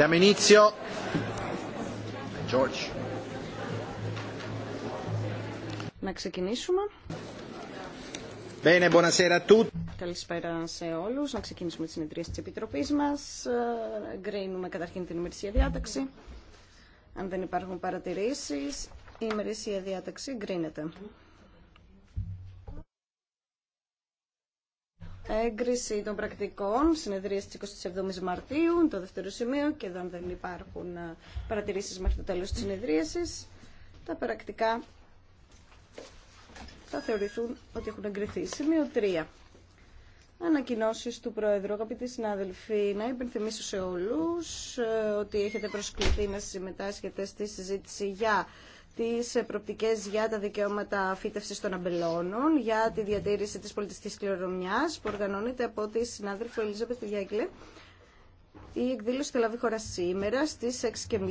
Να ξεκινήσουμε. Καλησπέρα σε όλου. Να ξεκινήσουμε τη συνεδρία τη Επιτροπή μα. Γκρίνουμε καταρχήν την ημερησία διάταξη. Αν δεν υπάρχουν παρατηρήσει. η ημερησία διάταξη γκρίνεται. Έγκριση των πρακτικών, συνεδρία στις 27 Μαρτίου, το δεύτερο σημείο και εδώ δεν υπάρχουν ε, παρατηρήσεις μέχρι το τέλος της συνεδρίασης, τα πρακτικά θα θεωρηθούν ότι έχουν εγκριθεί. Σημείο 3. ανακοινώσει του Πρόεδρου, αγαπητοί συνάδελφοι, να υπενθυμίσω σε όλους ε, ότι έχετε προσκληθεί να συμμετάσχετε στη συζήτηση για τις προπτικές για τα δικαιώματα φύτευσης των αμπελώνων, για τη διατήρηση της πολιτιστικής κληρονομιάς που οργανώνεται από τη συνάδελφο Ελίζα Διάγκλε. Η εκδήλωση θα λάβει χώρα σήμερα στις 6.30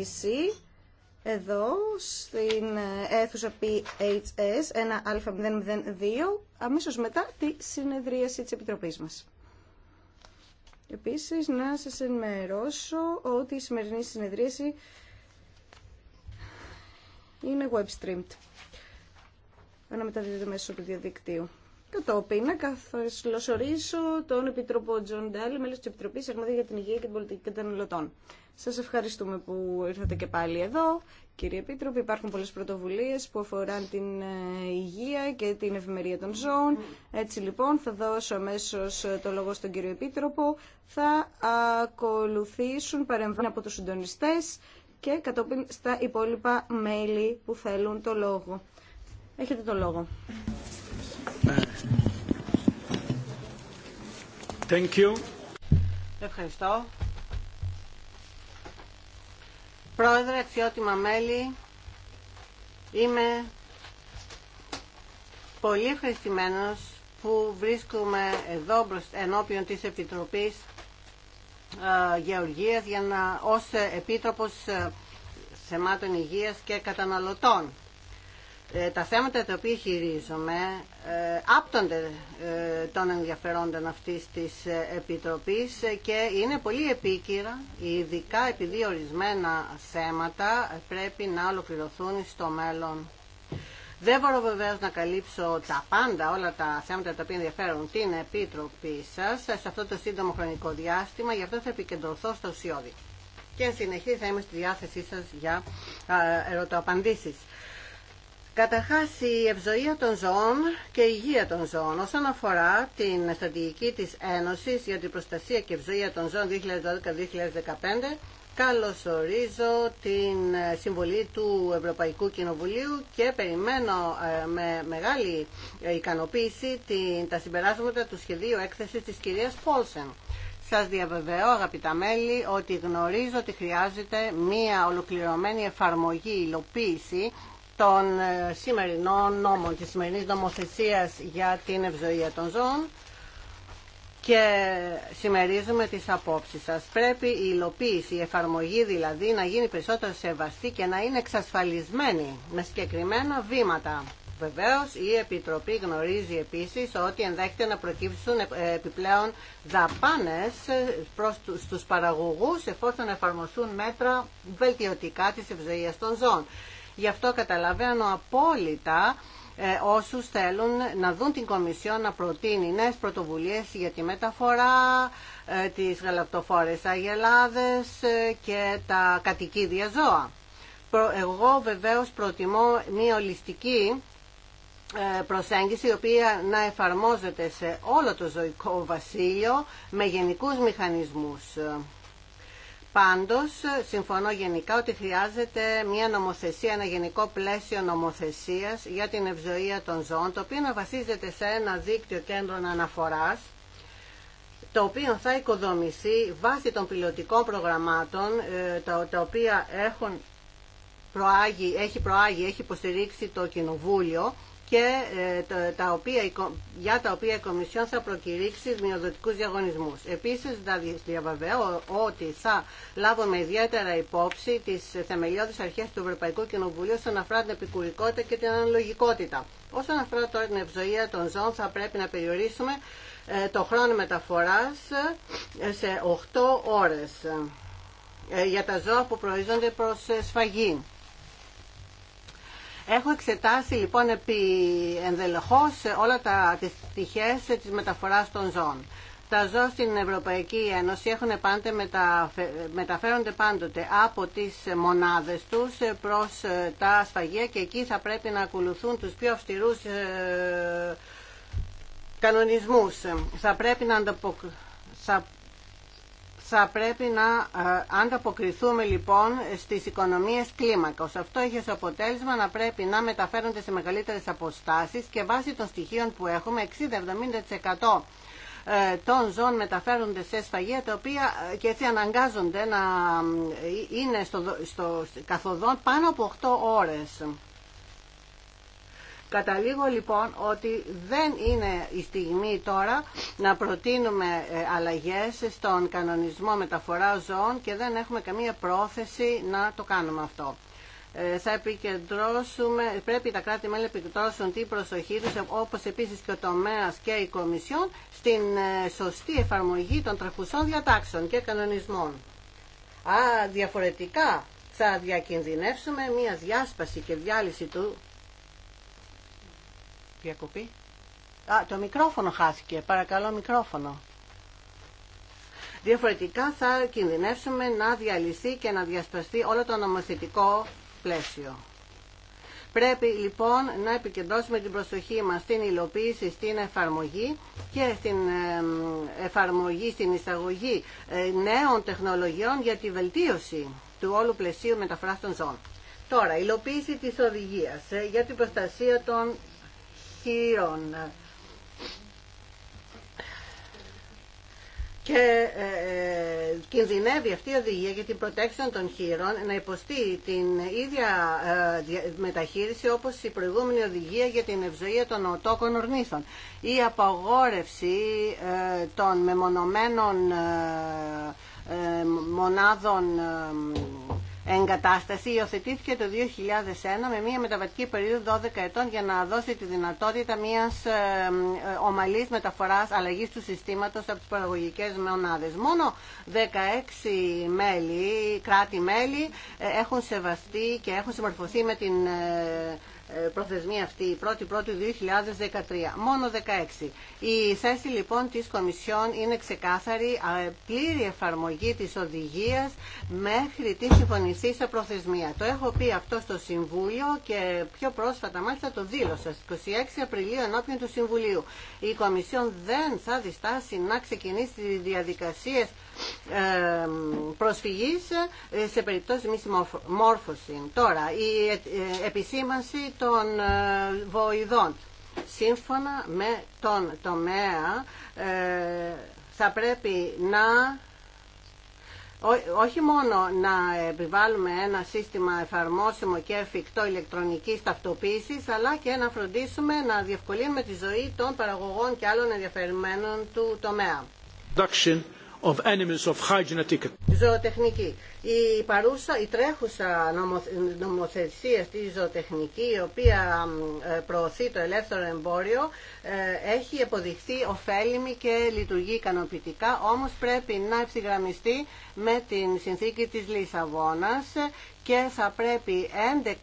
εδώ στην αίθουσα PHS 1α002 αμέσως μετά τη συνεδρίαση της Επιτροπής μας. Επίσης να σας ενημερώσω ότι η σημερινή συνεδρίαση είναι web streamed. Αναμεταδίδεται μέσω του διαδικτύου. Κατόπιν, να καθοσλωσορίσω τον Επιτροπό Τζον Ντάλι, μέλο τη Επιτροπή Αρμόδια για την Υγεία και την Πολιτική Καταναλωτών. Σα ευχαριστούμε που ήρθατε και πάλι εδώ. Κύριε Επίτροπο. υπάρχουν πολλέ πρωτοβουλίε που αφορούν την ε, υγεία και την ευημερία των ζώων. Έτσι λοιπόν, θα δώσω αμέσω ε, το λόγο στον κύριο Επίτροπο. Θα ακολουθήσουν παρεμβάσει από του συντονιστέ και κατόπιν στα υπόλοιπα μέλη που θέλουν το λόγο. Έχετε το λόγο. Thank you. Ευχαριστώ. Πρόεδρε, αξιότιμα μέλη, είμαι πολύ ευχαριστημένος που βρίσκομαι εδώ ενώπιον της Επιτροπής ε, γεωργίας για να, ως ε, Επίτροπος ε, Θεμάτων Υγείας και Καταναλωτών. τα θέματα τα οποία χειρίζομαι άπτονται των ενδιαφερόντων αυτής της Επιτροπής και είναι πολύ επίκυρα, ειδικά επειδή ορισμένα θέματα πρέπει να ολοκληρωθούν στο μέλλον. Δεν μπορώ βεβαίω να καλύψω τα πάντα, όλα τα θέματα τα οποία ενδιαφέρουν την Επίτροπή σα σε αυτό το σύντομο χρονικό διάστημα, γι' αυτό θα επικεντρωθώ στο ουσιώδη. Και εν συνεχή θα είμαι στη διάθεσή σα για ερωτοαπαντήσει. Καταρχά, η ευζοία των ζώων και η υγεία των ζώων όσον αφορά την στρατηγική τη Ένωση για την προστασία και ευζοία των ζώων 2012-2015 καλωσορίζω την ε, συμβολή του Ευρωπαϊκού Κοινοβουλίου και περιμένω ε, με μεγάλη ε, ικανοποίηση την, τα συμπεράσματα του σχεδίου έκθεσης της κυρίας Πόλσεν. Σας διαβεβαιώ αγαπητά μέλη ότι γνωρίζω ότι χρειάζεται μία ολοκληρωμένη εφαρμογή υλοποίηση των σημερινών νόμων και σημερινής νομοθεσίας για την ευζοία των ζώων και συμμερίζουμε τις απόψεις σας. Πρέπει η υλοποίηση, η εφαρμογή δηλαδή να γίνει περισσότερο σεβαστή και να είναι εξασφαλισμένη με συγκεκριμένα βήματα. Βεβαίω, η Επιτροπή γνωρίζει επίση ότι ενδέχεται να προκύψουν ε, επιπλέον δαπάνε ε, στου παραγωγού εφόσον εφαρμοστούν μέτρα βελτιωτικά τη ευζοία των ζώων. Γι' αυτό καταλαβαίνω απόλυτα ε, όσους θέλουν να δουν την Κομισιό να προτείνει νέες πρωτοβουλίες για τη μεταφορά, ε, τι γαλακτοφόρες αγελάδες ε, και τα κατοικίδια ζώα. Εγώ βεβαίως προτιμώ μια ολιστική προσέγγιση η οποία να εφαρμόζεται σε όλο το ζωικό βασίλειο με γενικούς μηχανισμούς. Πάντως, συμφωνώ γενικά ότι χρειάζεται μια νομοθεσία, ένα γενικό πλαίσιο νομοθεσίας για την ευζοία των ζώων, το οποίο να βασίζεται σε ένα δίκτυο κέντρων αναφοράς, το οποίο θα οικοδομηθεί βάσει των πιλωτικών προγραμμάτων, ε, τα οποία έχουν προάγει, έχει προάγει, έχει υποστηρίξει το Κοινοβούλιο, και ε, τα οποία, για τα οποία η Κομισιόν θα προκηρύξει μειοδοτικούς διαγωνισμούς. Επίσης διαβεβαίω ότι θα λάβουμε ιδιαίτερα υπόψη τις θεμελιώδεις αρχές του Ευρωπαϊκού Κοινοβουλίου όσον αφορά την επικουρικότητα και την αναλογικότητα. Όσον αφορά τώρα την ευζοία των ζώων θα πρέπει να περιορίσουμε ε, το χρόνο μεταφοράς ε, σε 8 ώρες για τα ζώα που προορίζονται προς σφαγή. Έχω εξετάσει λοιπόν επί ενδελεχώς όλα τα στοιχεία της μεταφοράς των ζώων. Τα ζώα στην Ευρωπαϊκή Ένωση έχουν πάντε μεταφέρονται πάντοτε από τις μονάδες τους προς ε, τα σφαγεία και εκεί θα πρέπει να ακολουθούν τους πιο αυστηρούς ε, κανονισμούς. Θα πρέπει να ανταποκριθούν θα πρέπει να ε, ανταποκριθούμε λοιπόν στις οικονομίες κλίμακος. Αυτό έχει ως αποτέλεσμα να πρέπει να μεταφέρονται σε μεγαλύτερες αποστάσεις και βάσει των στοιχείων που έχουμε 60-70% ε, των ζώων μεταφέρονται σε σφαγεία τα οποία ε, και έτσι αναγκάζονται να είναι στο, στο καθοδόν πάνω από 8 ώρες. Καταλήγω λοιπόν ότι δεν είναι η στιγμή τώρα να προτείνουμε ε, αλλαγές στον κανονισμό μεταφορά ζώων και δεν έχουμε καμία πρόθεση να το κάνουμε αυτό. Ε, θα επικεντρώσουμε, πρέπει τα κράτη-μέλη να επικεντρώσουν την προσοχή τους, όπως επίσης και ο τομέας και η Κομισιόν, στην ε, σωστή εφαρμογή των τραχουσών διατάξεων και κανονισμών. Α, διαφορετικά θα διακινδυνεύσουμε μια διάσπαση και διάλυση του Διακοπή. Α, το μικρόφωνο χάθηκε. Παρακαλώ μικρόφωνο. Διαφορετικά θα κινδυνεύσουμε να διαλυθεί και να διασπαστεί όλο το νομοθετικό πλαίσιο. Πρέπει λοιπόν να επικεντρώσουμε την προσοχή μας στην υλοποίηση, στην εφαρμογή και στην εφαρμογή, στην εισαγωγή ε, νέων τεχνολογιών για τη βελτίωση του όλου πλαισίου μεταφράστων ζώων. Τώρα, υλοποίηση της οδηγίας ε, για την προστασία των και ε, ε, κινδυνεύει αυτή η οδηγία για την protection των χείρων να υποστεί την ίδια ε, μεταχείριση όπως η προηγούμενη οδηγία για την ευζοία των οτόκων ορνήθων. Η απαγόρευση ε, των μεμονωμένων μονάδων εγκατάσταση υιοθετήθηκε το 2001 με μια μεταβατική περίοδο 12 ετών για να δώσει τη δυνατότητα μιας ε, ε, ομαλής μεταφοράς αλλαγής του συστήματος από τις παραγωγικές μονάδες. Μόνο 16 μέλη, κράτη-μέλη ε, έχουν σεβαστεί και έχουν συμμορφωθεί με την ε, προθεσμία αυτή η 1 Πρώτη 2013. Μόνο 16. Η θέση λοιπόν της Κομισιόν είναι ξεκάθαρη πλήρη εφαρμογή της οδηγίας μέχρι τη συμφωνηθεί σε προθεσμία. Το έχω πει αυτό στο Συμβούλιο και πιο πρόσφατα μάλιστα το δήλωσα στις 26 Απριλίου ενώπιον του Συμβουλίου. Η Κομισιόν δεν θα διστάσει να ξεκινήσει τις διαδικασίες προσφυγής σε περιπτώσει μη συμμόρφωση. Τώρα, η ε, ε, επισήμανση των ε, βοηδών. Σύμφωνα με τον τομέα θα πρέπει να όχι μόνο να επιβάλλουμε ένα σύστημα εφαρμόσιμο και εφικτό ηλεκτρονικής ταυτοποίησης, αλλά και να φροντίσουμε να διευκολύνουμε τη ζωή των παραγωγών και άλλων ενδιαφερμένων του τομέα of Η παρούσα, η τρέχουσα νομοθεσία στη ζωοτεχνική, η οποία ε, προωθεί το ελεύθερο εμπόριο, ε, έχει αποδειχθεί ωφέλιμη και λειτουργεί ικανοποιητικά, όμως πρέπει να ευθυγραμμιστεί με την συνθήκη της Λισαβόνας και θα πρέπει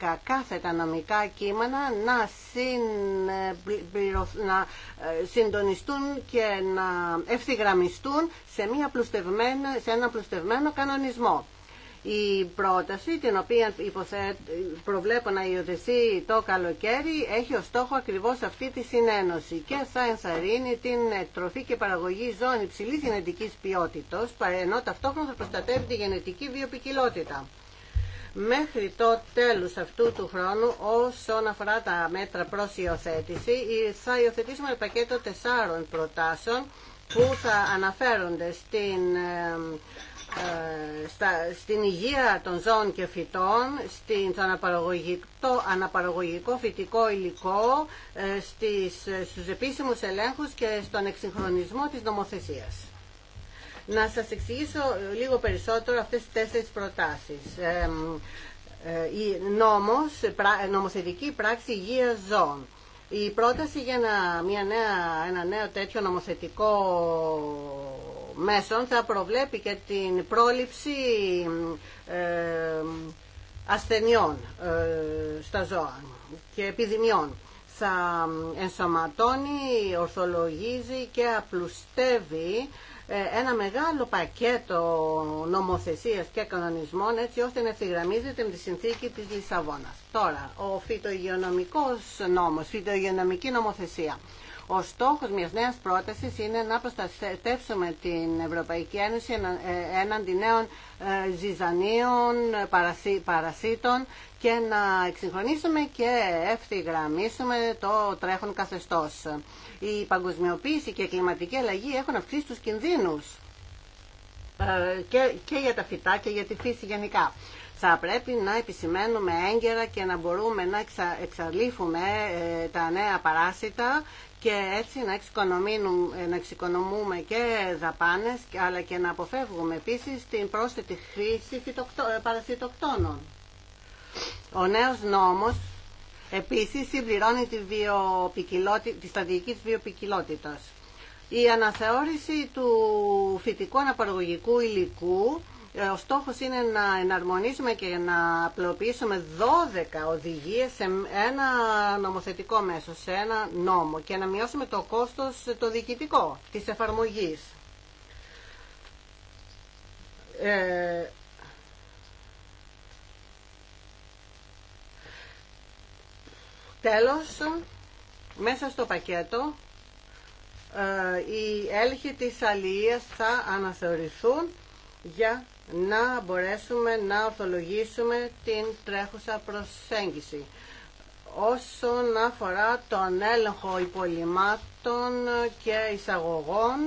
11 κάθετα νομικά κείμενα να, ε, συντονιστούν και να ευθυγραμμιστούν σε, μια πλουστευμένο, σε ένα πλουστευμένο κανονισμό. Η πρόταση, την οποία προβλέπω να υιοθεθεί το καλοκαίρι, έχει ως στόχο ακριβώς αυτή τη συνένωση και θα ενθαρρύνει την τροφή και παραγωγή ζώνη υψηλής γενετικής ποιότητας, ενώ ταυτόχρονα θα προστατεύει τη γενετική βιοπικιλότητα μέχρι το τέλος αυτού του χρόνου όσον αφορά τα μέτρα προς υιοθέτηση θα υιοθετήσουμε ένα πακέτο τεσσάρων προτάσεων που θα αναφέρονται στην, ε, στην υγεία των ζώων και φυτών, στην, αναπαραγωγικό, αναπαραγωγικό φυτικό υλικό, ε, στις, στους ελέγχους και στον εξυγχρονισμό της νομοθεσίας. Να σας εξηγήσω ε, λίγο περισσότερο αυτές τις τέσσερις προτάσεις. Ε, ε, η νόμος, νομοθετική πράξη υγεία ζώων. Η πρόταση για ένα, μια νέα, ένα νέο τέτοιο νομοθετικό μέσο θα προβλέπει και την πρόληψη ασθενειών στα ζώα και επιδημιών. Θα ενσωματώνει, ορθολογίζει και απλουστεύει ε, ένα μεγάλο πακέτο νομοθεσίας και κανονισμών έτσι ώστε να ευθυγραμμίζεται με τη συνθήκη της Λισαβόνας. Τώρα, ο φυτογειονομικός νόμος, φυτογειονομική νομοθεσία. Ο στόχος μιας νέας πρότασης είναι να προστατεύσουμε την Ευρωπαϊκή Ένωση ε, έναντι νέων ε, ζυζανίων, παρασίτων και να εξυγχρονίσουμε και ευθυγραμμίσουμε το τρέχον καθεστώς. Η παγκοσμιοποίηση και η κλιματική αλλαγή έχουν αυξήσει τους κινδύνους ε, και, και για τα φυτά και για τη φύση γενικά. Θα πρέπει να επισημαίνουμε έγκαιρα και να μπορούμε να εξα, εξαλείφουμε ε, τα νέα παράσιτα και έτσι να, ε, να εξοικονομούμε και δαπάνες αλλά και να αποφεύγουμε επίσης την πρόσθετη χρήση παρασιτοκτόνων. Ο νέος νόμος επίσης συμπληρώνει τη, τη στρατηγική της Η αναθεώρηση του φυτικού αναπαραγωγικού υλικού ε, ο στόχος είναι να εναρμονίσουμε και να απλοποιήσουμε 12 οδηγίες σε ένα νομοθετικό μέσο, σε ένα νόμο και να μειώσουμε το κόστος ε, το διοικητικό της εφαρμογής. Ε, Τέλος, μέσα στο πακέτο ε, οι έλεγχοι της αλληλείας θα αναθεωρηθούν για να μπορέσουμε να ορθολογήσουμε την τρέχουσα προσέγγιση. Όσον αφορά τον έλεγχο υπολοιμάτων και εισαγωγών,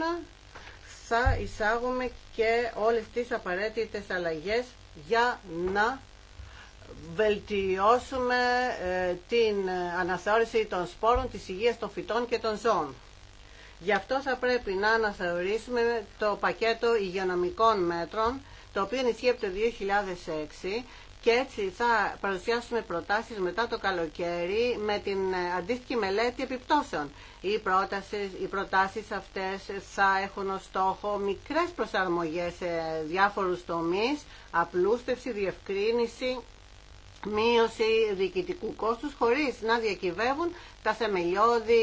θα εισάγουμε και όλες τις απαραίτητες αλλαγές για να βελτιώσουμε ε, την αναθεώρηση των σπόρων, της υγείας των φυτών και των ζώων. Γι' αυτό θα πρέπει να αναθεωρήσουμε το πακέτο υγειονομικών μέτρων, το οποίο ενισχύει από το 2006 και έτσι θα παρουσιάσουμε προτάσεις μετά το καλοκαίρι με την αντίστοιχη μελέτη επιπτώσεων. Οι, πρότασεις, οι προτάσεις αυτές θα έχουν ως στόχο μικρές προσαρμογές σε διάφορους τομείς, απλούστευση, διευκρίνηση μείωση διοικητικού κόστους χωρίς να διακυβεύουν τα θεμελιώδη,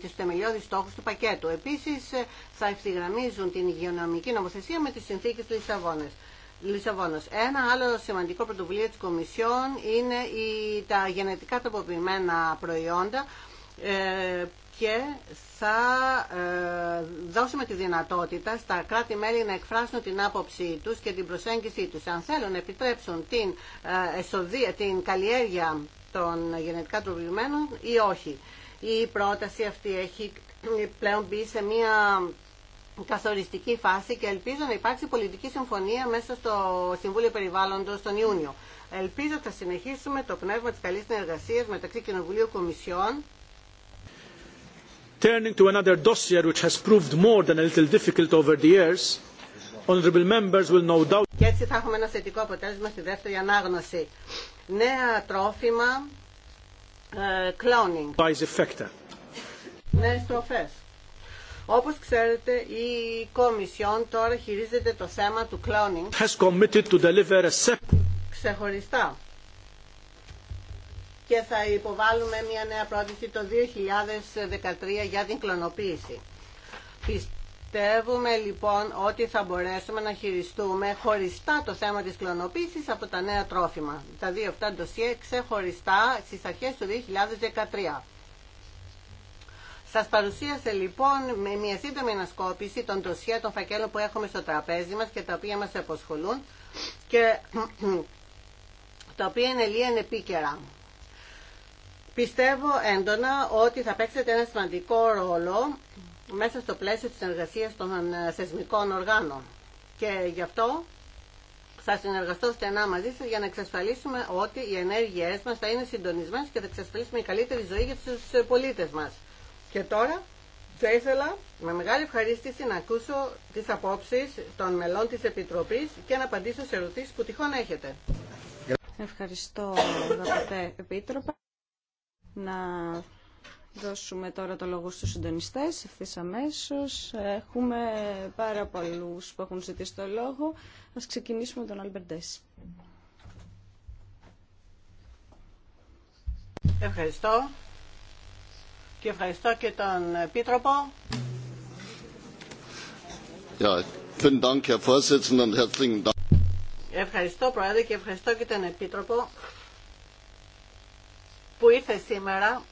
τις θεμελιώδεις στόχους του πακέτου. Επίσης ε, θα ευθυγραμμίζουν την υγειονομική νομοθεσία με τις συνθήκες του Λισαβόνας. Ένα άλλο σημαντικό πρωτοβουλίο της Κομισιόν είναι η, τα γενετικά τροποποιημένα προϊόντα ε, και θα ε, δώσουμε τη δυνατότητα στα κράτη-μέλη να εκφράσουν την άποψή τους και την προσέγγιση τους. Αν θέλουν να επιτρέψουν την, ε, εσοδία, την καλλιέργεια των γενετικά τροποποιημένων ή όχι. Η πρόταση αυτή έχει πλέον μπει σε μια καθοριστική φάση και ελπίζω να υπάρξει πολιτική συμφωνία μέσα στο Συμβούλιο Περιβάλλοντος τον Ιούνιο. Ελπίζω θα συνεχίσουμε το πνεύμα της καλής συνεργασίας μεταξύ Κοινοβουλίου Κομισιών turning to another dossier which has proved more than a little difficult over the years honourable members will no doubt και έτσι θα έχουμε ένα θετικό αποτέλεσμα στη δεύτερη ανάγνωση νέα τρόφιμα ε, cloning Νέε τροφές Όπω ξέρετε, η Κομισιόν τώρα χειρίζεται το θέμα του cloning. Ξεχωριστά και θα υποβάλουμε μια νέα πρόταση το 2013 για την κλωνοποίηση. Πιστεύουμε λοιπόν ότι θα μπορέσουμε να χειριστούμε χωριστά το θέμα της κλωνοποίησης από τα νέα τρόφιμα. Τα δύο αυτά ντοσία ξεχωριστά στις αρχές του 2013. Σας παρουσίασε λοιπόν με μια σύντομη ανασκόπηση των ντοσία των φακέλων που έχουμε στο τραπέζι μας και τα οποία μας αποσχολούν και τα οποία είναι λίγα επίκαιρα. Πιστεύω έντονα ότι θα παίξετε ένα σημαντικό ρόλο μέσα στο πλαίσιο της συνεργασίας των ε, θεσμικών οργάνων. Και γι' αυτό θα συνεργαστώ στενά μαζί σας για να εξασφαλίσουμε ότι οι ενέργειές μας θα είναι συντονισμένες και θα εξασφαλίσουμε η καλύτερη ζωή για τους ε, πολίτες μας. Και τώρα θα ήθελα με μεγάλη ευχαρίστηση να ακούσω τις απόψεις των μελών της Επιτροπής και να απαντήσω σε ερωτήσεις που τυχόν έχετε. Ευχαριστώ, αγαπητέ Επίτροπα να δώσουμε τώρα το λόγο στους συντονιστές ευθύς αμέσως. Έχουμε πάρα πολλούς που έχουν ζητήσει το λόγο. Ας ξεκινήσουμε τον Αλμπερντές. Ευχαριστώ και ευχαριστώ και τον Επίτροπο. Ευχαριστώ Πρόεδρε και ευχαριστώ και τον Επίτροπο που ήρθε σήμερα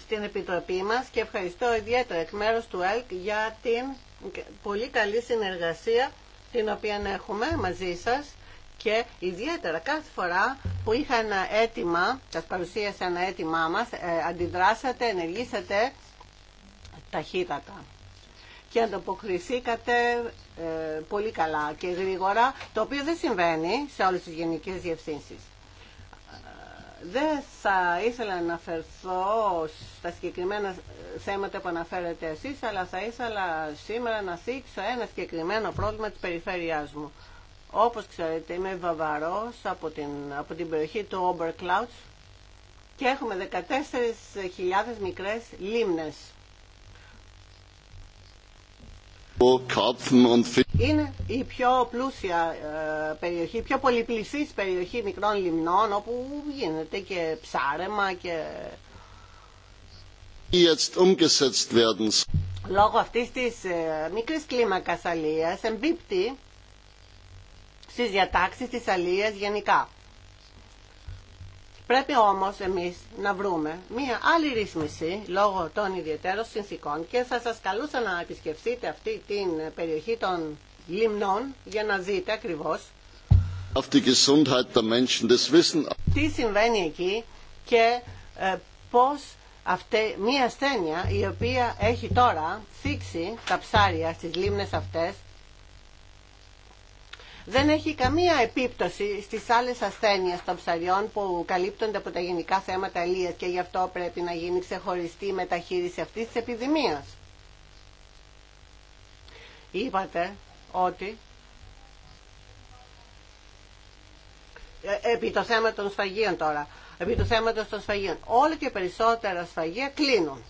στην Επιτροπή μας και ευχαριστώ ιδιαίτερα εκ μέρους του ΕΛΚ για την πολύ καλή συνεργασία την οποία έχουμε μαζί σας και ιδιαίτερα κάθε φορά που είχα ένα αίτημα, σα παρουσίασα ένα αίτημά μας, ε, αντιδράσατε, ενεργήσατε ταχύτατα και ανταποκριθήκατε ε, πολύ καλά και γρήγορα, το οποίο δεν συμβαίνει σε όλες τις γενικές διευθύνσεις. Δεν θα ήθελα να αναφερθώ στα συγκεκριμένα θέματα που αναφέρετε εσείς, αλλά θα ήθελα σήμερα να θίξω ένα συγκεκριμένο πρόβλημα της περιφέρειάς μου. Όπως ξέρετε είμαι βαβαρός από την, από την περιοχή του Oberklaus και έχουμε 14.000 μικρές λίμνες. Είναι η πιο πλούσια ε, περιοχή, η πιο πολυπληθής περιοχή μικρών λιμνών όπου γίνεται και ψάρεμα και... Λόγω αυτής της ε, μικρής κλίμακας αλίας εμπίπτει στις διατάξεις της αλίας γενικά. Πρέπει όμως εμείς να βρούμε μία άλλη ρύθμιση λόγω των ιδιαίτερων συνθήκων και θα σας καλούσα να επισκεφθείτε αυτή την περιοχή των λιμνών για να δείτε ακριβώς τι συμβαίνει εκεί και ε, πώς αυτή, μία ασθένεια η οποία έχει τώρα θίξει τα ψάρια στις λίμνες αυτές δεν έχει καμία επίπτωση στις άλλες ασθένειες των ψαριών που καλύπτονται από τα γενικά θέματα αλίας και γι' αυτό πρέπει να γίνει ξεχωριστή μεταχείριση αυτής της επιδημίας. Είπατε ότι ε, επί το θέμα των σφαγίων τώρα, επί το θέμα των σφαγίων, όλο και περισσότερα σφαγεία κλείνουν.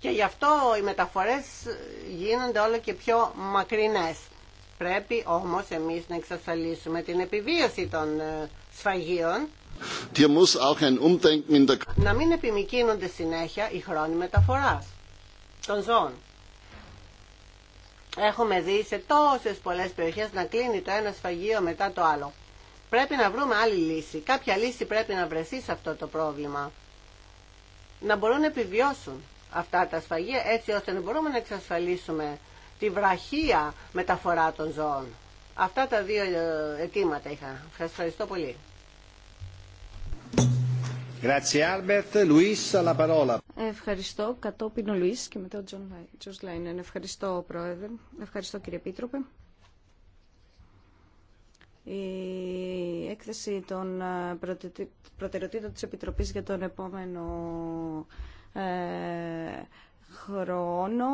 Και γι' αυτό οι μεταφορές γίνονται όλο και πιο μακρινές. Πρέπει όμως εμείς να εξασφαλίσουμε την επιβίωση των ε, σφαγίων. Να μην επιμηκύνονται συνέχεια οι χρόνοι μεταφοράς των ζώων. Έχουμε δει σε τόσες πολλές περιοχές να κλείνει το ένα σφαγείο μετά το άλλο. Πρέπει να βρούμε άλλη λύση. Κάποια λύση πρέπει να βρεθεί σε αυτό το πρόβλημα. Να μπορούν να επιβιώσουν αυτά τα σφαγεία έτσι ώστε να μπορούμε να εξασφαλίσουμε τη βραχία μεταφορά των ζώων. Αυτά τα δύο ε, αιτήματα είχα. Ευχαριστώ πολύ. Ευχαριστώ. Κατόπιν ο Λουίς και μετά ο Τζον Λάινεν. Ευχαριστώ, Πρόεδρε. Ευχαριστώ, κύριε πίτροπε. Η έκθεση των ε, προτεραιοτήτων της Επιτροπής για τον επόμενο ε, χρόνο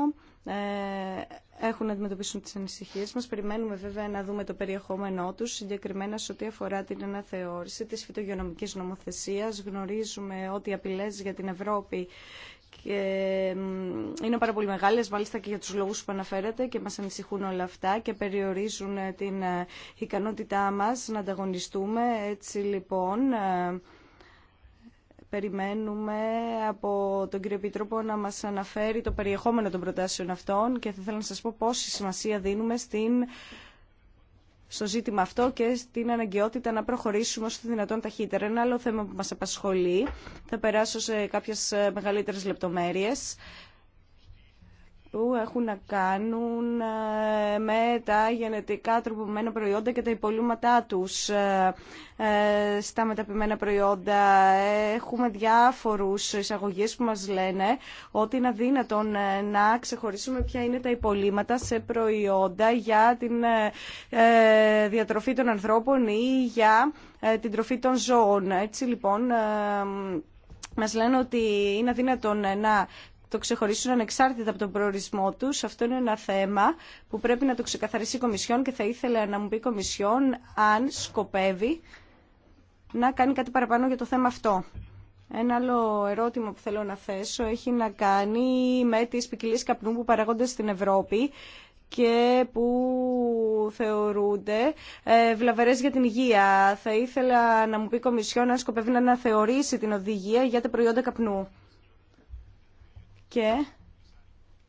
έχουν να αντιμετωπίσουν τι ανησυχίες μας. Περιμένουμε βέβαια να δούμε το περιεχόμενό τους, συγκεκριμένα σε ό,τι αφορά την αναθεώρηση της φυτογειονομικής νομοθεσίας. Γνωρίζουμε ότι οι απειλές για την Ευρώπη και είναι πάρα πολύ μεγάλε. μάλιστα και για του λόγου που αναφέρατε και μα ανησυχούν όλα αυτά και περιορίζουν την ε, ικανότητά μα. να ανταγωνιστούμε. Έτσι λοιπόν... Ε, Περιμένουμε από τον κύριο Επίτροπο να μας αναφέρει το περιεχόμενο των προτάσεων αυτών και θα ήθελα να σας πω πόση σημασία δίνουμε στην στο ζήτημα αυτό και στην αναγκαιότητα να προχωρήσουμε όσο δυνατόν ταχύτερα. Ένα άλλο θέμα που μας απασχολεί, θα περάσω σε κάποιες μεγαλύτερες λεπτομέρειες, που έχουν να κάνουν ε, με τα γενετικά τροποποιημένα προϊόντα και τα υπολείμματά τους ε, ε, στα μεταποιημένα προϊόντα. Έχουμε διάφορους εισαγωγές που μας λένε ότι είναι αδύνατον να ξεχωρίσουμε ποια είναι τα υπολείμματα σε προϊόντα για την διατροφή των ανθρώπων ή για την τροφή των ζώων. Έτσι λοιπόν μας λένε ότι είναι αδύνατον να το ξεχωρίσουν ανεξάρτητα από τον προορισμό του. Αυτό είναι ένα θέμα που πρέπει να το ξεκαθαρίσει η Κομισιόν και θα ήθελα να μου πει η Κομισιόν αν σκοπεύει να κάνει κάτι παραπάνω για το θέμα αυτό. Ένα άλλο ερώτημα που θέλω να θέσω έχει να κάνει με τις ποικιλίε καπνού που παραγόνται στην Ευρώπη και που θεωρούνται ε, βλαβερές για την υγεία. Θα ήθελα να μου πει η Κομισιόν αν σκοπεύει να αναθεωρήσει την οδηγία για τα προϊόντα καπνού. Και,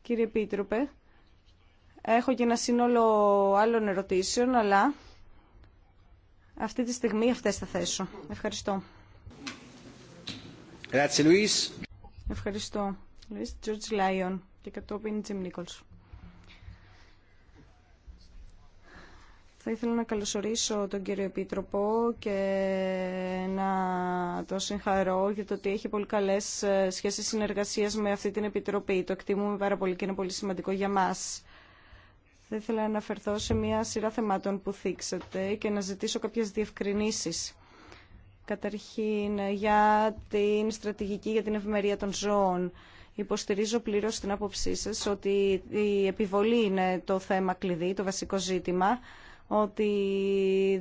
κύριε Επίτροπε, έχω και ένα σύνολο άλλων ερωτήσεων, αλλά αυτή τη στιγμή αυτές θα θέσω. Ευχαριστώ. Ευχαριστώ. Λουίς Τζορτζ Λάιον και κατόπιν Τζιμ Θα ήθελα να καλωσορίσω τον κύριο Επίτροπο και να το συγχαρώ για το ότι έχει πολύ καλές ε, σχέσεις συνεργασίας με αυτή την Επιτροπή. Το εκτιμούμε πάρα πολύ και είναι πολύ σημαντικό για μας. Θα ήθελα να αναφερθώ σε μια σειρά θεμάτων που θίξατε και να ζητήσω κάποιες διευκρινήσεις. Καταρχήν, για την στρατηγική για την ευημερία των ζώων. Υποστηρίζω πλήρως την άποψή σας ότι η επιβολή είναι το θέμα κλειδί, το βασικό ζήτημα ότι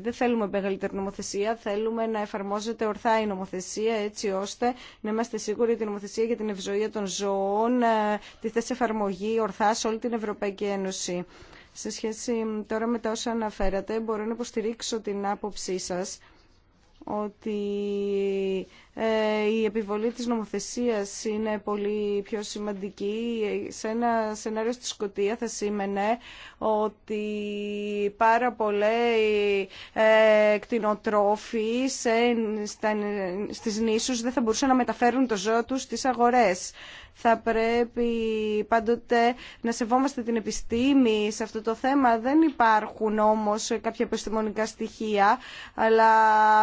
δεν θέλουμε μεγαλύτερη νομοθεσία, θέλουμε να εφαρμόζεται ορθά η νομοθεσία έτσι ώστε να είμαστε σίγουροι ότι η νομοθεσία για την ευζοία των ζώων ε, τη θέση εφαρμογή ορθά σε όλη την Ευρωπαϊκή Ένωση. Σε σχέση τώρα με τα όσα αναφέρατε, μπορώ να υποστηρίξω την άποψή σας ότι ε, η επιβολή της νομοθεσίας είναι πολύ πιο σημαντική. Σε ένα σενάριο στη Σκωτία θα σήμαινε ότι πάρα πολλοί ε, κτηνοτρόφοι στις νήσους δεν θα μπορούσαν να μεταφέρουν το ζώο τους στις αγορές. Θα πρέπει πάντοτε να σεβόμαστε την επιστήμη σε αυτό το θέμα. Δεν υπάρχουν όμως κάποια επιστημονικά στοιχεία, αλλά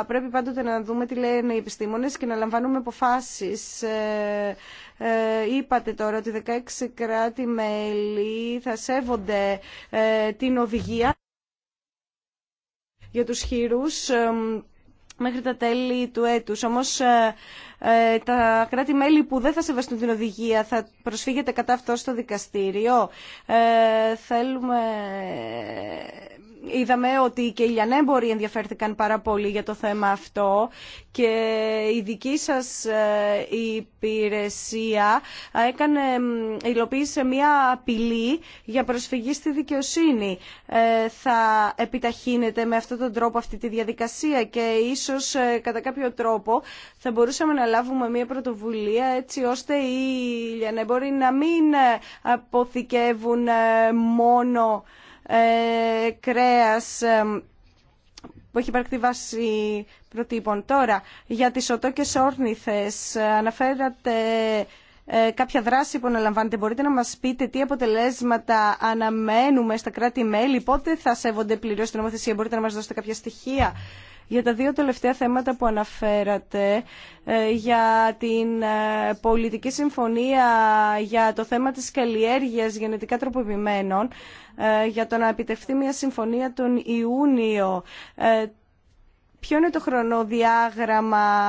πρέπει πάντοτε να δούμε τι λένε οι επιστήμονες και να λαμβάνουμε αποφάσεις. Ε, ε, είπατε τώρα ότι 16 κράτη-μέλη θα σέβονται ε, την οδηγία για τους χειρούς μέχρι τα τέλη του έτους. Όμως ε, τα κράτη-μέλη που δεν θα σεβαστούν την οδηγία θα προσφύγετε κατά αυτό στο δικαστήριο. Ε, θέλουμε... Είδαμε ότι και οι λιανέμποροι ενδιαφέρθηκαν πάρα πολύ για το θέμα αυτό και η δική σας ε, υπηρεσία έκανε, υλοποίησε μια απειλή για προσφυγή στη δικαιοσύνη. θα επιταχύνεται με αυτόν τον τρόπο αυτή τη διαδικασία και ίσως κατά κάποιο τρόπο θα μπορούσαμε να αναλάβουμε μια πρωτοβουλία έτσι ώστε οι λιανέμποροι να μην ε, αποθηκεύουν ε, μόνο ε, κρέας ε, που έχει υπάρξει βάση προτύπων. Τώρα, για τις οτόκες όρνηθες αναφέρατε ε, κάποια δράση που αναλαμβάνετε. Μπορείτε να μας πείτε τι αποτελέσματα αναμένουμε στα κράτη-μέλη, πότε θα σέβονται πληρώς την νομοθεσία, μπορείτε να μας δώσετε κάποια στοιχεία για τα δύο τελευταία θέματα που αναφέρατε, ε, για την ε, πολιτική συμφωνία, για το θέμα της καλλιέργειας γενετικά τροποποιημένων, ε, για το να επιτευχθεί μια συμφωνία τον Ιούνιο. Ποιο είναι το χρονοδιάγραμμα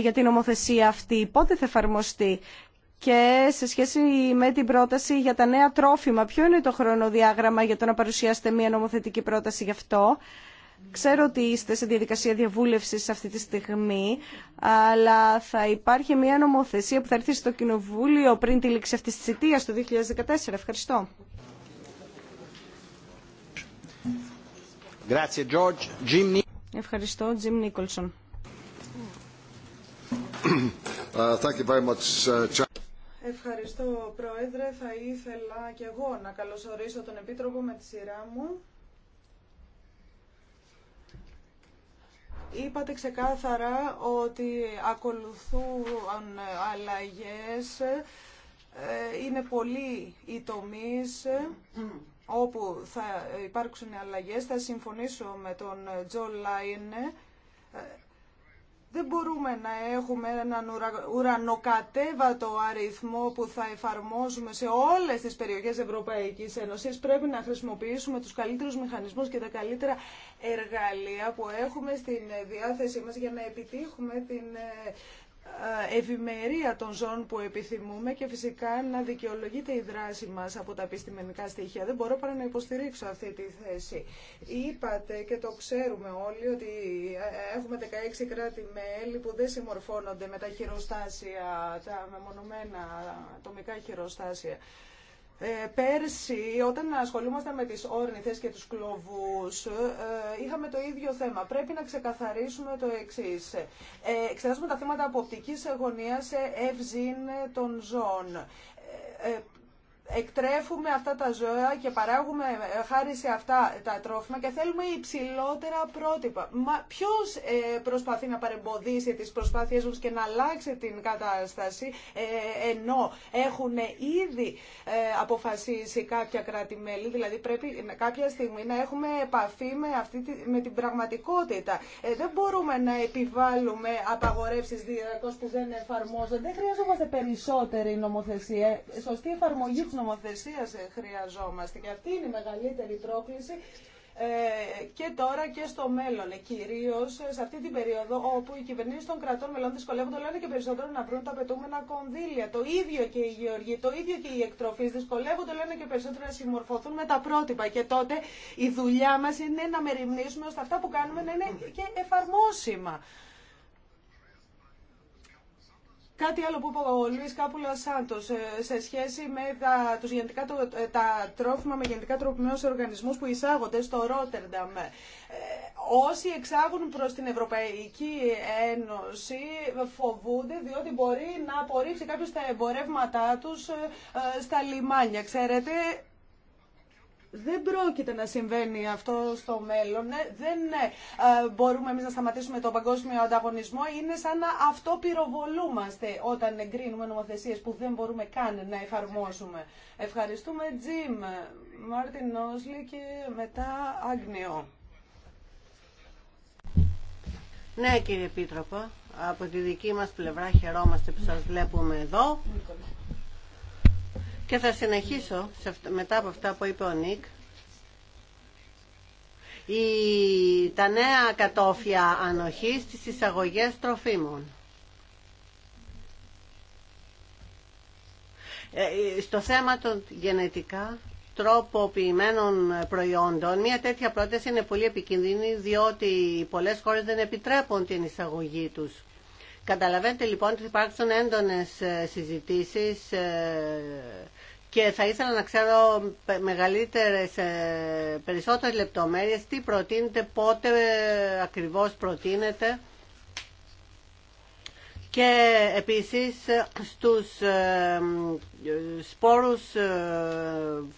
για την ομοθεσία αυτή, πότε θα εφαρμοστεί και σε σχέση με την πρόταση για τα νέα τρόφιμα, ποιο είναι το χρονοδιάγραμμα για το να παρουσιάσετε μια νομοθετική πρόταση γι' αυτό. Ξέρω ότι είστε σε διαδικασία διαβούλευσης αυτή τη στιγμή, αλλά θα υπάρχει μια νομοθεσία που θα έρθει στο Κοινοβούλιο πριν τη λήξη αυτής της θητείας το 2014. Ευχαριστώ. Ευχαριστώ, Τζιμ Νίκολσον. Uh, uh, Ευχαριστώ, Πρόεδρε. Θα ήθελα και εγώ να καλωσορίσω τον Επίτροπο με τη σειρά μου. Είπατε ξεκάθαρα ότι ακολουθούν αλλαγές, ε, είναι πολλοί οι τομείς όπου θα υπάρξουν αλλαγές. Θα συμφωνήσω με τον Τζο Λάινε δεν μπορούμε να έχουμε έναν ουρανοκατέβατο αριθμό που θα εφαρμόζουμε σε όλες τις περιοχές Ευρωπαϊκής Ένωσης. Πρέπει να χρησιμοποιήσουμε τους καλύτερους μηχανισμούς και τα καλύτερα εργαλεία που έχουμε στην διάθεσή μας για να επιτύχουμε την ε, ε, ευημερία των ζώων που επιθυμούμε και φυσικά να δικαιολογείται η δράση μας από τα επιστημονικά στοιχεία. Δεν μπορώ παρά να υποστηρίξω αυτή τη θέση. Είπατε και το ξέρουμε όλοι ότι ε, έχουμε 16 κράτη-μέλη που δεν συμμορφώνονται με τα χειροστάσια, τα μεμονωμένα ατομικά χειροστάσια. Ε, πέρσι, όταν ασχολούμαστε με τις όρνηθες και τους κλωβούς, ε, είχαμε το ίδιο θέμα. Πρέπει να ξεκαθαρίσουμε το εξής. Ε, εξετάζουμε τα θέματα από οπτικής γωνίας ευζήν των ζώων ε, εκτρέφουμε αυτά τα ζώα και παράγουμε ε, χάρη σε αυτά τα τρόφιμα και θέλουμε υψηλότερα πρότυπα. Μα ποιος ε, προσπαθεί να παρεμποδίσει τις προσπάθειές μας και να αλλάξει την κατάσταση ε, ενώ έχουν ήδη ε, αποφασίσει κάποια κράτη-μέλη, δηλαδή πρέπει κάποια στιγμή να έχουμε επαφή με, αυτή, με την πραγματικότητα. Ε, δεν μπορούμε να επιβάλλουμε απαγορεύσεις διαρκώς που δεν εφαρμόζονται. Δεν χρειαζόμαστε περισσότερη νομοθεσία. Σωστή εφαρμογή Νομοθεσία ε, χρειαζόμαστε και αυτή είναι η μεγαλύτερη πρόκληση ε, και τώρα και στο μέλλον. Ε, Κυρίω σε αυτή την περίοδο όπου οι κυβερνήσει των κρατών μελών δυσκολεύονται όλο και περισσότερο να βρουν τα απαιτούμενα κονδύλια. Το ίδιο και οι γεωργοί, το ίδιο και οι εκτροφεί δυσκολεύονται όλο και περισσότερο να συμμορφωθούν με τα πρότυπα. Και τότε η δουλειά μα είναι να μεριμνήσουμε ώστε αυτά που κάνουμε να είναι και εφαρμόσιμα. Κάτι άλλο που είπε ο Λουίς Κάπουλα Σάντος ε, σε σχέση με τα, τους γενετικά, ε, τα τρόφιμα με γενετικά τροπημένους οργανισμούς που εισάγονται στο Ρότερνταμ. Ε, όσοι εξάγουν προς την Ευρωπαϊκή Ένωση φοβούνται διότι μπορεί να απορρίψει κάποιος τα εμπορεύματά τους στα λιμάνια. Ξέρετε, δεν πρόκειται να συμβαίνει αυτό στο μέλλον. Ναι. Δεν ναι, μπορούμε εμεί να σταματήσουμε τον παγκόσμιο ανταγωνισμό. Είναι σαν να αυτό πυροβολούμαστε όταν εγκρίνουμε νομοθεσίε που δεν μπορούμε καν να εφαρμόσουμε. Ευχαριστούμε, Τζιμ, Μάρτιν Όσλι και μετά Άγνιο. Ναι, κύριε Επίτροπο, από τη δική μας πλευρά χαιρόμαστε που σας βλέπουμε εδώ. Και θα συνεχίσω μετά από αυτά που είπε ο Νίκ. Η, τα νέα κατόφια ανοχής στις εισαγωγές τροφίμων. Ε, στο θέμα των γενετικά τροποποιημένων προϊόντων, μια τέτοια πρόταση είναι πολύ επικίνδυνη διότι πολλές χώρες δεν επιτρέπουν την εισαγωγή τους. Καταλαβαίνετε λοιπόν ότι υπάρχουν έντονες ε, συζητήσεις ε, και θα ήθελα να ξέρω μεγαλύτερες, ε, περισσότερες λεπτομέρειες τι προτείνετε, πότε ακριβώς προτείνετε και επίσης στους ε, σπόρους ε,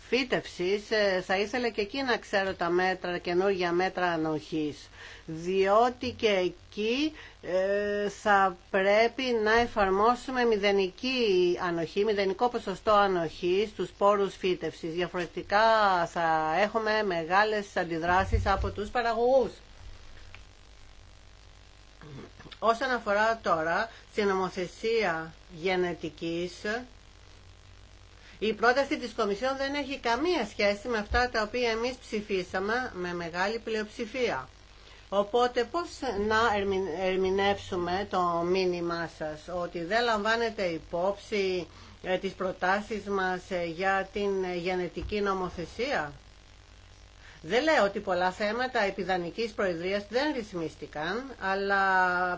φύτευσης ε, θα ήθελε και εκεί να ξέρω τα μέτρα, καινούργια μέτρα ανοχής διότι και εκεί θα πρέπει να εφαρμόσουμε μηδενική ανοχή, μηδενικό ποσοστό ανοχής στους σπόρους φύτευσης. Διαφορετικά θα έχουμε μεγάλες αντιδράσεις από τους παραγωγούς. Όσον αφορά τώρα την νομοθεσία γενετικής, η πρόταση της Κομισιόν δεν έχει καμία σχέση με αυτά τα οποία εμείς ψηφίσαμε με μεγάλη πλειοψηφία. Οπότε πώς να ερμηνεύσουμε το μήνυμά σας, ότι δεν λαμβάνετε υπόψη ε, τις προτάσεις μας ε, για την ε, γενετική νομοθεσία. Δεν λέω ότι πολλά θέματα επιδανικής προεδρίας δεν ρυθμίστηκαν, αλλά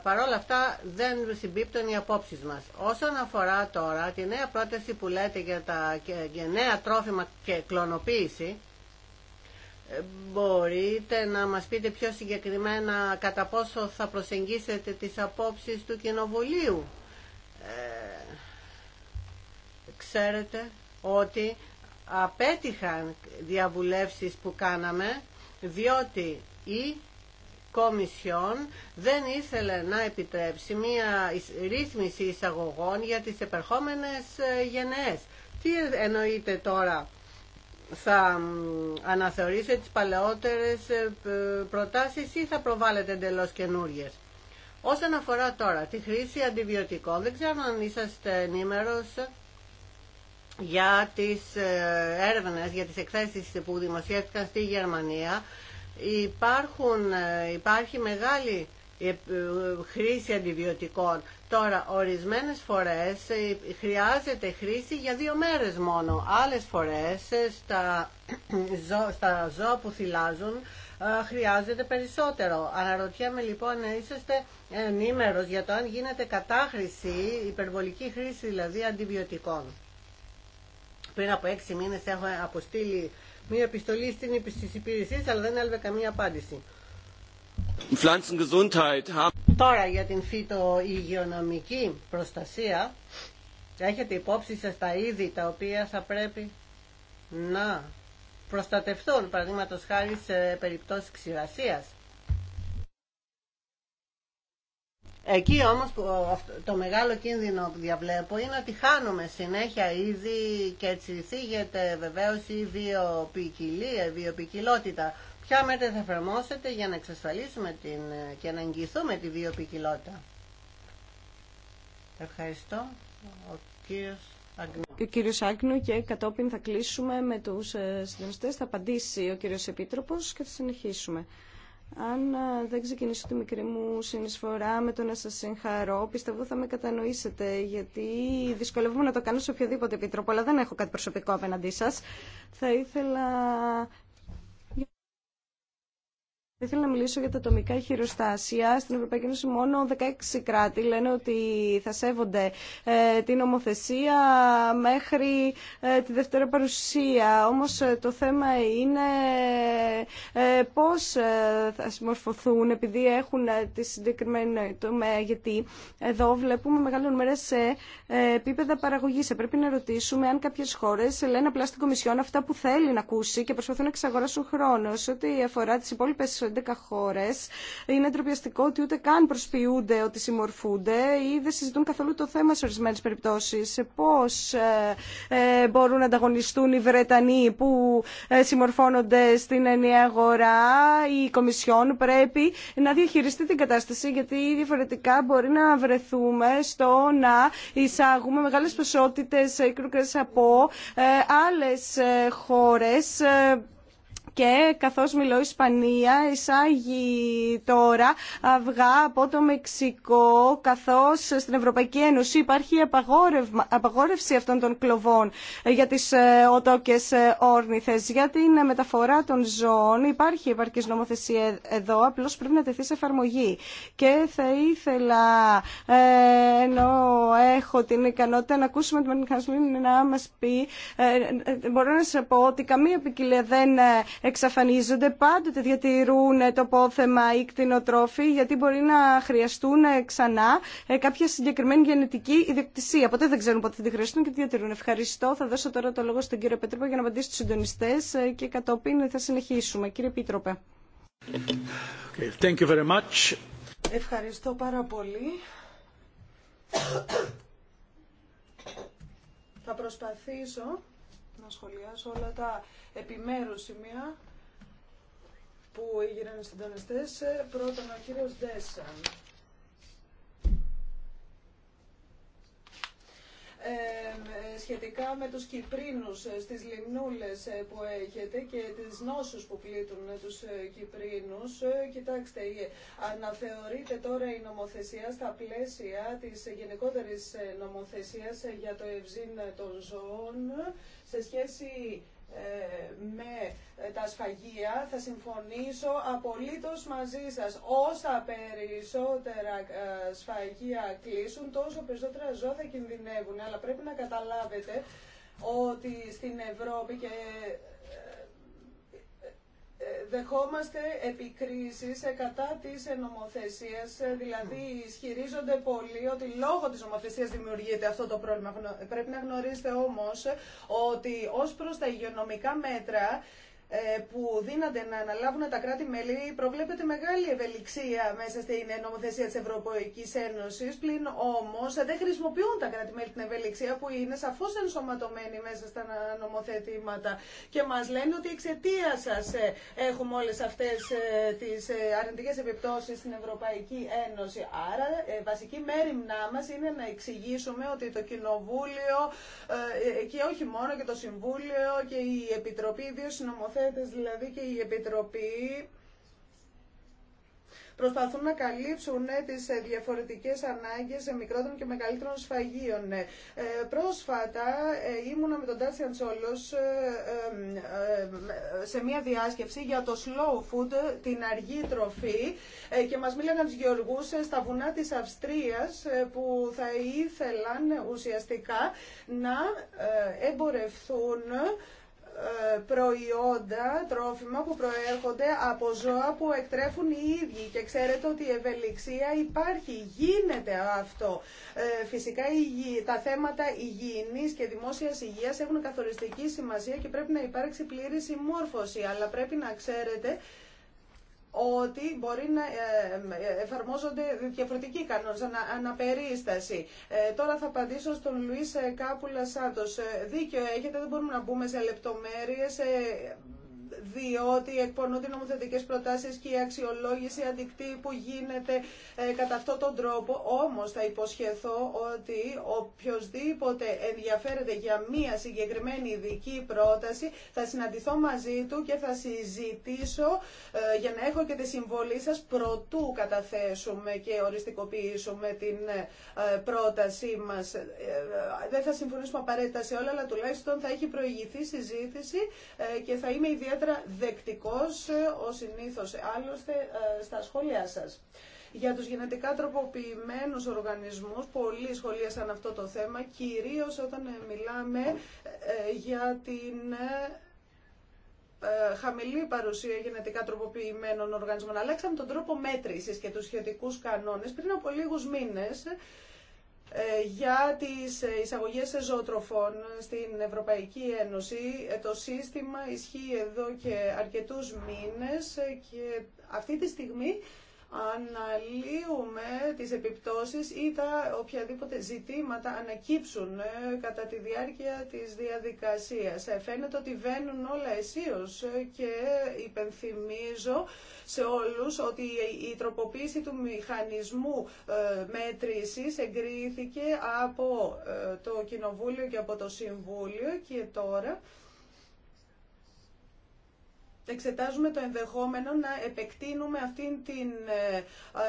παρόλα αυτά δεν συμπίπτουν οι απόψεις μας. Όσον αφορά τώρα τη νέα πρόταση που λέτε για τα νέα τρόφιμα και κλωνοποίηση, ε, μπορείτε να μας πείτε πιο συγκεκριμένα κατά πόσο θα προσεγγίσετε τις απόψεις του Κοινοβουλίου. Ε, ξέρετε ότι απέτυχαν διαβουλεύσεις που κάναμε διότι η Κομισιόν δεν ήθελε να επιτρέψει μία ρύθμιση εισαγωγών για τις επερχόμενες ε, γενναίες. Τι εννοείται τώρα, θα αναθεωρήσετε τις παλαιότερες ε, προτάσεις ή θα προβάλλετε εντελώς καινούριε. Όσον αφορά τώρα τη χρήση αντιβιωτικών, δεν ξέρω αν είσαστε ενήμερος για τις ε, έρευνες, για τις εκθέσεις που δημοσιεύτηκαν στη Γερμανία υπάρχουν, ε, υπάρχει μεγάλη ε, χρήση αντιβιωτικών. Τώρα, ορισμένες φορές χρειάζεται χρήση για δύο μέρες μόνο. Άλλες φορές στα, στα ζώα που θυλάζουν χρειάζεται περισσότερο. Αναρωτιέμαι λοιπόν να είσαστε ενήμερος για το αν γίνεται κατάχρηση, υπερβολική χρήση δηλαδή αντιβιωτικών. Πριν από έξι μήνες έχω αποστείλει μία επιστολή στην υπηρεσία, αλλά δεν έλαβε καμία απάντηση. Τώρα για την φυτοϊγειονομική προστασία έχετε υπόψη σα τα είδη τα οποία θα πρέπει να προστατευτούν, παραδείγματος χάρη σε περιπτώσεις ξηρασίας. Εκεί όμως ε, το μεγάλο κίνδυνο που διαβλέπω είναι ότι χάνουμε συνέχεια ήδη και έτσι θίγεται βεβαίως η βιοπικιλία, η βιοπικιλότητα. Ποια μέτρα θα εφαρμόσετε για να εξασφαλίσουμε την, ε, και να εγγυηθούμε τη βιοπικιλότητα. Ευχαριστώ. Ο κύριος Αγνού. και κατόπιν θα κλείσουμε με τους ε, συντονιστές. Θα απαντήσει ο κύριος Επίτροπος και θα συνεχίσουμε. Αν ε, δεν ξεκινήσω τη μικρή μου συνεισφορά με το να σας συγχαρώ, πιστεύω θα με κατανοήσετε, γιατί δυσκολεύομαι να το κάνω σε οποιοδήποτε επιτρόπο, αλλά δεν έχω κάτι προσωπικό απέναντί σας. Θα ήθελα Ήθελα να μιλήσω για τα ατομικά χειροστάσια. Στην Ευρωπαϊκή Ένωση μόνο 16 κράτη λένε ότι θα σέβονται ε, την ομοθεσία μέχρι ε, τη δεύτερη παρουσία. Όμως ε, το θέμα είναι πώς θα συμμορφωθούν επειδή έχουν τη συγκεκριμένη τομέα. Γιατί εδώ βλέπουμε μεγάλο μέρες σε επίπεδα παραγωγής. Πρέπει να ρωτήσουμε αν κάποιες χώρες λένε απλά στην Κομισιόν αυτά που θέλει να ακούσει και προσπαθούν να εξαγοράσουν χρόνο. Σε ό,τι αφορά τις υπόλοιπε χώρε. Είναι ντροπιαστικό ότι ούτε καν προσποιούνται ότι συμμορφούνται ή δεν συζητούν καθόλου το θέμα σε ορισμένε περιπτώσει. Πώ ε, ε, μπορούν να ανταγωνιστούν οι Βρετανοί που ε, συμμορφώνονται στην ενιαία αγορά. Η Κομισιόν ορισμενε περιπτωσει πω μπορουν να διαχειριστεί την κατάσταση γιατί διαφορετικά μπορεί να βρεθούμε στο να εισάγουμε μεγάλες ποσότητες κρουκρες από ε, άλλες χώρες και καθώς μιλώ Ισπανία εισάγει τώρα αυγά από το Μεξικό καθώς στην Ευρωπαϊκή Ένωση υπάρχει απαγόρευση αυτών των κλοβών για τις ε, οτόκες ε, όρνηθες. Για την μεταφορά των ζώων υπάρχει επαρκής νομοθεσία ε, εδώ, απλώς πρέπει να τεθεί σε εφαρμογή. Και θα ήθελα, ενώ έχω την ικανότητα να ακούσουμε την Μανιχασμίνη να μας πει, μπορώ να σας πω ότι καμία ποικιλία δεν εξαφανίζονται, πάντοτε διατηρούν το πόθεμα ή κτηνοτρόφοι, γιατί μπορεί να χρειαστούν ε, ξανά ε, κάποια συγκεκριμένη γενετική ιδιοκτησία. Ποτέ δεν ξέρουν πότε θα τη χρειαστούν και τη διατηρούν. Ευχαριστώ. Θα δώσω τώρα το λόγο στον κύριο Πετρίπο για να απαντήσει στους συντονιστέ ε, και κατόπιν θα συνεχίσουμε. Κύριε Πίτροπε. thank you very much. Ευχαριστώ πάρα πολύ. Θα προσπαθήσω να σχολιάσω όλα τα επιμέρους σημεία που έγιναν οι συντονιστές. Ε, πρώτον, ο κύριος Ντέσσαν. Ε, σχετικά με τους Κυπρίνους ε, στις λιμνούλες ε, που έχετε και τις νόσους που πλήττουν τους Κυπρίνους. Κοιτάξτε, αναθεωρείται τώρα η νομοθεσία στα πλαίσια της γενικότερης νομοθεσίας για το ευζήν των ζώων σε σχέση με τα σφαγεία, θα συμφωνήσω απολύτως μαζί σας. Όσα περισσότερα ε, σφαγεία κλείσουν, τόσο περισσότερα ζώα θα κινδυνεύουν. Αλλά πρέπει να καταλάβετε ότι στην Ευρώπη και δεχόμαστε επικρίσεις ε, κατά της ε, νομοθεσίας, ε, δηλαδή ισχυρίζονται πολλοί ότι λόγω της νομοθεσίας δημιουργείται αυτό το πρόβλημα. Πρέπει να γνωρίζετε όμως ότι ως προς τα υγειονομικά μέτρα ε, που δίνανται να αναλάβουν τα κράτη-μέλη προβλέπεται μεγάλη ευελιξία μέσα στην νομοθεσία της Ευρωπαϊκής Ένωσης, πλην όμως δεν χρησιμοποιούν τα κράτη-μέλη την ευελιξία που είναι σαφώς ενσωματωμένη μέσα στα νομοθετήματα και μας λένε ότι εξαιτία σας ε, έχουμε όλες αυτές ε, τις αρνητικές επιπτώσεις στην Ευρωπαϊκή Ένωση. Άρα βασική μέρημνά μας είναι να εξηγήσουμε ότι το Κοινοβούλιο και όχι μόνο και το Συμβούλιο και η Επιτροπή, ιδίως συνομοθέτες, δηλαδή και η Επιτροπή προσπαθούν να καλύψουν ναι, τις ε, διαφορετικές ανάγκες μικρότερων και μεγαλύτερων σφαγίων. Ναι. Ε, πρόσφατα ε, ήμουνα με τον Τάρσιαν Τσόλος σε μια διάσκεψη για το slow food, την αργή τροφή και μας μίλανε τους γεωργούς στα βουνά της Αυστρίας που θα ήθελαν ουσιαστικά να εμπορευθούν ε, προϊόντα, τρόφιμα που προέρχονται από ζώα που εκτρέφουν οι ίδιοι και ξέρετε ότι η ευελιξία υπάρχει, γίνεται αυτό. Ε, φυσικά τα θέματα υγιεινής και δημόσιας υγείας έχουν καθοριστική σημασία και πρέπει να υπάρξει πλήρη συμμόρφωση, αλλά πρέπει να ξέρετε ότι μπορεί να ε, ε, εφαρμόζονται διαφορετικοί κανόνες αναπερίσταση. Ε, τώρα θα απαντήσω στον Λουίς Κάπουλα Σάντος. Δίκιο έχετε, δεν μπορούμε να μπούμε σε λεπτομέρειες διότι εκπονούνται νομοθετικέ προτάσει και η αξιολόγηση αντικτύπου γίνεται ε, κατά αυτόν τον τρόπο. Όμω θα υποσχεθώ ότι οποιοδήποτε ενδιαφέρεται για μία συγκεκριμένη ειδική πρόταση θα συναντηθώ μαζί του και θα συζητήσω ε, για να έχω και τη συμβολή σα προτού καταθέσουμε και οριστικοποιήσουμε την ε, πρότασή μας. Δεν θα συμφωνήσουμε απαραίτητα σε όλα, αλλά τουλάχιστον θα έχει προηγηθεί συζήτηση και θα είμαι ιδιαίτερα ιδιαίτερα δεκτικός, ε, ο συνήθως άλλωστε, ε, στα σχόλιά σας. Για τους γενετικά τροποποιημένους οργανισμούς, πολλοί σχολίασαν αυτό το θέμα, κυρίως όταν ε, μιλάμε για την χαμηλή παρουσία γενετικά τροποποιημένων οργανισμών. Αλλάξαμε τον τρόπο μέτρησης και τους σχετικούς κανόνες πριν από λίγους μήνες ε, για τις ε, εισαγωγές ζωοτροφών στην Ευρωπαϊκή Ένωση. Ε, το σύστημα ισχύει εδώ και αρκετούς μήνες και αυτή τη στιγμή αναλύουμε τις επιπτώσεις ή τα οποιαδήποτε ζητήματα ανακύψουν ε, κατά τη διάρκεια της διαδικασίας. Ε, φαίνεται ότι βαίνουν όλα αισίως ε, και υπενθυμίζω σε όλους ότι η τροποποίηση του μηχανισμού μέτρησης εγκρίθηκε από το Κοινοβούλιο και από το Συμβούλιο και τώρα εξετάζουμε το ενδεχόμενο να επεκτείνουμε αυτήν την, ε, ε,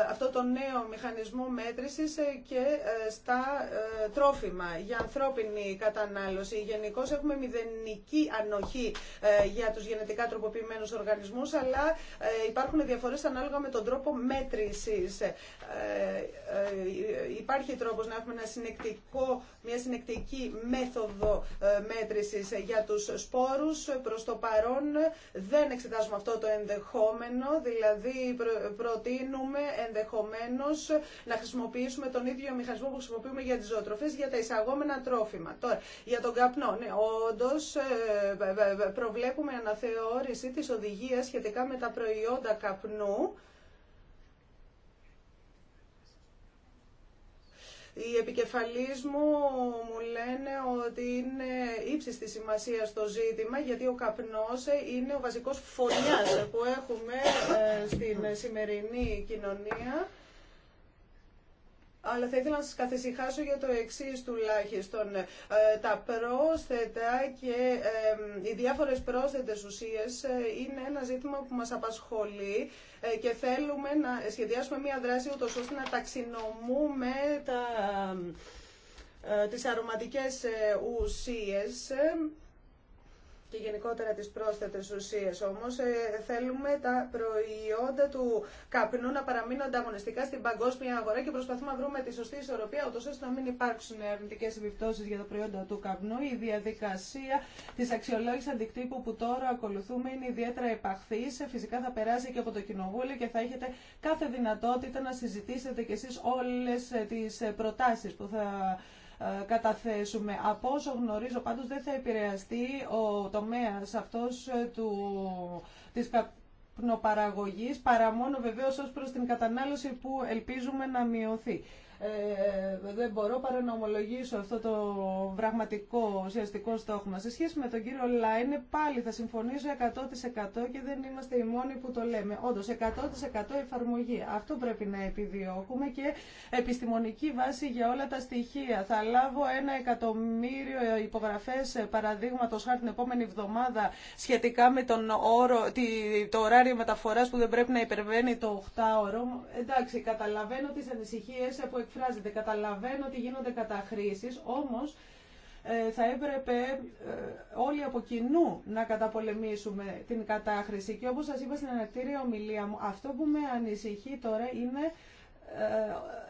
αυτό το νέο μηχανισμό μέτρησης ε, και στα τρόφιμα για ανθρώπινη κατανάλωση. Γενικώ έχουμε μηδενική ανοχή για τους γενετικά τροποποιημένους οργανισμούς, αλλά υπάρχουν διαφορές ανάλογα με τον τρόπο μέτρησης. Υπάρχει τρόπος να έχουμε ένα συνεκτικό, μια συνεκτική μέθοδο μέτρησης για τους σπόρους. Προς το παρόν δεν εξετάζουμε αυτό το ενδεχόμενο, δηλαδή προτείνουμε ενδεχομένως να χρησιμοποιήσουμε τον ίδιο μηχανισμό που χρησιμοποιούμε για τις ζωοτροφές για τα εισαγόμενα τρόφιμα. Τώρα, για τον καπνό, ναι, όντως ε, προβλέπουμε αναθεώρηση της οδηγίας σχετικά με τα προϊόντα καπνού Οι επικεφαλείς μου μου λένε ότι είναι ύψιστη σημασία στο ζήτημα γιατί ο καπνός είναι ο βασικός φωνιάς που έχουμε ε, στην σημερινή κοινωνία αλλά θα ήθελα να σας καθησυχάσω για το εξή τουλάχιστον. Ε, τα πρόσθετα και οι διάφορες πρόσθετες ουσίες ε, είναι ένα ζήτημα που μας απασχολεί ε, και θέλουμε να σχεδιάσουμε μια δράση ούτως ώστε να ταξινομούμε τα, τις αρωματικές ουσίες και γενικότερα τις πρόσθετες ουσίες. Όμως ε, θέλουμε τα προϊόντα του καπνού να παραμείνουν ανταγωνιστικά στην παγκόσμια αγορά και προσπαθούμε να βρούμε τη σωστή ισορροπία, ούτως ώστε να μην υπάρξουν αρνητικέ επιπτώσεις για τα προϊόντα του καπνού. Η διαδικασία της αξιολόγησης αντικτύπου που τώρα ακολουθούμε είναι ιδιαίτερα επαχθής. Φυσικά θα περάσει και από το Κοινοβούλιο και θα έχετε κάθε δυνατότητα να συζητήσετε κι εσείς όλες τις προτάσεις που θα ε, καταθέσουμε. Από όσο γνωρίζω πάντως δεν θα επηρεαστεί ο τομέας αυτός ε, του, της καπνοπαραγωγής παρά μόνο βεβαίως ως προς την κατανάλωση που ελπίζουμε να μειωθεί ε, δεν μπορώ παρά να ομολογήσω αυτό το πραγματικό ουσιαστικό στόχο μας. Σε σχέση με τον κύριο Λάινε πάλι θα συμφωνήσω 100% και δεν είμαστε οι μόνοι που το λέμε. Όντω 100% εφαρμογή. Αυτό πρέπει να επιδιώκουμε και επιστημονική βάση για όλα τα στοιχεία. Θα λάβω ένα εκατομμύριο υπογραφέ ε, παραδείγματο χάρη την επόμενη εβδομάδα σχετικά με τον όρο, το ωράριο μεταφορά που δεν πρέπει να υπερβαίνει το 8ωρο. Εντάξει, καταλαβαίνω τι ανησυχίε που εκφράζεται. Καταλαβαίνω ότι γίνονται καταχρήσεις, όμως ε, θα έπρεπε ε, όλοι από κοινού να καταπολεμήσουμε την κατάχρηση. Και όπως σας είπα στην ανακτήρια ομιλία μου, αυτό που με ανησυχεί τώρα είναι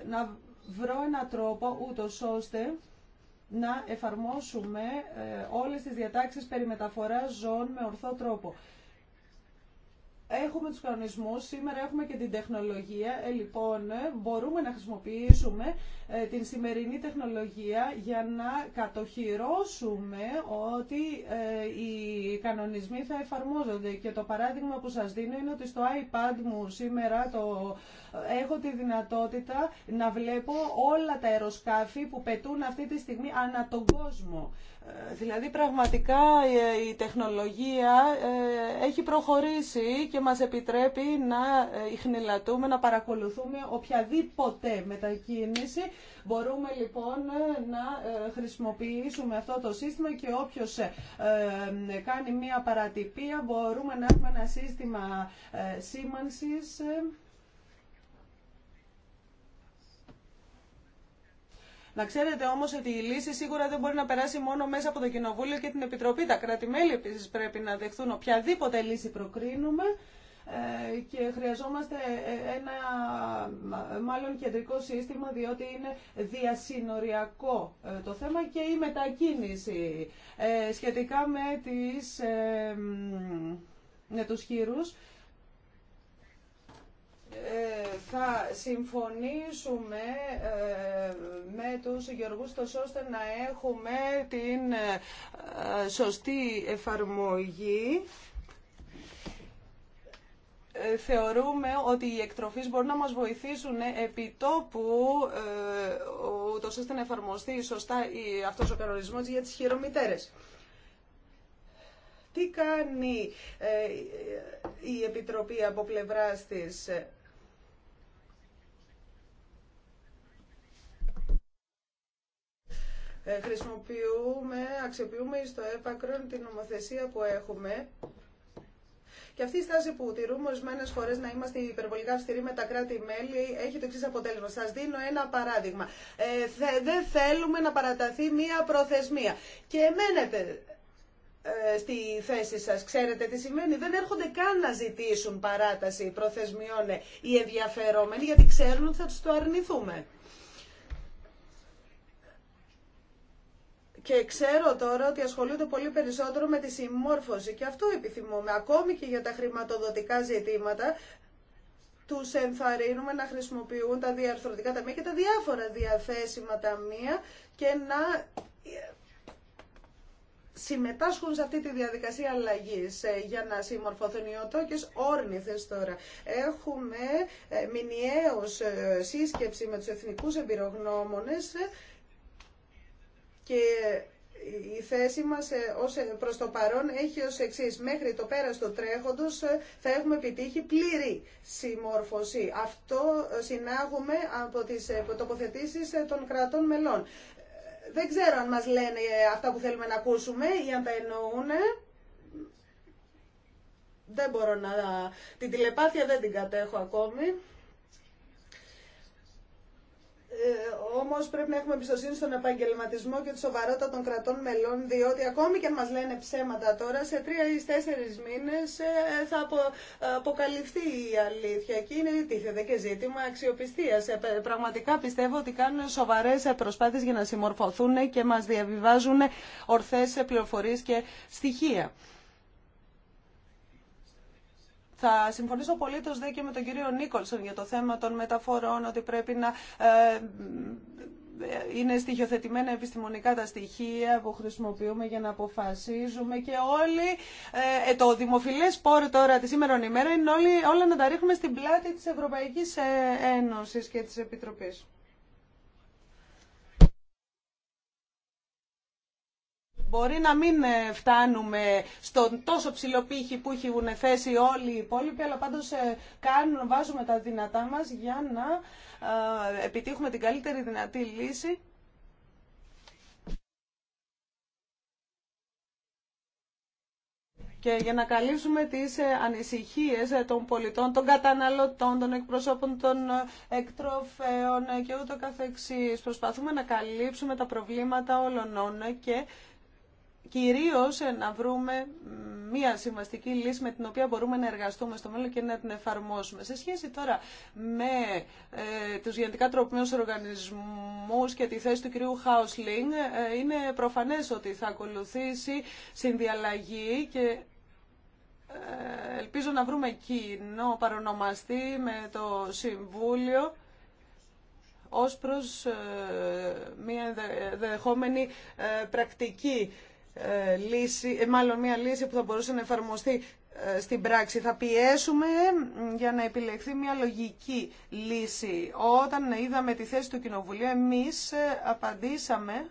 ε, να βρω έναν τρόπο ούτως ώστε να εφαρμόσουμε όλες τις διατάξεις περί μεταφοράς ζώων με ορθό τρόπο. Έχουμε τους κανονισμούς, σήμερα έχουμε και την τεχνολογία, ε, λοιπόν ε, μπορούμε να χρησιμοποιήσουμε ε, την σημερινή τεχνολογία για να κατοχυρώσουμε ότι ε, οι κανονισμοί θα εφαρμόζονται. Και το παράδειγμα που σας δίνω είναι ότι στο iPad μου σήμερα το, ε, έχω τη δυνατότητα να βλέπω όλα τα αεροσκάφη που πετούν αυτή τη στιγμή ανά τον κόσμο. Δηλαδή πραγματικά η τεχνολογία έχει προχωρήσει και μας επιτρέπει να ιχνηλατούμε, να παρακολουθούμε οποιαδήποτε μετακίνηση Μπορούμε λοιπόν ε, να ε, χρησιμοποιήσουμε αυτό το σύστημα και όποιος ε, κάνει μία παρατυπία μπορούμε να έχουμε ένα σύστημα σήμανσης Να ξέρετε όμως ότι η λύση σίγουρα δεν μπορεί να περάσει μόνο μέσα από το Κοινοβούλιο και την Επιτροπή. Τα κράτη-μέλη επίσης πρέπει να δεχθούν οποιαδήποτε λύση προκρίνουμε. Ε, και χρειαζόμαστε ένα μάλλον κεντρικό σύστημα διότι είναι διασυνοριακό ε, το θέμα και η μετακίνηση ε, σχετικά με, τις, με τους χείρους θα συμφωνήσουμε με τους γεωργούς τόσο ώστε να έχουμε την σωστή εφαρμογή θεωρούμε ότι οι εκτροφείς μπορούν να μας βοηθήσουν επί τόπου ε, ούτως ώστε να εφαρμοστεί σωστά αυτός ο κανονισμός για τις χειρομητέρες. Τι κάνει ε, η Επιτροπή από πλευράς της ε, χρησιμοποιούμε, αξιοποιούμε στο έπακρον την νομοθεσία που έχουμε και αυτή η στάση που τηρούμε ορισμένε φορέ να είμαστε υπερβολικά αυστηροί με τα κράτη-μέλη έχει το εξή αποτέλεσμα. Σα δίνω ένα παράδειγμα. Ε, δεν θέλουμε να παραταθεί μία προθεσμία. Και μένετε ε, στη θέση σας. Ξέρετε τι σημαίνει. Δεν έρχονται καν να ζητήσουν παράταση προθεσμιών οι ενδιαφερόμενοι γιατί ξέρουν ότι θα τους το αρνηθούμε. Και ξέρω τώρα ότι ασχολούνται πολύ περισσότερο με τη συμμόρφωση και αυτό επιθυμούμε. Ακόμη και για τα χρηματοδοτικά ζητήματα του ενθαρρύνουμε να χρησιμοποιούν τα διαρθρωτικά ταμεία και τα διάφορα διαθέσιμα ταμεία και να ε, συμμετάσχουν σε αυτή τη διαδικασία αλλαγή ε, για να συμμορφωθούν οι οτόκε όρνηθε τώρα. Έχουμε ε, μηνιαίω σύσκεψη με του εθνικού εμπειρογνώμονε και η θέση μας ε, ως, ε, προς το παρόν έχει ως εξής. Μέχρι το πέρας του τρέχοντος ε, θα έχουμε επιτύχει πλήρη συμμόρφωση. Αυτό συνάγουμε από τις τοποθετήσεις των κρατών μελών. Δεν ξέρω αν μας λένε αυτά που θέλουμε να ακούσουμε ή αν τα εννοούν. Δεν μπορώ να... Την τηλεπάθεια δεν την κατέχω ακόμη. Ε, Όμω πρέπει να έχουμε εμπιστοσύνη στον επαγγελματισμό και τη σοβαρότητα των κρατών μελών, διότι ακόμη και αν μα λένε ψέματα τώρα, σε τρία ή τέσσερι μήνε ε, θα αποκαλυφθεί η αλήθεια. Και είναι τίθεται και ζήτημα αξιοπιστία. Ε, πραγματικά πιστεύω ότι κάνουν σοβαρέ προσπάθειε για να συμμορφωθούν και μα διαβιβάζουν ορθέ πληροφορίε και στοιχεία. Θα συμφωνήσω πολύ δε και με τον κύριο Νίκολσον για το θέμα των μεταφορών, ότι πρέπει να ε, ε, είναι στοιχειοθετημένα επιστημονικά τα στοιχεία που χρησιμοποιούμε για να αποφασίζουμε και όλοι ε, ε το δημοφιλές πόρο τώρα τη σήμερα ημέρα είναι όλοι, όλα να τα ρίχνουμε στην πλάτη της Ευρωπαϊκής Ένωσης και της Επιτροπής. Μπορεί να μην ε, φτάνουμε στον τόσο ψηλό πύχη που έχουν θέσει όλοι οι υπόλοιποι, αλλά πάντως ε, κάνουν, βάζουμε τα δυνατά μας για να ε, επιτύχουμε την καλύτερη δυνατή λύση. και για να καλύψουμε τις ανησυχίες των πολιτών, των καταναλωτών, των εκπροσώπων των εκτροφέων και ούτω καθεξής. Προσπαθούμε να καλύψουμε τα προβλήματα όλων και κυρίως ε, να βρούμε μία συμβαστική λύση με την οποία μπορούμε να εργαστούμε στο μέλλον και να την εφαρμόσουμε. Σε σχέση τώρα με ε, τους γενικά τροπημένους οργανισμούς και τη θέση του κυρίου Χάουσλινγκ, ε, είναι προφανές ότι θα ακολουθήσει συνδιαλλαγή και ελπίζω να βρούμε κοινό παρονομαστή με το Συμβούλιο ως προς μία δεχόμενη πρακτική ε, λύση, ε, μάλλον μια λύση που θα μπορούσε να εφαρμοστεί ε, στην πράξη. Θα πιέσουμε για να επιλεχθεί μια λογική λύση. Όταν είδαμε τη θέση του Κοινοβουλίου, εμείς απαντήσαμε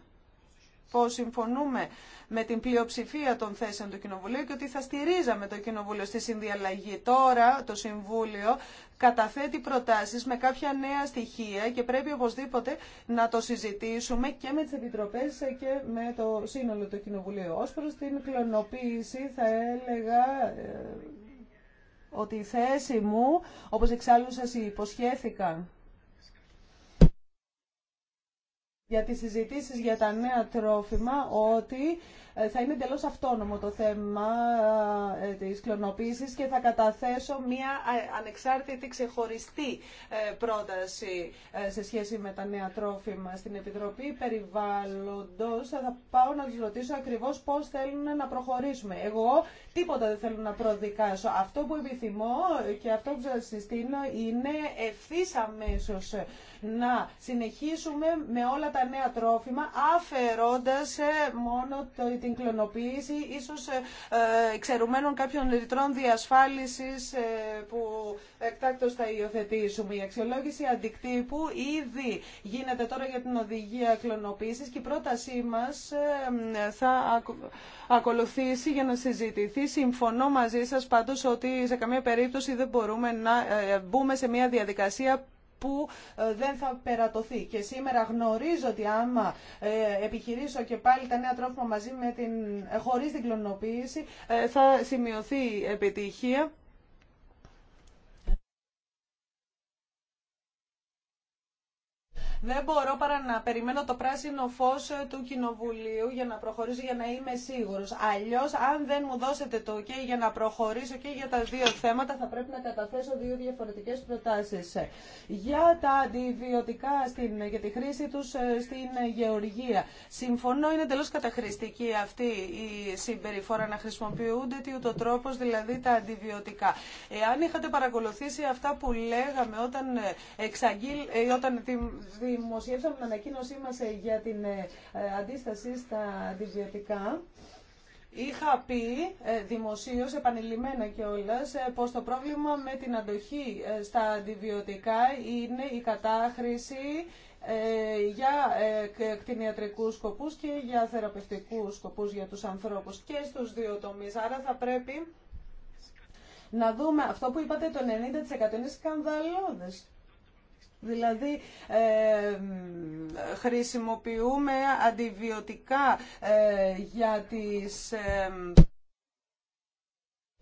πως συμφωνούμε με την πλειοψηφία των θέσεων του Κοινοβουλίου και ότι θα στηρίζαμε το Κοινοβούλιο στη συνδιαλλαγή. Τώρα το Συμβούλιο καταθέτει προτάσεις με κάποια νέα στοιχεία και πρέπει οπωσδήποτε να το συζητήσουμε και με τις επιτροπές και με το σύνολο του Κοινοβουλίου. Ως προς την κλωνοποίηση θα έλεγα ε, ότι η θέση μου, όπως εξάλλου σας υποσχέθηκα, για τις συζητήσεις για τα νέα τρόφιμα ότι θα είναι εντελώ αυτόνομο το θέμα ε, της κλωνοποίησης και θα καταθέσω μια ανεξάρτητη ξεχωριστή ε, πρόταση ε, σε σχέση με τα νέα τρόφιμα στην Επιτροπή Περιβάλλοντος. Θα πάω να τους ρωτήσω ακριβώς πώς θέλουν να προχωρήσουμε. Εγώ τίποτα δεν θέλω να προδικάσω. Αυτό που επιθυμώ και αυτό που σας συστήνω είναι ευθύ αμέσω να συνεχίσουμε με όλα τα νέα τρόφιμα αφαιρώντας μόνο το την κλωνοποίηση ίσως ε, ε, εξαιρουμένων κάποιων ρητρών διασφάλισης ε, που εκτάκτως θα υιοθετήσουμε. Η αξιολόγηση αντικτύπου ήδη γίνεται τώρα για την οδηγία κλωνοποίησης και η πρότασή μας θα ακολουθήσει για να συζητηθεί. Συμφωνώ μαζί σας πάντως ότι σε καμία περίπτωση δεν μπορούμε να μπούμε σε μια διαδικασία που ε, δεν θα περατωθεί. Και σήμερα γνωρίζω ότι άμα ε, επιχειρήσω και πάλι τα νέα τρόφιμα μαζί με την, ε, χωρίς την κλωνοποίηση θα σημειωθεί επιτυχία. Δεν μπορώ παρά να περιμένω το πράσινο φω ε, του Κοινοβουλίου για να προχωρήσω, για να είμαι σίγουρο. Αλλιώ, αν δεν μου δώσετε το OK για να προχωρήσω και για τα δύο θέματα, θα πρέπει να καταθέσω δύο διαφορετικέ προτάσει. Ε, για τα αντιβιωτικά στην, για τη χρήση του ε, στην γεωργία. Συμφωνώ, είναι εντελώ καταχρηστική αυτή η συμπεριφορά να χρησιμοποιούνται τι ούτω τρόπο δηλαδή τα αντιβιωτικά. Εάν είχατε παρακολουθήσει αυτά που λέγαμε όταν, εξαγγείλ, όταν δημοσιεύσαμε την ανακοίνωσή μας ε, για την ε, ε, αντίσταση στα αντιβιωτικά. Είχα πει δημοσίως, επανειλημμένα κιόλας, πως το πρόβλημα με την αντοχή στα αντιβιωτικά είναι η κατάχρηση για κτηνιατρικούς σκοπούς και για θεραπευτικούς σκοπούς για τους ανθρώπους και στους δύο τομείς. Άρα θα πρέπει να δούμε αυτό που είπατε το 90% είναι σκανδαλώδες. Δηλαδή ε, χρησιμοποιούμε αντιβιωτικά ε, για τις... Ε,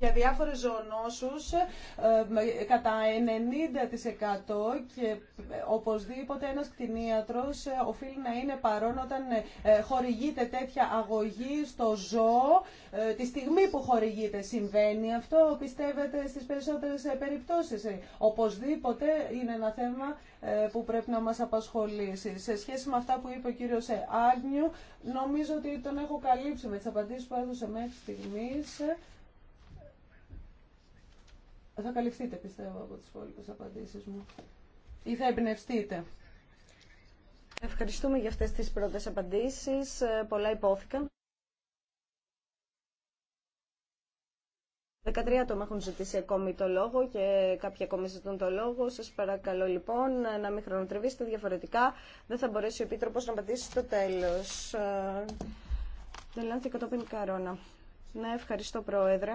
για διάφορες ζωονόσους, ε, κατά 90% και ε, οπωσδήποτε ένας κτηνίατρος ε, οφείλει να είναι παρόν όταν χορηγείται τέτοια αγωγή στο ζώο. τη στιγμή που χορηγείται συμβαίνει αυτό, πιστεύετε στις περισσότερες περιπτώσεις. οπωσδήποτε είναι ένα θέμα που πρέπει να μας απασχολήσει. Σε σχέση με αυτά που είπε ο κύριος Άγνιου, νομίζω ότι τον έχω καλύψει με τις απαντήσεις που έδωσε μέχρι στιγμής θα καλυφθείτε πιστεύω από τις υπόλοιπες απαντήσεις μου ή θα εμπνευστείτε. Ευχαριστούμε για αυτές τις πρώτες απαντήσεις. Ε, πολλά υπόθηκαν. 13 άτομα έχουν ζητήσει ακόμη το λόγο και κάποιοι ακόμη ζητούν το λόγο. Σας παρακαλώ λοιπόν να μην χρονοτριβήσετε διαφορετικά. Δεν θα μπορέσει ο Επίτροπος να απαντήσει στο τέλος. Δεν κατόπιν καρόνα. Ναι, ευχαριστώ Πρόεδρε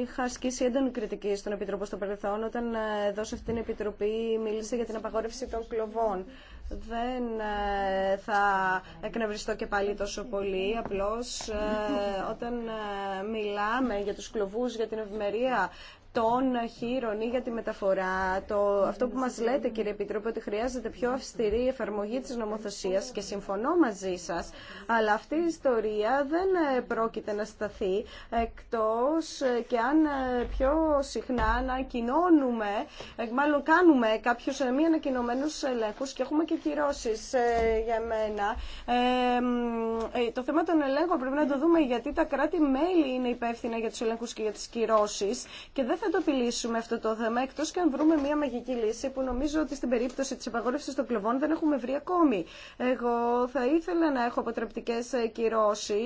είχα ασκήσει έντονη κριτική στον Επιτροπό στο παρελθόν όταν ε, εδώ σε αυτήν την Επιτροπή μίλησε για την απαγόρευση των κλοβών. Δεν ε, θα εκνευριστώ και πάλι τόσο πολύ, απλώς ε, όταν μιλάμε για τους κλοβούς, για την ευημερία των χείρων ή για τη μεταφορά. Το, αυτό που μας λέτε κύριε Επιτρόπε ότι χρειάζεται πιο αυστηρή εφαρμογή της νομοθεσίας και συμφωνώ μαζί σας, αλλά αυτή η ιστορία δεν ε, πρόκειται να σταθεί εκτός ε, και αν ε, πιο συχνά ανακοινώνουμε, μάλλον κάνουμε κάποιους μη ανακοινωμένους ελέγχους και έχουμε και κυρώσεις για μένα. το θέμα των ελέγχων πρέπει να το δούμε γιατί τα κράτη-μέλη είναι υπεύθυνα για τους ελέγχους και για τις κυρώσεις και δεν θα το επιλύσουμε αυτό το θέμα εκτό και αν βρούμε μια μαγική λύση που νομίζω ότι στην περίπτωση τη απαγόρευση των κλοβών δεν έχουμε βρει ακόμη. Εγώ θα ήθελα να έχω αποτρεπτικέ ε, κυρώσει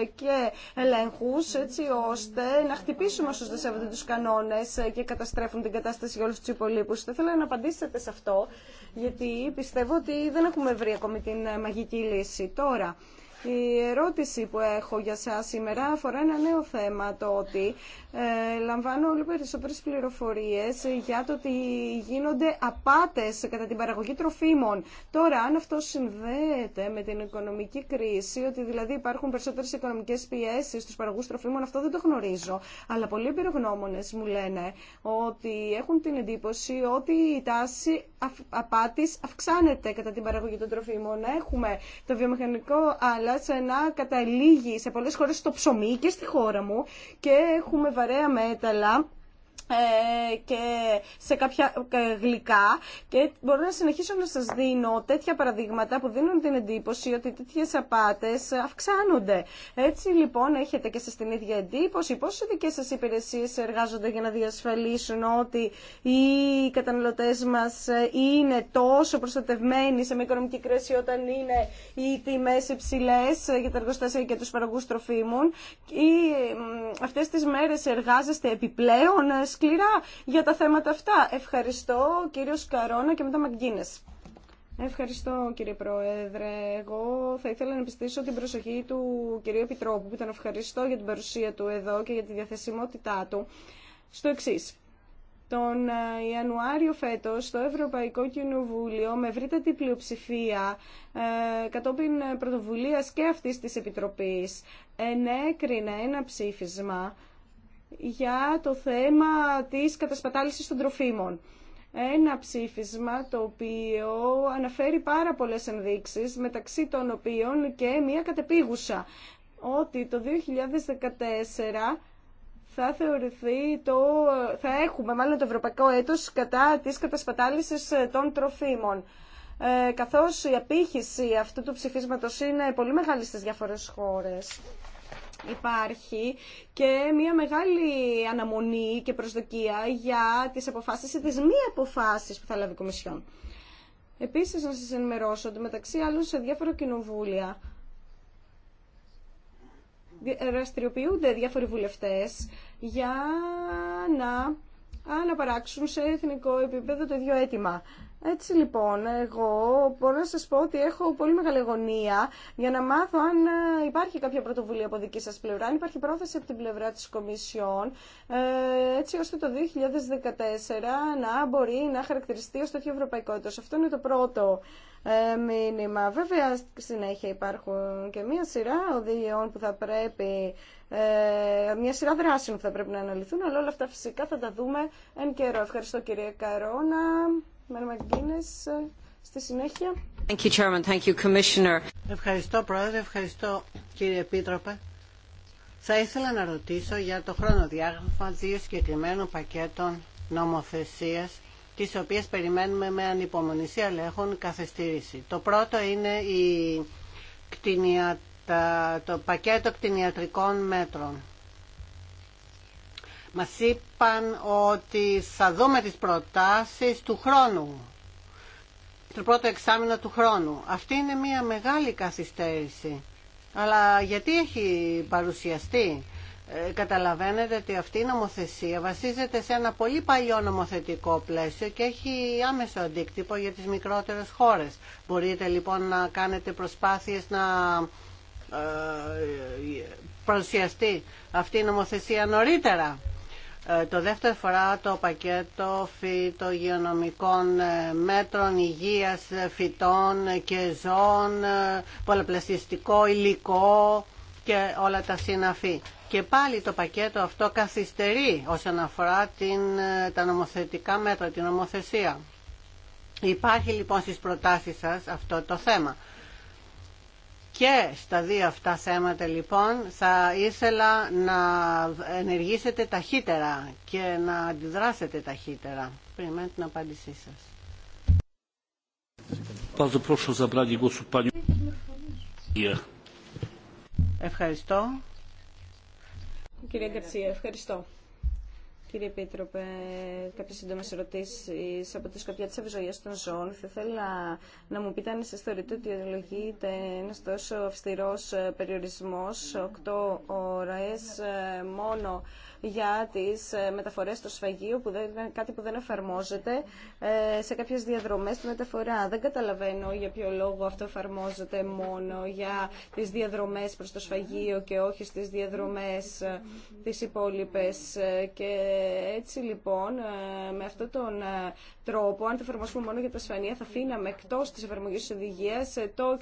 ε, και ελέγχου έτσι ώστε να χτυπήσουμε όσου δεν σέβονται του κανόνε ε, και καταστρέφουν την κατάσταση για όλου του υπολείπου. Θα ήθελα να απαντήσετε σε αυτό γιατί πιστεύω ότι δεν έχουμε βρει ακόμη την μαγική λύση. Τώρα, η ερώτηση που έχω για σας σήμερα αφορά ένα νέο θέμα, το ότι ε, λαμβάνω όλο περισσότερες πληροφορίες για το ότι γίνονται απάτες κατά την παραγωγή τροφίμων. Τώρα, αν αυτό συνδέεται με την οικονομική κρίση, ότι δηλαδή υπάρχουν περισσότερες οικονομικές πιέσεις στους παραγωγούς τροφίμων, αυτό δεν το γνωρίζω. Αλλά πολλοί εμπειρογνώμονες μου λένε ότι έχουν την εντύπωση ότι η τάση απάτης αυξάνεται κατά την παραγωγή των τροφίμων. Έχουμε το βιομηχανικό άλλα σε να καταλήγει σε πολλέ χώρε το ψωμί και στη χώρα μου και έχουμε βαρέα μέταλλα ε, και σε κάποια ε, γλυκά και μπορώ να συνεχίσω να σας δίνω τέτοια παραδείγματα που δίνουν την εντύπωση ότι τέτοιες απάτες αυξάνονται. Έτσι λοιπόν έχετε και σας την ίδια εντύπωση πόσες οι δικές σας υπηρεσίες εργάζονται για να διασφαλίσουν ότι οι καταναλωτές μας είναι τόσο προστατευμένοι σε μια οικονομική κρίση όταν είναι οι τιμές υψηλέ για τα εργοστάσια και τους παραγωγούς τροφίμων ή αυτές τις μέρες εργάζεστε επιπλέον ε, σκληρά για τα θέματα αυτά. Ευχαριστώ κύριο Καρόνα και μετά Μαγκίνες. Ευχαριστώ κύριε Πρόεδρε. Εγώ θα ήθελα να επιστήσω την προσοχή του κυρίου Επιτρόπου που τον ευχαριστώ για την παρουσία του εδώ και για τη διαθεσιμότητά του στο εξή. Τον ε, Ιανουάριο φέτος το Ευρωπαϊκό Κοινοβούλιο με την πλειοψηφία ε, κατόπιν πρωτοβουλίας και αυτής της Επιτροπής ενέκρινε ένα ψήφισμα για το θέμα της κατασπατάλησης των τροφίμων. Ένα ψήφισμα το οποίο αναφέρει πάρα πολλές ενδείξεις, μεταξύ των οποίων και μία κατεπίγουσα, ότι το 2014 θα θεωρηθεί το, θα έχουμε μάλλον το ευρωπαϊκό έτος κατά της κατασπατάλησης ε, των τροφίμων. Ε, καθώς η απήχηση αυτού του ψηφίσματος είναι πολύ μεγάλη στις διάφορες χώρες υπάρχει και μια μεγάλη αναμονή και προσδοκία για τις αποφάσεις ή τις μη αποφάσεις που θα λάβει η Κομισιόν. Επίσης να σας ενημερώσω ότι μεταξύ άλλων σε διάφορα κοινοβούλια δραστηριοποιούνται διάφοροι βουλευτές για να αναπαράξουν σε εθνικό επίπεδο το ίδιο αίτημα. Έτσι λοιπόν, εγώ μπορώ να σας πω ότι έχω πολύ μεγάλη αγωνία για να μάθω αν ε, υπάρχει κάποια πρωτοβουλία από δική σας πλευρά, αν υπάρχει πρόθεση από την πλευρά της Κομισιόν, ε, έτσι ώστε το 2014 να μπορεί να χαρακτηριστεί ως τέτοιο ευρωπαϊκό έτος. Αυτό είναι το πρώτο ε, μήνυμα. Βέβαια, συνέχεια υπάρχουν και μία σειρά οδηγιών που θα πρέπει, μία σειρά δράσεων που θα πρέπει να αναλυθούν, αλλά όλα αυτά φυσικά θα τα δούμε εν καιρό. Ευχαριστώ κυρία Καρόνα. Ε, Ευχαριστώ, Πρόεδρε. Ευχαριστώ, κύριε Επίτροπε. Θα ήθελα να ρωτήσω για το χρονοδιάγραμμα δύο συγκεκριμένων πακέτων νομοθεσίας τις οποίες περιμένουμε με ανυπομονησία αλλά έχουν καθεστήριση. Το πρώτο είναι η το πακέτο κτηνιατρικών μέτρων Μα είπαν ότι θα δούμε τις προτάσεις του χρόνου, το πρώτο εξάμεινο του χρόνου. Αυτή είναι μια μεγάλη καθυστέρηση. Αλλά γιατί έχει παρουσιαστεί. Ε, καταλαβαίνετε ότι αυτή η νομοθεσία βασίζεται σε ένα πολύ παλιό νομοθετικό πλαίσιο και έχει άμεσο αντίκτυπο για τις μικρότερες χώρες. Μπορείτε λοιπόν να κάνετε προσπάθειες να ε, ε παρουσιαστεί αυτή η νομοθεσία νωρίτερα. Ε, το δεύτερο φορά το πακέτο φυτογειονομικών ε, μέτρων υγείας ε, φυτών και ζώων, πολλαπλασιαστικό υλικό και όλα τα συναφή. Και πάλι το πακέτο αυτό καθυστερεί όσον αφορά την, τα νομοθετικά μέτρα, την νομοθεσία. Υπάρχει λοιπόν στις προτάσεις σας αυτό το θέμα. Και στα δύο αυτά θέματα λοιπόν θα ήθελα να ενεργήσετε ταχύτερα και να αντιδράσετε ταχύτερα. Περιμένω την απάντησή σας. Ευχαριστώ. Κυρία Γκαρσία, ευχαριστώ. Κύριε Επίτροπε, κάποιε σύντομε ερωτήσει από τη σκοπιά τη ευζοία των ζώων. Θα ήθελα να μου πείτε αν εσεί θεωρείτε ότι ολογείται ένα τόσο αυστηρό περιορισμό, 8 ώρε μόνο για τις ε, μεταφορές στο σφαγείο, που δεν, κάτι που δεν εφαρμόζεται ε, σε κάποιες διαδρομές στη μεταφορά. Δεν καταλαβαίνω για ποιο λόγο αυτό εφαρμόζεται μόνο για τις διαδρομές προς το σφαγείο και όχι στις διαδρομές ε, τις υπόλοιπες. Και έτσι λοιπόν, με αυτόν τον τρόπο, αν το εφαρμόσουμε μόνο για τα σφανεία, θα αφήναμε εκτός τη εφαρμογής της οδηγίας το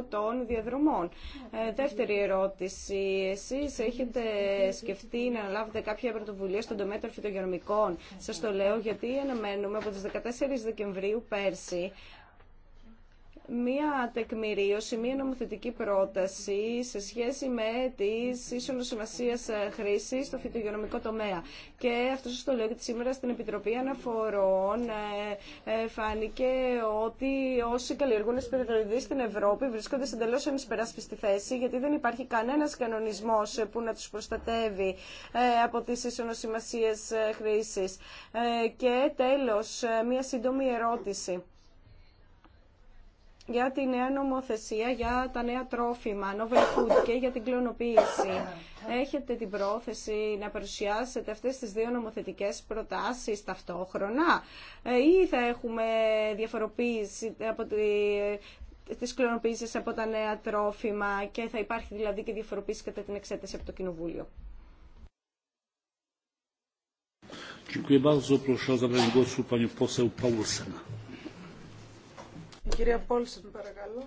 60% των διαδρομών. δεύτερη ερώτηση. Εσείς έχετε σκεφτεί να αναλάβετε κάποια πρωτοβουλία στον τομέα των φυτογεωνομικών. Σα το λέω γιατί αναμένουμε από τι 14 Δεκεμβρίου πέρσι μία τεκμηρίωση, μία νομοθετική πρόταση σε σχέση με τις ίσονο σημασία ε, χρήση στο φυτογειονομικό τομέα. Και αυτό σα το λέω σήμερα στην Επιτροπή Αναφορών ε, ε, φάνηκε ότι όσοι καλλιεργούν εσπεριδοειδείς στην Ευρώπη βρίσκονται σε εντελώ ανισπεράσπιστη θέση γιατί δεν υπάρχει κανένας κανονισμός που να του προστατεύει από τις ίσονος χρήση. χρήσης. Και τέλο, μία σύντομη ερώτηση για τη νέα νομοθεσία για τα νέα τρόφιμα, novel food και για την κλωνοποίηση. Έχετε την πρόθεση να παρουσιάσετε αυτές τις δύο νομοθετικές προτάσεις ταυτόχρονα ε, ή θα έχουμε διαφοροποίηση από τη, τις κλωνοποίησεις από τα νέα τρόφιμα και θα υπάρχει δηλαδή και διαφοροποίηση κατά την εξέταση από το Κοινοβούλιο. Η κυρία Πόλσεν, παρακαλώ.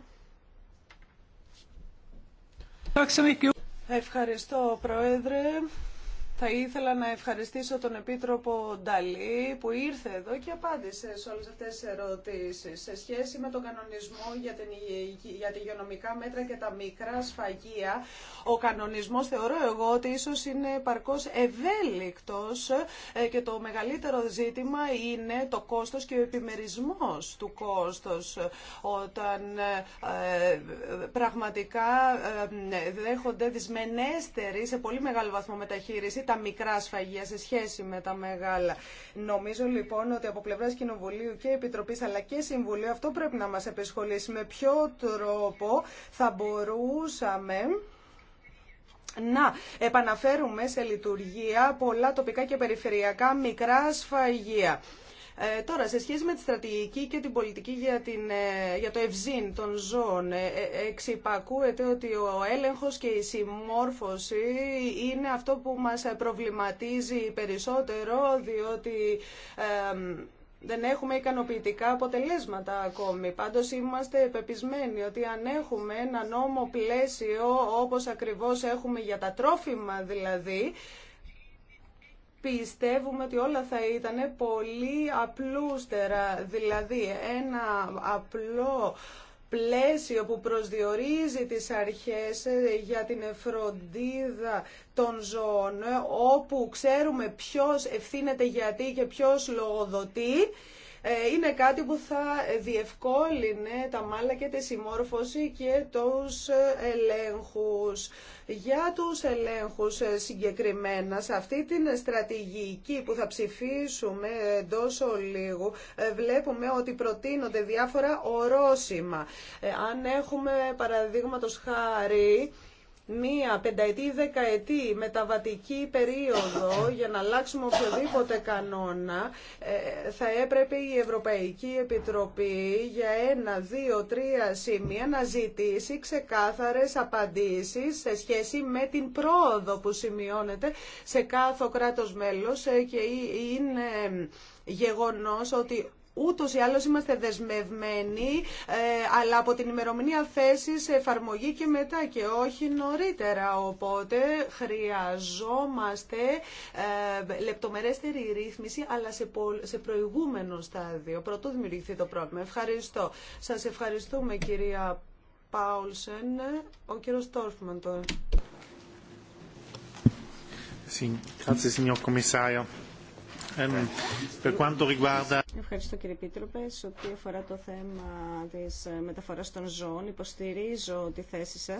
Ευχαριστώ, Πρόεδρε. Θα ήθελα να ευχαριστήσω τον Επίτροπο Νταλή που ήρθε εδώ και απάντησε σε όλες αυτές τις ερωτήσεις. Σε σχέση με τον κανονισμό για, την, για τη υγειονομικά μέτρα και τα μικρά σφαγεία, ο κανονισμός θεωρώ εγώ ότι ίσως είναι παρκώς ευέλικτος ε, και το μεγαλύτερο ζήτημα είναι το κόστος και ο επιμερισμός του κόστος. Όταν ε, πραγματικά ε, δέχονται δυσμενέστερη σε πολύ μεγάλο βαθμό μεταχείριση τα μικρά σφαγεία σε σχέση με τα μεγάλα. Νομίζω λοιπόν ότι από πλευρά Κοινοβουλίου και Επιτροπή αλλά και Συμβουλίου αυτό πρέπει να μα επισχολήσει. Με ποιο τρόπο θα μπορούσαμε να επαναφέρουμε σε λειτουργία πολλά τοπικά και περιφερειακά μικρά σφαγεία. Ε, τώρα, σε σχέση με τη στρατηγική και την πολιτική για, την, ε, για το ευζήν των ζώων, ε, ε, εξυπακούεται ότι ο έλεγχος και η συμμόρφωση είναι αυτό που μας προβληματίζει περισσότερο, διότι... δεν έχουμε ικανοποιητικά αποτελέσματα ακόμη. Πάντως είμαστε πεπισμένοι ότι αν έχουμε ένα νόμο πλαίσιο όπως ακριβώς έχουμε για τα τρόφιμα δηλαδή, Πιστεύουμε ότι όλα θα ήταν πολύ απλούστερα, δηλαδή ένα απλό πλαίσιο που προσδιορίζει τις αρχές ε, για την φροντίδα των ζώων, ε, όπου ξέρουμε ποιος ευθύνεται γιατί και ποιος λογοδοτεί, ε, είναι κάτι που θα διευκόλυνε τα μάλλα και τη συμμόρφωση και τους ελέγχους. Για τους ελέγχους ε, συγκεκριμένα, σε αυτή την στρατηγική που θα ψηφίσουμε εντό ολίγου, ε, βλέπουμε ότι προτείνονται διάφορα ορόσημα. Αν έχουμε παραδείγματος χάρη μία πενταετή ή δεκαετή μεταβατική περίοδο για να αλλάξουμε οποιοδήποτε κανόνα ε, θα έπρεπε η Ευρωπαϊκή Επιτροπή για ένα, δύο, τρία σημεία να ζητήσει ξεκάθαρες απαντήσεις σε σχέση με την πρόοδο που σημειώνεται σε κάθε κράτος μέλος ε, και είναι γεγονός ότι ούτως ή άλλως είμαστε δεσμευμένοι, ε, αλλά από την ημερομηνία θέση σε εφαρμογή και μετά και όχι νωρίτερα. Οπότε χρειαζόμαστε ε, λεπτομερέστερη ρύθμιση, αλλά σε προηγούμενο στάδιο, πρωτού δημιουργηθεί το πρόβλημα. Ευχαριστώ. Σας ευχαριστούμε κυρία Πάουλσεν. Ο κύριος Τόρφμαν τώρα. Grazie signor Commissario. Ευχαριστώ κύριε Πίτροπε. Σε ό,τι αφορά το θέμα της μεταφοράς των ζώων, υποστηρίζω τη θέση σα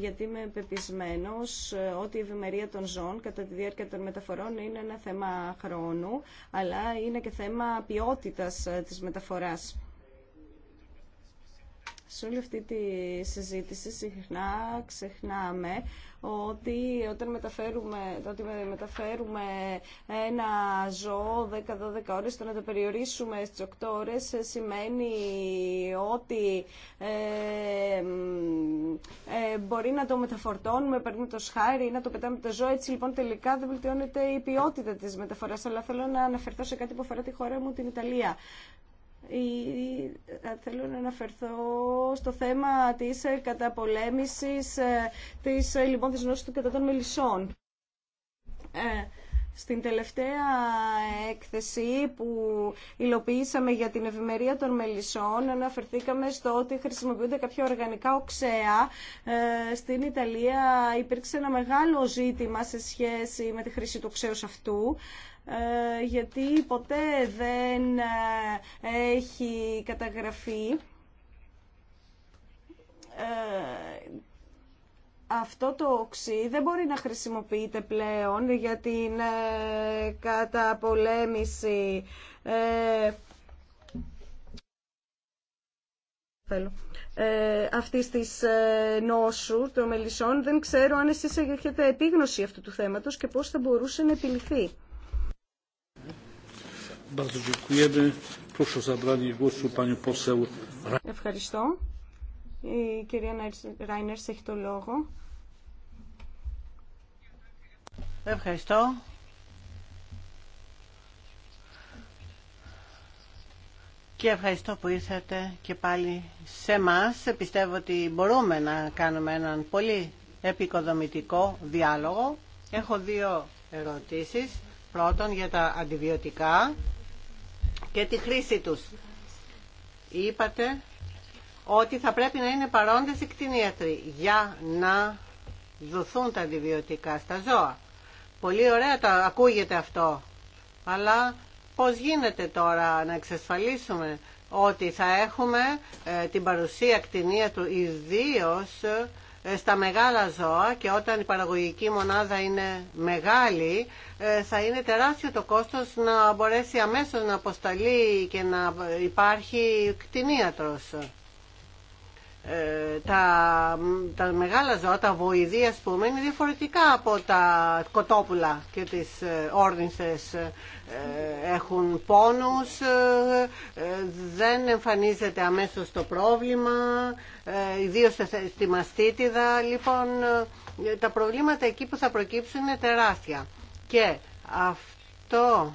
γιατί είμαι πεπισμένο ότι η ευημερία των ζώων κατά τη διάρκεια των μεταφορών είναι ένα θέμα χρόνου, αλλά είναι και θέμα ποιότητα ε, της μεταφοράς. Σε όλη αυτή τη συζήτηση συχνά ξεχνάμε ότι όταν μεταφέρουμε, ότι μεταφέρουμε ένα ζώο 10-12 ώρες, το να το περιορίσουμε στις 8 ώρες σημαίνει ότι ε, ε, μπορεί να το μεταφορτώνουμε, παίρνουμε το σχάρι, να το πετάμε το ζώο. Έτσι λοιπόν τελικά δεν βελτιώνεται η ποιότητα της μεταφοράς. Αλλά θέλω να αναφερθώ σε κάτι που αφορά τη χώρα μου, την Ιταλία. Ε, θέλω να αναφερθώ στο θέμα της ε, καταπολέμησης ε, της λοιπόν της γνώσης του κατά των μελισσών. Στην τελευταία έκθεση που υλοποιήσαμε για την ευημερία των μελισσών αναφερθήκαμε στο ότι χρησιμοποιούνται κάποια οργανικά οξέα. Στην Ιταλία υπήρξε ένα μεγάλο ζήτημα σε σχέση με τη χρήση του οξέους αυτού. Ε, γιατί ποτέ δεν ε, έχει καταγραφεί ε, αυτό το οξύ δεν μπορεί να χρησιμοποιείται πλέον για την καταπολέμηση θέλω, ε, αυτής της νόσου των μελισσών. Δεν ξέρω αν εσείς έχετε επίγνωση αυτού του θέματος και πώς θα μπορούσε να επιληθεί. Ευχαριστώ. Η κυρία Ράινερς έχει το λόγο. Ευχαριστώ. Και ευχαριστώ που ήρθατε και πάλι σε εμά. Πιστεύω ότι μπορούμε να κάνουμε έναν πολύ επικοδομητικό διάλογο. Έχω δύο ερωτήσεις. Πρώτον για τα αντιβιωτικά και τη χρήση τους. Είπατε ότι θα πρέπει να είναι παρόντες οι κτηνίατροι για να δοθούν τα αντιβιωτικά στα ζώα. Πολύ ωραία το ακούγεται αυτό, αλλά πώς γίνεται τώρα να εξασφαλίσουμε ότι θα έχουμε ε, την παρουσία κτηνίατρου ιδίως ε, στα μεγάλα ζώα και όταν η παραγωγική μονάδα είναι μεγάλη ε, θα είναι τεράστιο το κόστος να μπορέσει αμέσως να αποσταλεί και να υπάρχει κτηνίατρος. Ε, τα, τα μεγάλα ζώα, τα βοηδή ας πούμε, είναι διαφορετικά από τα κοτόπουλα και τις ε, όρνησες. Ε, έχουν πόνους, δεν εμφανίζεται αμέσως το πρόβλημα, ιδίως στη μαστίτιδα. Λοιπόν, τα προβλήματα εκεί που θα προκύψουν είναι τεράστια. Και αυτό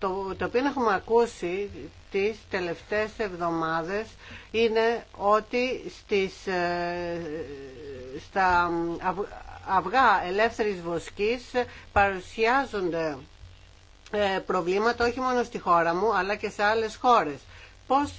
το, το οποίο έχουμε ακούσει τις τελευταίες εβδομάδες είναι ότι στις, ε, στα αυγά ελεύθερης βοσκής παρουσιάζονται ε, προβλήματα όχι μόνο στη χώρα μου αλλά και σε άλλες χώρες. Πώς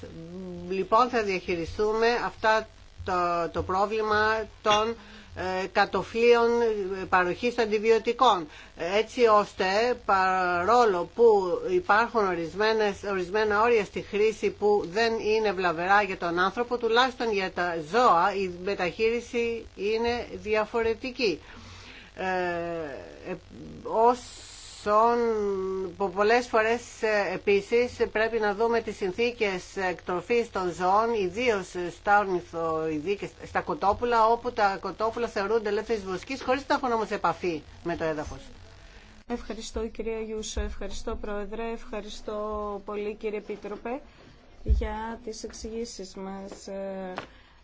λοιπόν θα διαχειριστούμε αυτά το, το πρόβλημα των ε, κατοφλίων ε, παροχής αντιβιωτικών έτσι ώστε παρόλο που υπάρχουν ορισμένες, ορισμένα όρια στη χρήση που δεν είναι βλαβερά για τον άνθρωπο τουλάχιστον για τα ζώα η μεταχείριση είναι διαφορετική ε, ε ως Σον, που πολλές φορές ε, επίσης πρέπει να δούμε τις συνθήκες εκτροφής των ζώων, ιδίως στα και στα κοτόπουλα, όπου τα κοτόπουλα θεωρούνται ελεύθερης βοσκής, χωρίς να έχουν όμως επαφή με το έδαφος. Ευχαριστώ κυρία Γιούσο, ευχαριστώ Πρόεδρε, ευχαριστώ πολύ κύριε Επίτροπε για τις εξηγήσεις μας. Ε,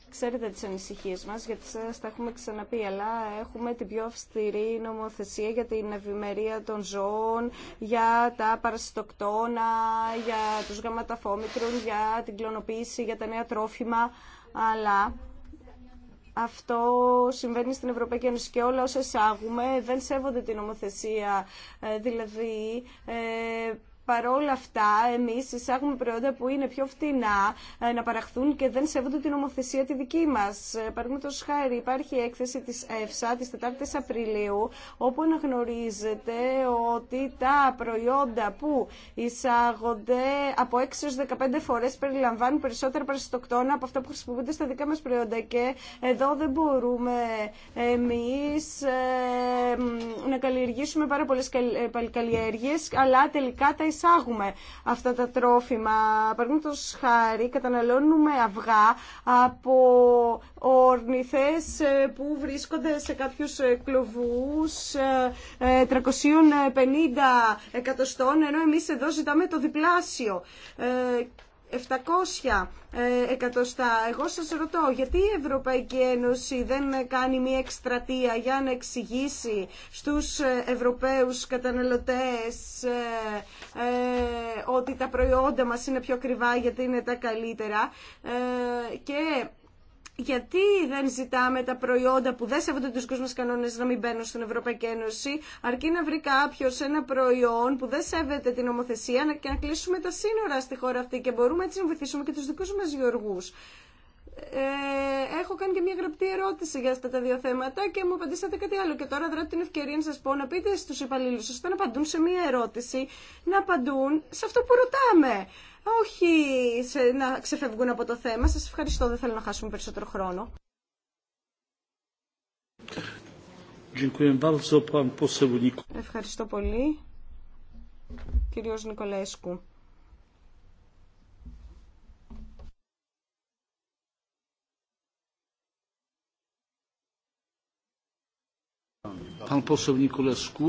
Ξέρετε τις ανησυχίες μας, γιατί σας τα έχουμε ξαναπεί, αλλά έχουμε την πιο αυστηρή νομοθεσία για την ευημερία των ζώων, για τα παρασιτοκτόνα, για τους γαματαφόμητρων, για την κλωνοποίηση, για τα νέα τρόφιμα, αλλά αυτό συμβαίνει στην Ευρωπαϊκή Ένωση και όλα όσα εισάγουμε δεν σέβονται την νομοθεσία. Ε, δηλαδή, ε, παρόλα αυτά εμεί εισάγουμε προϊόντα που είναι πιο φτηνά ε, να παραχθούν και δεν σέβονται την ομοθεσία τη δική μας. Ε, Παραδείγματο χάρη υπάρχει έκθεση τη ΕΦΣΑ τη 4 η Απριλίου όπου αναγνωρίζεται ότι τα προϊόντα που εισάγονται από 6 έω 15 φορέ περιλαμβάνουν περισσότερα παρασιτοκτόνα από αυτά που χρησιμοποιούνται στα δικά μα προϊόντα και εδώ δεν μπορούμε εμεί ε, να καλλιεργήσουμε πάρα πολλέ καλλιέργειε, αλλά τελικά τα εισάγουμε αυτά τα τρόφιμα. Παραδείγματο χάρη, καταναλώνουμε αυγά από ορνηθε που βρίσκονται σε κάποιου κλοβού 350 εκατοστών, ενώ εμεί εδώ ζητάμε το διπλάσιο. Ε, 700 ε, εκατοστά. Εγώ σας ρωτώ, γιατί η Ευρωπαϊκή Ένωση δεν κάνει μια εκστρατεία για να εξηγήσει στους ε, Ευρωπαίους καταναλωτές ε, ότι τα προϊόντα μας είναι πιο ακριβά γιατί είναι τα καλύτερα και γιατί δεν ζητάμε τα προϊόντα που δεν σέβονται τους μα κανόνε να μην μπαίνουν στην Ευρωπαϊκή Ένωση, αρκεί να βρει κάποιο ένα προϊόν που δεν σέβεται την νομοθεσία και να κλείσουμε τα σύνορα στη χώρα αυτή και μπορούμε έτσι να βοηθήσουμε και του δικού μα γεωργού. Ε, έχω κάνει και μια γραπτή ερώτηση για αυτά τα δύο θέματα και μου απαντήσατε κάτι άλλο. Και τώρα δράτω την ευκαιρία να σα πω να πείτε στου υπαλλήλου σα να απαντούν σε μια ερώτηση, να απαντούν σε αυτό που ρωτάμε όχι σε, να ξεφευγούν από το θέμα. Σας ευχαριστώ, δεν θέλω να χάσουμε περισσότερο χρόνο. Ευχαριστώ πολύ. Κύριος Νικολέσκου. Pan poseł Nikolescu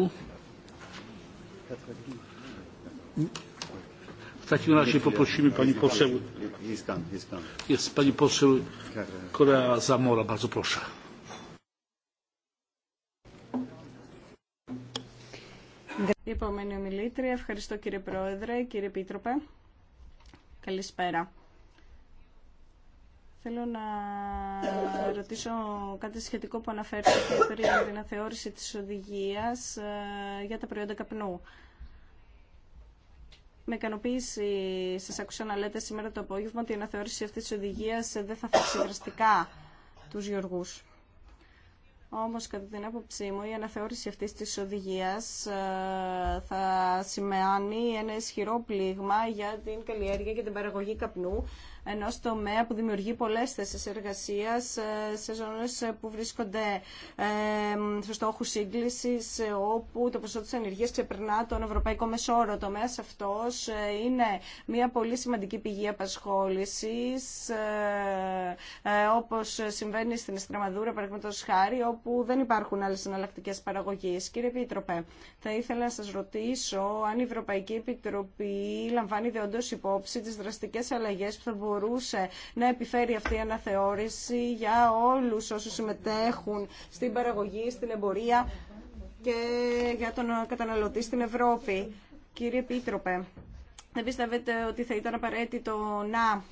takim razie επόμενη ομιλήτρια. Ευχαριστώ κύριε Πρόεδρε, κύριε Επίτροπε. Καλησπέρα. Θέλω να ρωτήσω κάτι σχετικό που αναφέρθηκε πριν την αθεώρηση της οδηγίας ε, για τα προϊόντα καπνού. Με ικανοποίηση σα άκουσα να λέτε σήμερα το απόγευμα ότι η αναθεώρηση αυτή τη οδηγία ε, δεν θα αφήσει δραστικά του γεωργού. Όμως κατά την άποψή μου η αναθεώρηση αυτής της οδηγία ε, θα σημαίνει ένα ισχυρό πλήγμα για την καλλιέργεια και την παραγωγή καπνού ενός τομέα που δημιουργεί πολλές θέσεις εργασίας ε, σε ζώνες ε, που βρίσκονται ε, στο στόχο σύγκλησης όπου το ποσό της ανεργίας ξεπερνά τον ευρωπαϊκό μεσόρο. Το τομέας αυτός είναι μια πολύ σημαντική πηγή απασχόλησης όπως συμβαίνει στην Εστραμαδούρα παραδείγματος χάρη όπου δεν υπάρχουν άλλες εναλλακτικέ παραγωγές. Κύριε Επίτροπε, θα ήθελα να σας ρωτήσω αν η Ευρωπαϊκή Επιτροπή λαμβάνει διόντως υπόψη τις δραστικές αλλαγές που θα μπορούν να επιφέρει αυτή η αναθεώρηση για όλους όσους συμμετέχουν στην παραγωγή, στην εμπορία και για τον καταναλωτή στην Ευρώπη. Κύριε Επίτροπε, δεν πιστεύετε ότι θα ήταν απαραίτητο να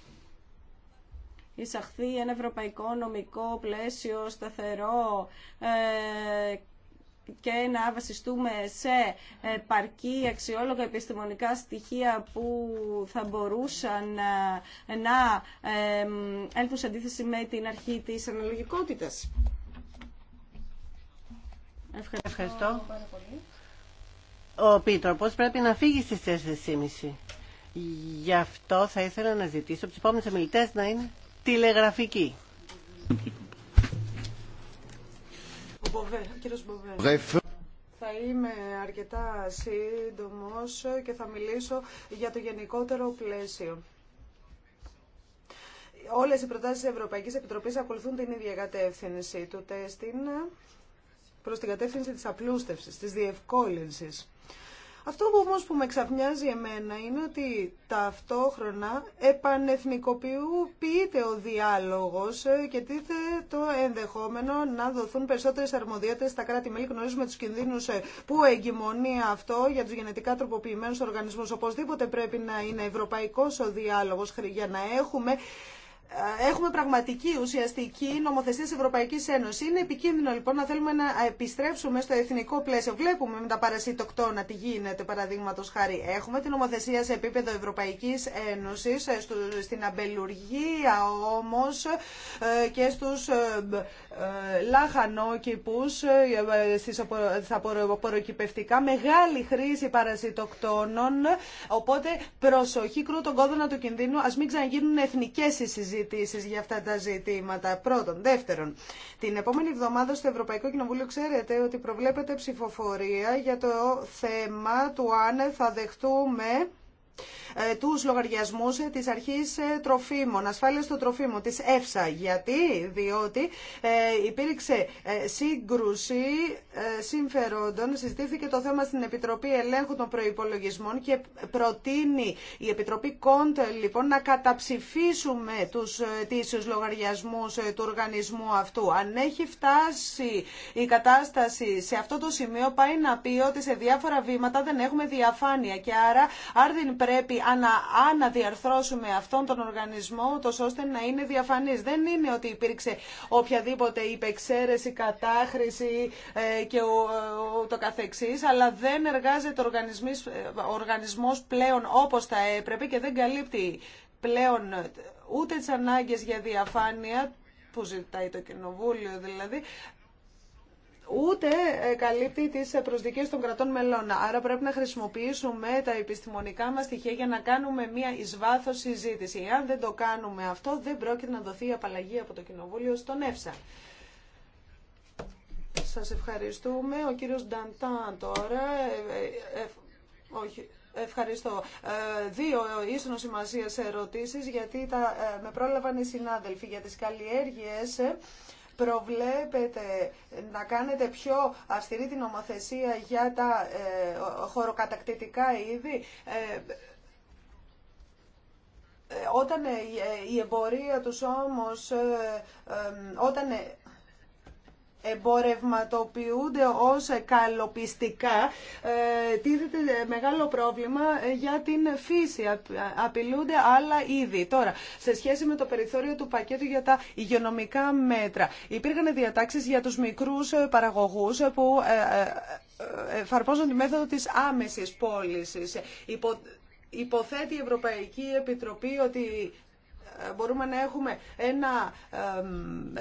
εισαχθεί ένα ευρωπαϊκό νομικό πλαίσιο σταθερό ε, και να βασιστούμε σε ε, παρκή αξιόλογα επιστημονικά στοιχεία που θα μπορούσαν ε, να έλθουν σε αντίθεση με την αρχή της αναλογικότητας. Ευχαριστώ. Ευχαριστώ. Ο Πίτροπος πρέπει να φύγει στις 4.30. Γι' αυτό θα ήθελα να ζητήσω από τους επόμενους να είναι τηλεγραφικοί. Θα είμαι αρκετά σύντομος και θα μιλήσω για το γενικότερο πλαίσιο. Όλες οι προτάσεις της Ευρωπαϊκής Επιτροπής ακολουθούν την ίδια κατεύθυνση του τέστην προς την κατεύθυνση της απλούστευσης, της διευκόλυνσης. Αυτό που όμως που με ξαφνιάζει εμένα είναι ότι ταυτόχρονα επανεθνικοποιείται ο διάλογος ε, και τίθε το ενδεχόμενο να δοθούν περισσότερες αρμοδιότητες στα κράτη-μέλη. Γνωρίζουμε τους κινδύνους ε, που εγκυμονεί αυτό για τους γενετικά τροποποιημένους οργανισμούς. Οπωσδήποτε πρέπει να είναι ευρωπαϊκός ο διάλογος για να έχουμε έχουμε πραγματική ουσιαστική νομοθεσία τη Ευρωπαϊκή Ένωση Είναι επικίνδυνο λοιπόν να θέλουμε να επιστρέψουμε στο εθνικό πλαίσιο. Βλέπουμε με τα παρασιτοκτόνα τι γίνεται παραδείγματο χάρη. Έχουμε την νομοθεσία σε επίπεδο Ευρωπαϊκή Ένωση ε, στην αμπελουργία όμω ε, και στου ε, λάχανόκηπου στα απορροκυπευτικά, μεγάλη χρήση παρασιτοκτόνων. Οπότε προσοχή κρού τον κόδωνα του κινδύνου, α μην ξαναγίνουν εθνικέ συζήτησει για αυτά τα ζητήματα. Πρώτον. Δεύτερον, την επόμενη εβδομάδα στο Ευρωπαϊκό Κοινοβούλιο ξέρετε ότι προβλέπεται ψηφοφορία για το θέμα του αν θα δεχτούμε ε, τους λογαριασμούς ε, της αρχής ε, τροφίμων, ασφάλεια των τροφίμων, της ΕΦΣΑ. Γιατί, διότι υπήρξε σύγκρουση συμφερόντων, συζητήθηκε το θέμα στην Επιτροπή Ελέγχου των Προϋπολογισμών και προτείνει η Επιτροπή Κόντ, λοιπόν, να καταψηφίσουμε τους λογαριασμού λογαριασμού του οργανισμού αυτού. Αν έχει φτάσει η κατάσταση σε αυτό το σημείο, πάει να πει ότι σε διάφορα βήματα δεν έχουμε διαφάνεια και άρα δεν πρέπει ανα αναδιαρθρώσουμε αυτόν τον οργανισμό, τόσο ώστε να είναι διαφανής. Δεν είναι ότι υπήρξε οποιαδήποτε υπεξαίρεση, κατάχρηση ε, και το καθεξή αλλά δεν εργάζεται ο ε, οργανισμός πλέον όπως θα έπρεπε και δεν καλύπτει πλέον ούτε τι ανάγκε για διαφάνεια που ζητάει το Κοινοβούλιο δηλαδή, ούτε ε, καλύπτει τις ε, προσδικίες των κρατών μελών. Άρα πρέπει να χρησιμοποιήσουμε τα επιστημονικά μας στοιχεία για να κάνουμε μια εις συζήτηση. Εάν δεν το κάνουμε αυτό, δεν πρόκειται να δοθεί η απαλλαγή από το Κοινοβούλιο στον ΕΦΣΑ. Σας ευχαριστούμε. Ο κύριος Νταντάν τώρα... Ε, όχι, Ευχαριστώ. δύο ίσονο σημασία ερωτήσεις, γιατί τα, με πρόλαβαν οι συνάδελφοι για τις καλλιέργειες προβλέπετε να κάνετε πιο αυστηρή την νομοθεσία για τα ε, χωροκατακτητικά είδη ε, ε, όταν η εμπορία τους όμως, όταν εμπορευματοποιούνται ως καλοπιστικά ε, τίθεται μεγάλο πρόβλημα ε, για την φύση. Απειλούνται άλλα είδη. Τώρα, σε σχέση με το περιθώριο του πακέτου για τα υγειονομικά μέτρα, υπήρχαν διατάξεις για τους μικρούς ε, παραγωγούς που εφαρμόζουν τη μέθοδο της άμεσης πώλησης. Υποθέτει η Ευρωπαϊκή Επιτροπή ότι μπορούμε να έχουμε ένα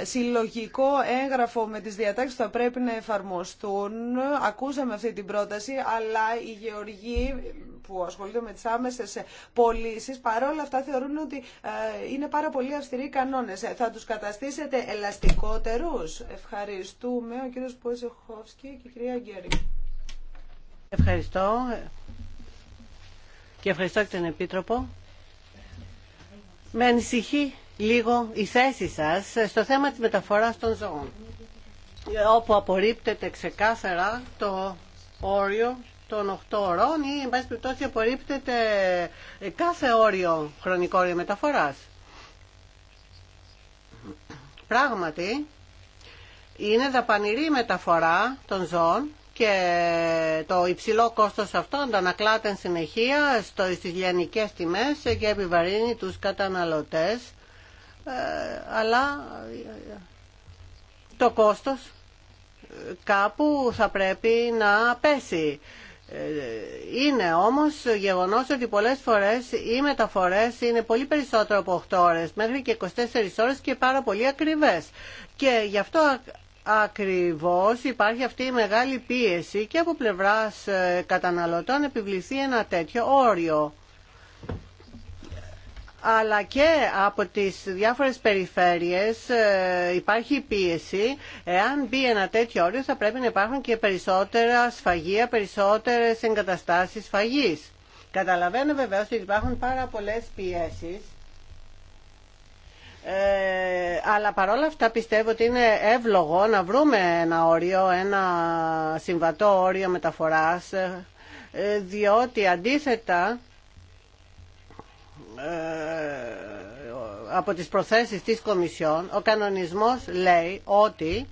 συλλογικό έγγραφο με τις διατάξεις που θα πρέπει να εφαρμοστούν. Ακούσαμε αυτή την πρόταση, αλλά οι γεωργοί που ασχολούνται με τις άμεσες πωλήσει, παρόλα αυτά θεωρούν ότι ε, είναι πάρα πολύ αυστηροί οι κανόνες. Ε, θα τους καταστήσετε ελαστικότερους. Ευχαριστούμε. Ο κύριος Ποζεχόφσκι και η κυρία Γκέρι. Ευχαριστώ. Και ευχαριστώ και τον Επίτροπο με ανησυχεί λίγο η θέση σας στο θέμα της μεταφοράς των ζώων όπου απορρίπτεται ξεκάθαρα το όριο των 8 ώρων ή εν πάση περιπτώσει απορρίπτεται κάθε όριο χρονικό όριο μεταφοράς. Πράγματι, είναι δαπανηρή μεταφορά των ζώων και το υψηλό κόστος αυτό αντανακλάται συνεχεία στο, στις λιανικές τιμές και επιβαρύνει τους καταναλωτές ε, αλλά το κόστος ε, κάπου θα πρέπει να πέσει. Ε, είναι όμως γεγονός ότι πολλές φορές οι μεταφορές είναι πολύ περισσότερο από 8 ώρες μέχρι και 24 ώρες και πάρα πολύ ακριβές. Και γι' αυτό ακριβώς υπάρχει αυτή η μεγάλη πίεση και από πλευράς ε, καταναλωτών επιβληθεί ένα τέτοιο όριο αλλά και από τις διάφορες περιφέρειες ε, υπάρχει πίεση. Εάν μπει ένα τέτοιο όριο θα πρέπει να υπάρχουν και περισσότερα σφαγεία, περισσότερες εγκαταστάσεις σφαγής. Καταλαβαίνω βεβαίως ότι υπάρχουν πάρα πολλές πιέσεις ε, αλλά παρόλα αυτά πιστεύω ότι είναι εύλογο να βρούμε ένα όριο, ένα συμβατό όριο μεταφοράς, ε, διότι αντίθετα ε, από τις προθέσεις της Κομισιόν, ο κανονισμός λέει ότι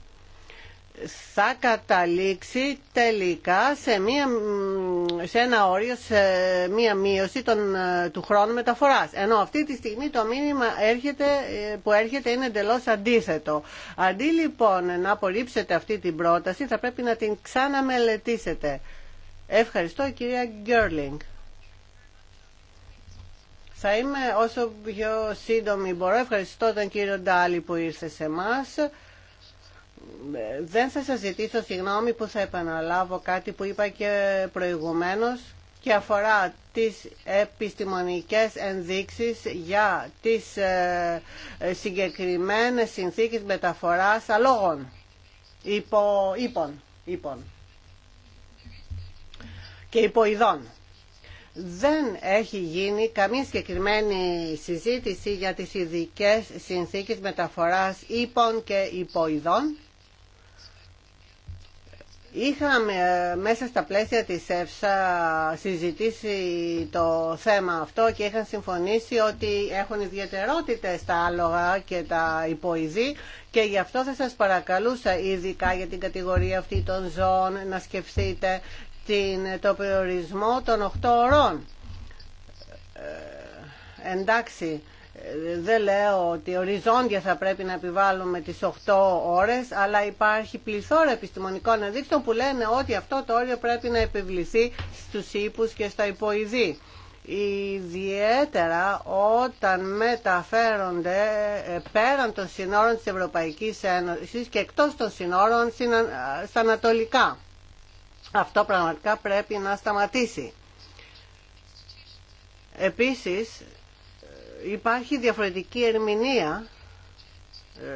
θα καταλήξει τελικά σε, μία, σε ένα όριο, σε μία μείωση των, του χρόνου μεταφοράς. Ενώ αυτή τη στιγμή το μήνυμα έρχεται, που έρχεται είναι εντελώς αντίθετο. Αντί λοιπόν να απορρίψετε αυτή την πρόταση θα πρέπει να την ξαναμελετήσετε. Ευχαριστώ κυρία Γκέρλινγκ. Θα είμαι όσο πιο σύντομη μπορώ. Ευχαριστώ τον κύριο Ντάλι που ήρθε σε εμάς δεν θα σας ζητήσω συγγνώμη που θα επαναλάβω κάτι που είπα και προηγουμένως και αφορά τις επιστημονικές ενδείξεις για τις ε, συγκεκριμένες συνθήκες μεταφοράς αλόγων, υπο, ύπων, και υποειδών. Δεν έχει γίνει καμία συγκεκριμένη συζήτηση για τις ειδικέ συνθήκες μεταφοράς ύπων και υποειδών Είχαμε ε, μέσα στα πλαίσια της ΕΦΣΑ συζητήσει το θέμα αυτό και είχαν συμφωνήσει ότι έχουν ιδιαιτερότητες τα άλογα και τα υποειδή και γι' αυτό θα σας παρακαλούσα ειδικά για την κατηγορία αυτή των ζώων να σκεφτείτε την, το περιορισμό των 8 ωρών. Ε, εντάξει, δεν λέω ότι οριζόντια θα πρέπει να επιβάλλουμε τις 8 ώρες, αλλά υπάρχει πληθώρα επιστημονικών ενδείξεων που λένε ότι αυτό το όριο πρέπει να επιβληθεί στους ύπους και στα υποειδή. Ιδιαίτερα όταν μεταφέρονται πέραν των συνόρων της Ευρωπαϊκής Ένωσης και εκτός των συνόρων στα Ανατολικά. Αυτό πραγματικά πρέπει να σταματήσει. Επίσης, υπάρχει διαφορετική ερμηνεία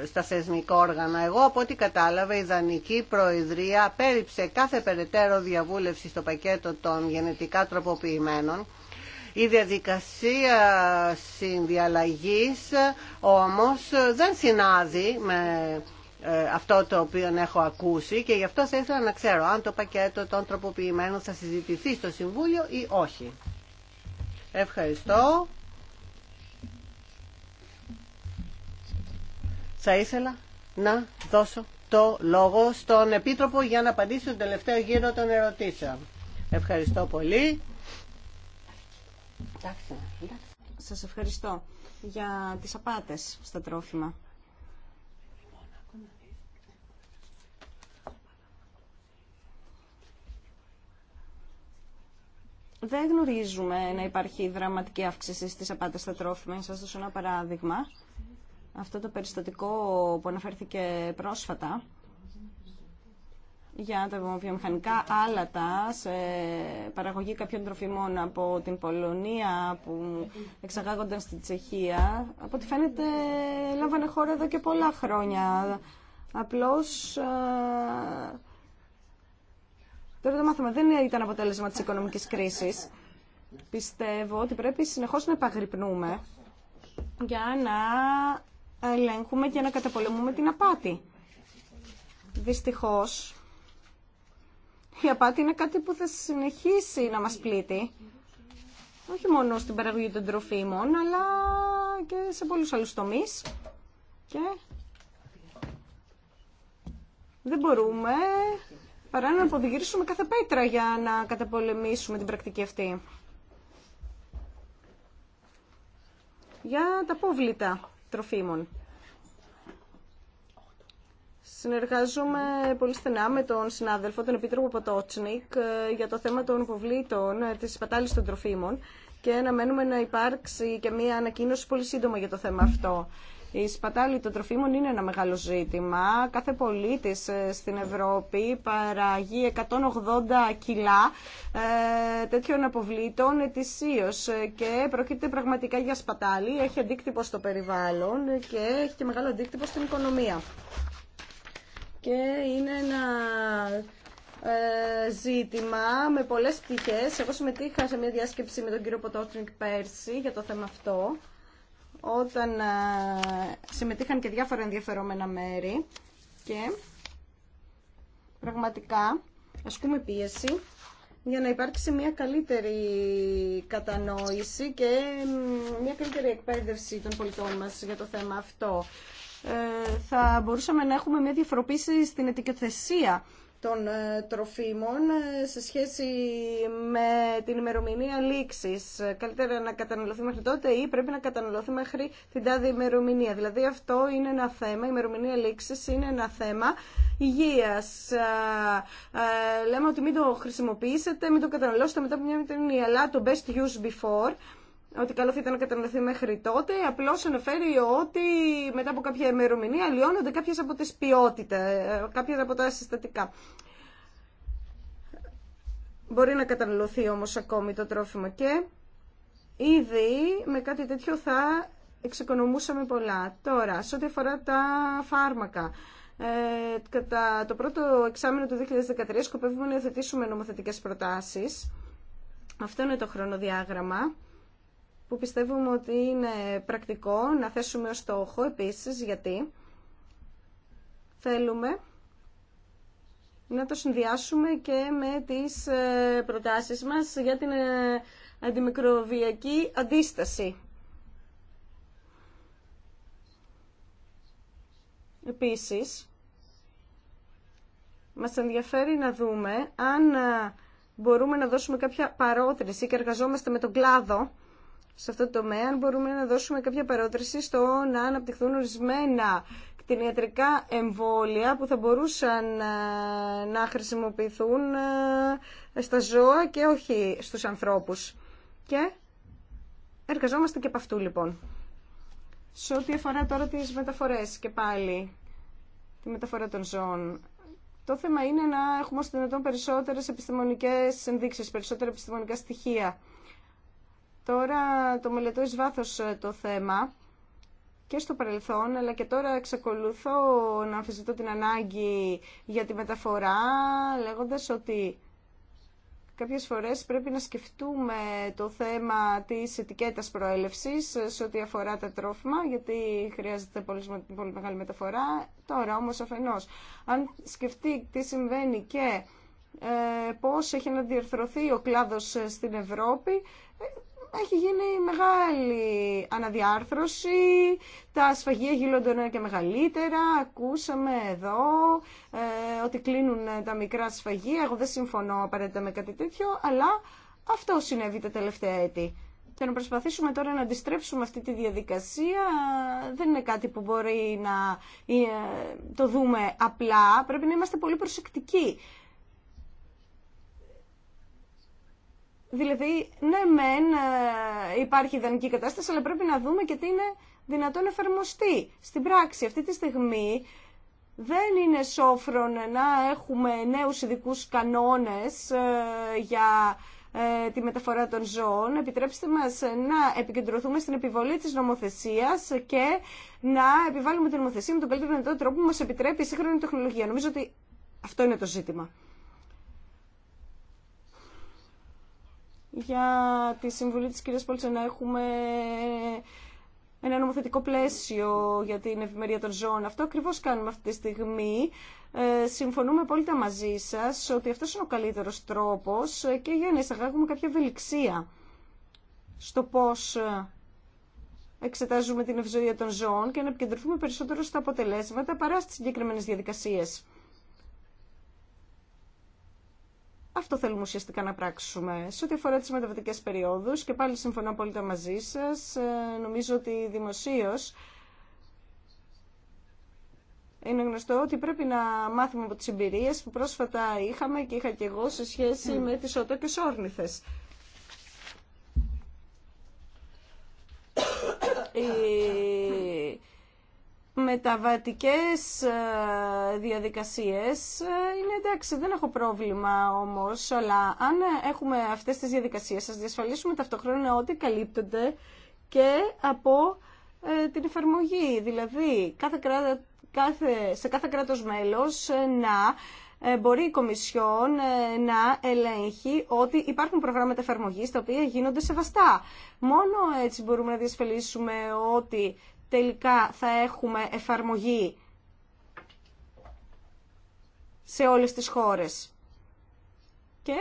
ε, στα θεσμικά όργανα. Εγώ από ό,τι κατάλαβα η Δανική Προεδρία απέριψε κάθε περαιτέρω διαβούλευση στο πακέτο των γενετικά τροποποιημένων. Η διαδικασία συνδιαλλαγής όμως δεν συνάδει με ε, αυτό το οποίο έχω ακούσει και γι' αυτό θα ήθελα να ξέρω αν το πακέτο των τροποποιημένων θα συζητηθεί στο Συμβούλιο ή όχι. Ευχαριστώ. Θα ήθελα να δώσω το λόγο στον Επίτροπο για να απαντήσει τον τελευταίο γύρο των ερωτήσεων. Ευχαριστώ πολύ. Σας ευχαριστώ για τις απάτες στα τρόφιμα. Δεν γνωρίζουμε να υπάρχει δραματική αύξηση στις απάτες στα τρόφιμα. Σας δώσω ένα παράδειγμα αυτό το περιστατικό που αναφέρθηκε πρόσφατα για τα βιομηχανικά άλατα σε παραγωγή κάποιων τροφιμών από την Πολωνία που εξαγάγονταν στη Τσεχία. Από ό,τι φαίνεται λάμβανε χώρα εδώ και πολλά χρόνια. Απλώς τώρα το μάθημα δεν ήταν αποτέλεσμα της οικονομικής κρίσης. Πιστεύω ότι πρέπει συνεχώς να επαγρυπνούμε για να ελέγχουμε και να καταπολεμούμε την απάτη. Δυστυχώς, η απάτη είναι κάτι που θα συνεχίσει να μας πλήττει. Όχι μόνο στην παραγωγή των τροφίμων, αλλά και σε πολλούς άλλους τομείς. Και δεν μπορούμε παρά να αποδηγήσουμε κάθε πέτρα για να καταπολεμήσουμε την πρακτική αυτή. Για τα πόβλητα τροφίμων. Συνεργάζομαι πολύ στενά με τον συνάδελφο, τον Επίτροπο Ποτότσνικ, ε, για το θέμα των υποβλήτων ε, της πατάλης των τροφίμων και αναμένουμε να υπάρξει και μία ανακοίνωση πολύ σύντομα για το θέμα αυτό. Η σπατάλη των τροφίμων είναι ένα μεγάλο ζήτημα. Κάθε πολίτη ε, στην Ευρώπη παραγεί 180 κιλά ε, τέτοιων αποβλήτων ετησίω ε, και πρόκειται πραγματικά για σπατάλη. Έχει αντίκτυπο στο περιβάλλον και έχει και μεγάλο αντίκτυπο στην οικονομία. Και είναι ένα ζήτημα με πολλές πτυχές. Εγώ συμμετείχα σε μια διάσκεψη με τον κύριο Ποτότρινγκ πέρσι για το θέμα αυτό όταν ε, συμμετείχαν και διάφορα ενδιαφερόμενα μέρη και πραγματικά ασκούμε πίεση για να υπάρξει μια καλύτερη κατανόηση και μια καλύτερη εκπαίδευση των πολιτών μας για το θέμα αυτό. Ε, θα μπορούσαμε να έχουμε μια διαφοροποίηση στην ετικοθεσία των ε, τροφίμων ε, σε σχέση με την ημερομηνία λήξη. Καλύτερα να καταναλωθεί μέχρι τότε ή πρέπει να καταναλωθεί μέχρι την τάδη ημερομηνία. Δηλαδή αυτό είναι ένα θέμα, η ημερομηνία λήξη είναι ένα θέμα υγεία. λέμε ότι μην το χρησιμοποιήσετε, μην το καταναλώσετε μετά από μια ημερομηνία, αλλά το best use before ότι καλό θα ήταν να καταναλωθεί μέχρι τότε, απλώ αναφέρει ότι μετά από κάποια ημερομηνία αλλοιώνονται κάποιε από τι ποιότητε. Ε, κάποια από τα συστατικά. Μπορεί να καταναλωθεί όμω ακόμη το τρόφιμο και ήδη με κάτι τέτοιο θα εξοικονομούσαμε πολλά. Τώρα, σε ό,τι αφορά τα φάρμακα, ε, κατά το πρώτο εξάμεινο του 2013 σκοπεύουμε να υιοθετήσουμε νομοθετικές προτάσεις. Αυτό είναι το χρονοδιάγραμμα που πιστεύουμε ότι είναι πρακτικό να θέσουμε ως στόχο επίσης γιατί θέλουμε να το συνδυάσουμε και με τις ε, προτάσεις μας για την ε, αντιμικροβιακή αντίσταση. Επίσης, μας ενδιαφέρει να δούμε αν ε, μπορούμε να δώσουμε κάποια παρότριση και εργαζόμαστε με τον κλάδο σε αυτό το τομέα, μπορούμε να δώσουμε κάποια παρότριση στο να αναπτυχθούν ορισμένα κτηνιατρικά εμβόλια που θα μπορούσαν ε, να χρησιμοποιηθούν ε, στα ζώα και όχι στους ανθρώπους. Και εργαζόμαστε και από αυτού λοιπόν. Σε ό,τι αφορά τώρα τις μεταφορές και πάλι, τη μεταφορά των ζώων, το θέμα είναι να έχουμε όσο δυνατόν περισσότερες επιστημονικές ενδείξεις, περισσότερα επιστημονικά στοιχεία Τώρα το μελετώ εις βάθος ε, το θέμα και στο παρελθόν, αλλά και τώρα εξακολουθώ να αμφισβητώ την ανάγκη για τη μεταφορά, λέγοντας ότι κάποιες φορές πρέπει να σκεφτούμε το θέμα της ετικέτας προέλευσης ε, σε ό,τι αφορά τα τρόφιμα, γιατί χρειάζεται πολύ, μεγάλη μεταφορά. Τώρα όμως αφενός, αν σκεφτεί τι συμβαίνει και ε, πώς έχει να διερθρωθεί ο κλάδος ε, στην Ευρώπη, έχει γίνει μεγάλη αναδιάρθρωση, τα σφαγεία γίνονται ένα και μεγαλύτερα. Ακούσαμε εδώ ε, ότι κλείνουν ε, τα μικρά σφαγεία. Εγώ δεν συμφωνώ απαραίτητα με κάτι τέτοιο, αλλά αυτό συνέβη τα τελευταία έτη. Και να προσπαθήσουμε τώρα να αντιστρέψουμε αυτή τη διαδικασία δεν είναι κάτι που μπορεί να ε, το δούμε απλά. Πρέπει να είμαστε πολύ προσεκτικοί Δηλαδή, ναι μεν ε, υπάρχει ιδανική κατάσταση, αλλά πρέπει να δούμε και τι είναι δυνατόν εφαρμοστεί στην πράξη. Αυτή τη στιγμή δεν είναι σόφρον να έχουμε νέους ειδικού κανόνες ε, για ε, τη μεταφορά των ζώων. Επιτρέψτε μας να επικεντρωθούμε στην επιβολή της νομοθεσίας και να επιβάλλουμε την νομοθεσία με τον καλύτερο δυνατό τρόπο που μας επιτρέπει η σύγχρονη τεχνολογία. Νομίζω ότι αυτό είναι το ζήτημα. για τη συμβουλή της κυρίας Πόλτσε να έχουμε ένα νομοθετικό πλαίσιο για την ευημερία των ζώων. Αυτό ακριβώ κάνουμε αυτή τη στιγμή. Ε, συμφωνούμε απόλυτα μαζί σας ότι αυτό είναι ο καλύτερος τρόπος και για να εισαγάγουμε κάποια ευελιξία στο πώς ε, εξετάζουμε την ευζοία των ζώων και να επικεντρωθούμε περισσότερο στα αποτελέσματα παρά στις συγκεκριμένε διαδικασίες. Αυτό θέλουμε ουσιαστικά να πράξουμε. Σε ό,τι αφορά τι μεταβατικέ περιόδου, και πάλι συμφωνώ απόλυτα μαζί σα, ε, νομίζω ότι δημοσίω είναι γνωστό ότι πρέπει να μάθουμε από τις εμπειρίε που πρόσφατα είχαμε και είχα και εγώ σε σχέση με τις οτόκες όρνηθες. Η μεταβατικές ε, διαδικασίες ε, είναι εντάξει, δεν έχω πρόβλημα όμως, αλλά αν έχουμε αυτές τις διαδικασίες, σας διασφαλίσουμε ταυτόχρονα ότι καλύπτονται και από ε, την εφαρμογή. Δηλαδή, κάθε, κάθε, σε κάθε κράτος μέλος να μπορεί η Κομισιόν να ελέγχει ότι υπάρχουν προγράμματα εφαρμογής τα οποία γίνονται σεβαστά. Μόνο έτσι μπορούμε να διασφαλίσουμε ότι τελικά θα έχουμε εφαρμογή σε όλες τις χώρες. Και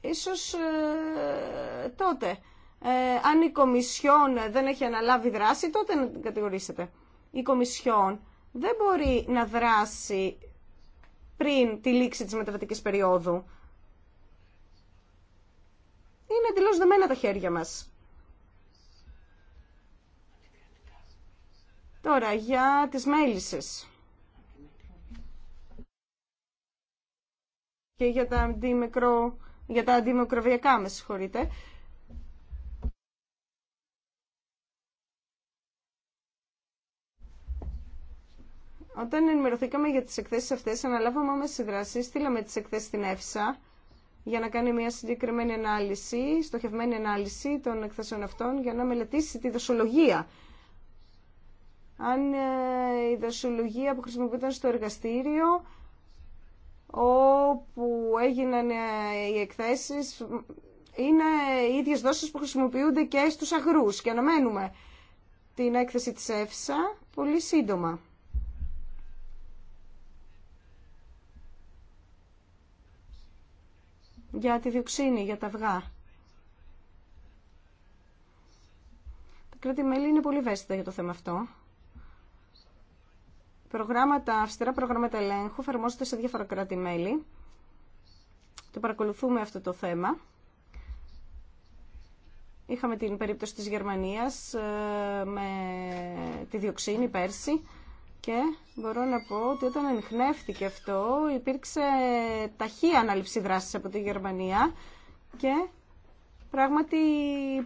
ίσως ε, τότε, ε, αν η Κομισιόν δεν έχει αναλάβει δράση, τότε να την κατηγορήσετε. Η Κομισιόν δεν μπορεί να δράσει πριν τη λήξη της μεταβατικής περίοδου είναι εντελώ δεμένα τα χέρια μας. Τώρα, για τις μέλισσε. Και για τα, αντιμικρο... για τα αντιμικροβιακά, με συγχωρείτε. Όταν ενημερωθήκαμε για τις εκθέσεις αυτές, αναλάβαμε όμως τη δράση, στείλαμε τις εκθέσεις στην ΕΦΣΑ για να κάνει μια συγκεκριμένη ανάλυση, στοχευμένη ανάλυση των εκθέσεων αυτών για να μελετήσει τη δοσολογία. Αν ε, η δοσολογία που χρησιμοποιούνταν στο εργαστήριο όπου έγιναν ε, οι εκθέσεις είναι οι ίδιες δόσεις που χρησιμοποιούνται και στους αγρούς και αναμένουμε την έκθεση της ΕΦΣΑ πολύ σύντομα. για τη διοξίνη, για τα αυγά. Τα κράτη-μέλη είναι πολύ βέστητα για το θέμα αυτό. Προγράμματα, αυστηρά προγράμματα ελέγχου εφαρμόζονται σε διάφορα κράτη-μέλη. Το παρακολουθούμε αυτό το θέμα. Είχαμε την περίπτωση της Γερμανίας ε, με τη διοξίνη πέρσι και μπορώ να πω ότι όταν ενχνεύτηκε αυτό υπήρξε ταχεία ανάληψη δράσης από τη Γερμανία και πράγματι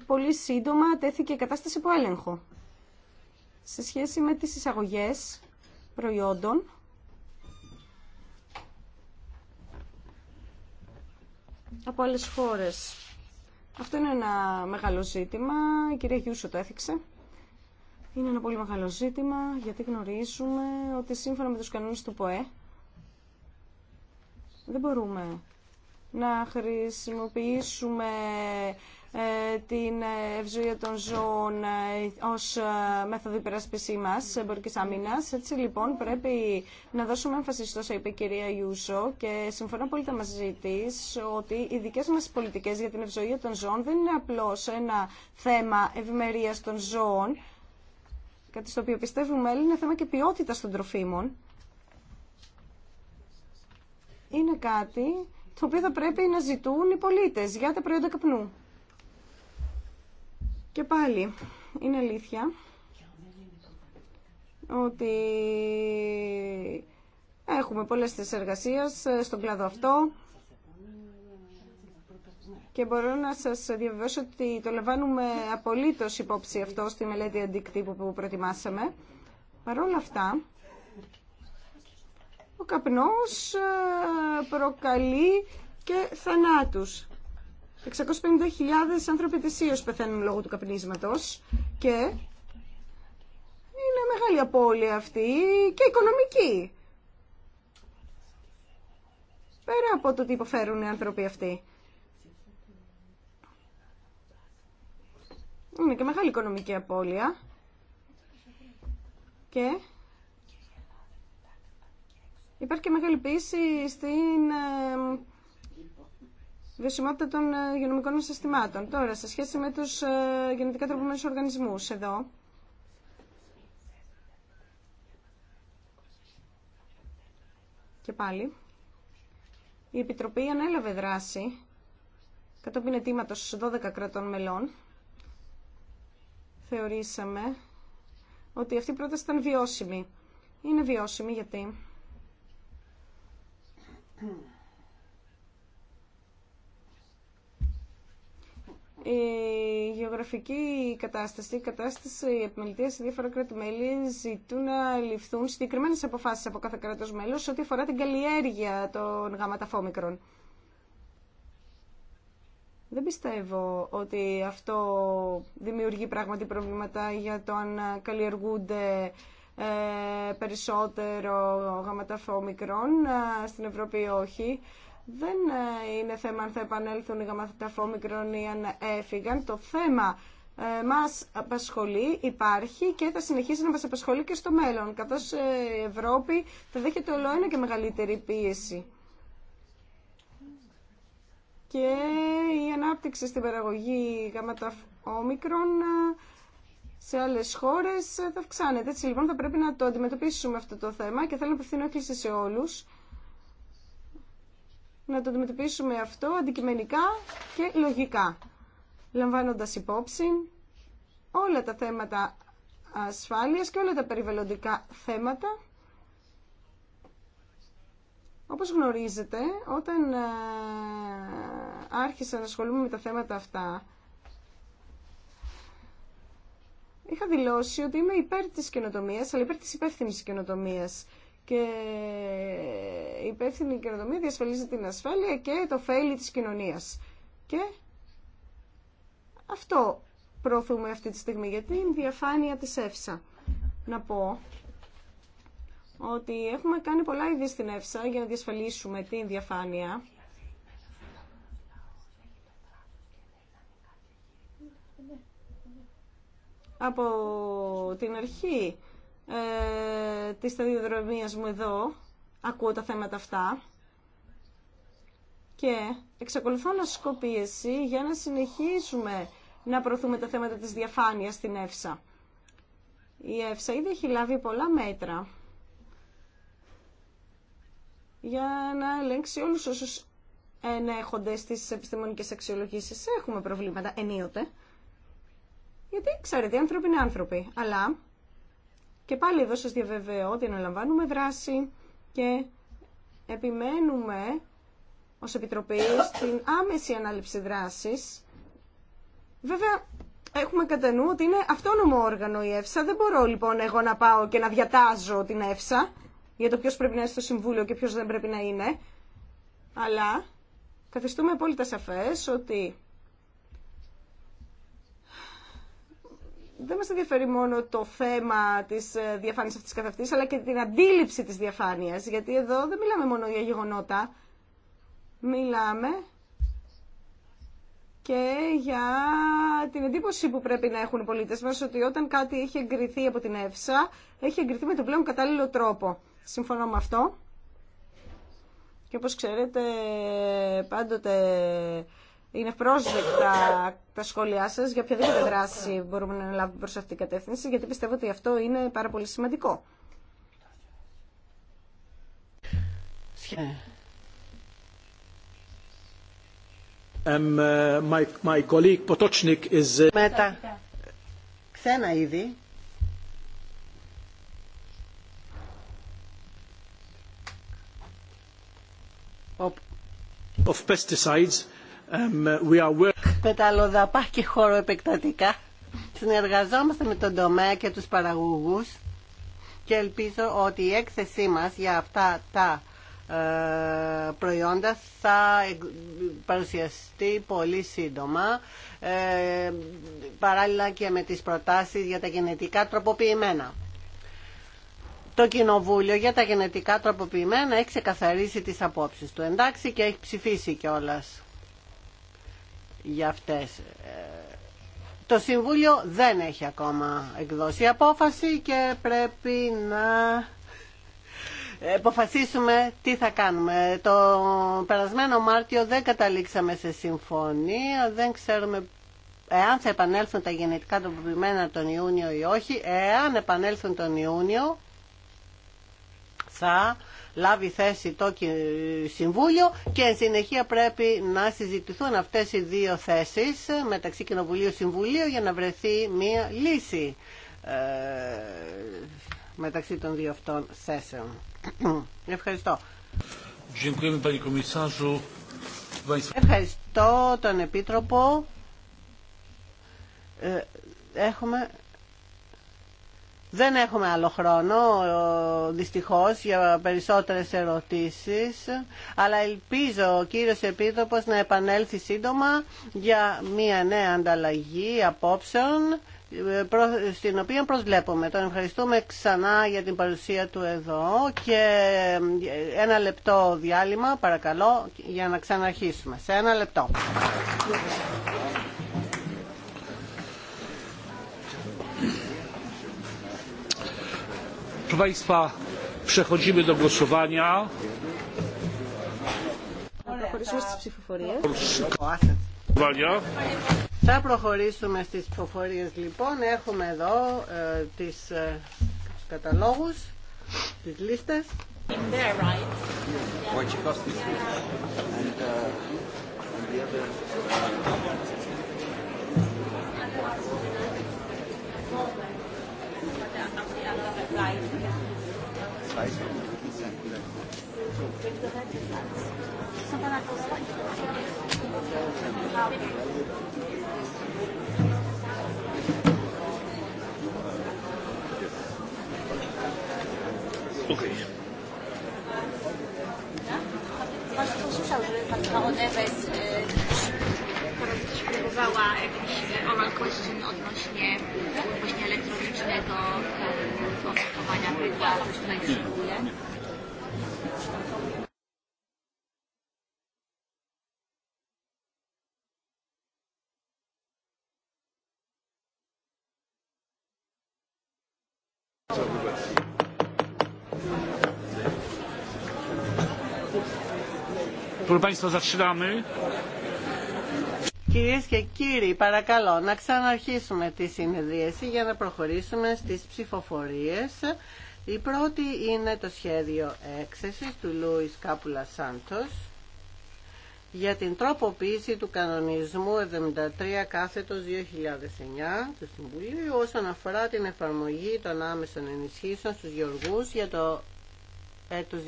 πολύ σύντομα τέθηκε η κατάσταση από έλεγχο. Σε σχέση με τις εισαγωγές προϊόντων, από άλλες χώρες. Αυτό είναι ένα μεγάλο ζήτημα. Η κυρία Γιούσο το έθιξε. Είναι ένα πολύ μεγάλο ζήτημα γιατί γνωρίζουμε ότι σύμφωνα με τους κανόνες του ΠΟΕ δεν μπορούμε να χρησιμοποιήσουμε ε, την ευζοία των ζώων ε, ως ε, μέθοδο υπερασπισή μας εμπορικής άμυνας. Έτσι λοιπόν πρέπει να δώσουμε έμφαση στο όσα είπε η κυρία Ιούσο και συμφωνώ πολύ μαζί τη ότι οι δικές μας πολιτικές για την ευζοία των ζώων δεν είναι απλώς ένα θέμα ευημερία των ζώων κάτι στο οποίο πιστεύουμε είναι θέμα και ποιότητα των τροφίμων. Είναι κάτι το οποίο θα πρέπει να ζητούν οι πολίτες για τα προϊόντα καπνού. Και πάλι, είναι αλήθεια ότι έχουμε πολλές θέσεις εργασίας στον κλάδο αυτό και μπορώ να σα διαβεβαιώσω ότι το λαμβάνουμε απολύτω υπόψη αυτό στη μελέτη αντικτύπου που προετοιμάσαμε. Παρ' όλα αυτά, ο καπνός ε, προκαλεί και θανάτους. 650.000 άνθρωποι ετησίως πεθαίνουν λόγω του καπνίσματος και είναι μεγάλη απώλεια αυτή και οικονομική. Πέρα από το τι υποφέρουν οι άνθρωποι αυτοί. Είναι και μεγάλη οικονομική απώλεια. Και υπάρχει και μεγάλη πίεση στην ε, βιωσιμότητα των ε, υγειονομικών συστημάτων. Τώρα, σε σχέση με τους ε, γενετικά τροπομένους οργανισμούς εδώ, και πάλι, η Επιτροπή ανέλαβε δράση κατόπιν αιτήματος 12 κρατών μελών θεωρήσαμε ότι αυτή η πρόταση ήταν βιώσιμη. Είναι βιώσιμη γιατί η γεωγραφική κατάσταση, η κατάσταση επιμελητία σε διάφορα κράτη-μέλη ζητούν να ληφθούν συγκεκριμένε αποφάσει από κάθε κράτο μέλο ό,τι αφορά την καλλιέργεια των γαμματα δεν πιστεύω ότι αυτό δημιουργεί πράγματι προβλήματα για το αν καλλιεργούνται ε, περισσότερο γαματαφό Στην Ευρώπη όχι. Δεν ε, είναι θέμα αν θα επανέλθουν οι γαματαφό μικρών ή αν έφυγαν. Το θέμα ε, μας απασχολεί, υπάρχει και θα συνεχίσει να μας απασχολεί και στο μέλλον, καθώς η Ευρώπη θα δέχεται όλο ένα και μεγαλύτερη πίεση και η ανάπτυξη στην παραγωγή γαμματά όμικρον ε, σε άλλε χώρε ε, θα αυξάνεται. Έτσι λοιπόν θα πρέπει να το αντιμετωπίσουμε αυτό το θέμα και θέλω να απευθύνω έκκληση σε όλου να το αντιμετωπίσουμε αυτό αντικειμενικά και λογικά. Λαμβάνοντα υπόψη όλα τα θέματα ασφάλειας και όλα τα περιβαλλοντικά θέματα. Όπως γνωρίζετε, όταν ε, άρχισα να ασχολούμαι με τα θέματα αυτά, είχα δηλώσει ότι είμαι υπέρ της καινοτομία, αλλά υπέρ της υπεύθυνη καινοτομία. Και η υπεύθυνη καινοτομία διασφαλίζει την ασφάλεια και το φέλη της κοινωνίας. Και αυτό προωθούμε αυτή τη στιγμή γιατί η διαφάνεια της ΕΦΣΑ. Να πω ότι έχουμε κάνει πολλά είδη στην ΕΦΣΑ για να διασφαλίσουμε την διαφάνεια από την αρχή ε, της σταδιοδρομίας μου εδώ ακούω τα θέματα αυτά και εξακολουθώ να σκοπίεσαι για να συνεχίσουμε να προωθούμε τα θέματα της διαφάνειας στην ΕΦΣΑ. Η ΕΦΣΑ ήδη έχει λάβει πολλά μέτρα για να ελέγξει όλους όσους ενέχονται στις επιστημονικές αξιολογήσεις. Έχουμε προβλήματα ενίοτε. Γιατί ξέρετε, οι άνθρωποι είναι άνθρωποι. Αλλά και πάλι εδώ σας διαβεβαιώ ότι αναλαμβάνουμε δράση και επιμένουμε ως Επιτροπή στην άμεση ανάληψη δράσης. Βέβαια, έχουμε κατά νου ότι είναι αυτόνομο όργανο η ΕΦΣΑ. Δεν μπορώ λοιπόν εγώ να πάω και να διατάζω την ΕΦΣΑ για το ποιος πρέπει να είναι στο Συμβούλιο και ποιος δεν πρέπει να είναι. Αλλά καθιστούμε απόλυτα σαφές ότι δεν μας ενδιαφέρει μόνο το θέμα της ε, διαφάνειας αυτής καθ' αυτής, αλλά και την αντίληψη της διαφάνειας, γιατί εδώ δεν μιλάμε μόνο για γεγονότα, μιλάμε και για την εντύπωση που πρέπει να έχουν οι πολίτες μας ότι όταν κάτι έχει εγκριθεί από την Εύσα, έχει εγκριθεί με τον πλέον κατάλληλο τρόπο. Συμφωνώ με αυτό. Και όπως ξέρετε, πάντοτε είναι πρόσδεκτα τα σχόλιά σα για οποιαδήποτε δράση μπορούμε να λάβουμε προ αυτήν την κατεύθυνση, γιατί πιστεύω ότι αυτό είναι πάρα πολύ σημαντικό. Ε. Ε, ε- Μετά, ξένα ήδη. Of pesticides Um, πεταλοδαπά και χώρο επεκτατικά. Συνεργαζόμαστε με τον τομέα και τους παραγωγούς και ελπίζω ότι η έκθεσή μας για αυτά τα ε, προϊόντα θα παρουσιαστεί πολύ σύντομα ε, παράλληλα και με τις προτάσεις για τα γενετικά τροποποιημένα. Το Κοινοβούλιο για τα γενετικά τροποποιημένα έχει ξεκαθαρίσει τις απόψεις του εντάξει και έχει ψηφίσει κιόλας για αυτές. Ε, το Συμβούλιο δεν έχει ακόμα εκδώσει απόφαση και πρέπει να αποφασίσουμε τι θα κάνουμε. Το περασμένο Μάρτιο δεν καταλήξαμε σε συμφωνία, δεν ξέρουμε εάν θα επανέλθουν τα γενετικά τοποποιημένα τον Ιούνιο ή όχι. Εάν επανέλθουν τον Ιούνιο θα λάβει θέση το Συμβούλιο και εν συνεχεία πρέπει να συζητηθούν αυτές οι δύο θέσεις μεταξύ Κοινοβουλίου Συμβουλίου για να βρεθεί μία λύση ε, μεταξύ των δύο αυτών θέσεων. Ευχαριστώ. Ευχαριστώ τον Επίτροπο. Ε, έχουμε δεν έχουμε άλλο χρόνο, δυστυχώς, για περισσότερες ερωτήσεις, αλλά ελπίζω ο κύριος Επίτροπος να επανέλθει σύντομα για μια νέα ανταλλαγή απόψεων, στην οποία προσβλέπουμε. Τον ευχαριστούμε ξανά για την παρουσία του εδώ και ένα λεπτό διάλειμμα, παρακαλώ, για να ξαναρχίσουμε. Σε ένα λεπτό. Proszę Państwa, przechodzimy do Θα προχωρήσουμε στις ψηφοφορίε λοιπόν. Έχουμε εδώ ε, τις ε, καταλόγους, τις λίστες. Uh, Okay. Próbowała oral question odnośnie właśnie to campagna Proszę Państwa, zaczynamy. Κυρίες και κύριοι, παρακαλώ να ξαναρχίσουμε τη συνεδρίαση για να προχωρήσουμε στις ψηφοφορίες. Η πρώτη είναι το σχέδιο έξεσης του Λούις Κάπουλα Σάντος για την τροποποίηση του κανονισμού 73 κάθετος 2009 του Συμβουλίου όσον αφορά την εφαρμογή των άμεσων ενισχύσεων στους γεωργούς για το έτος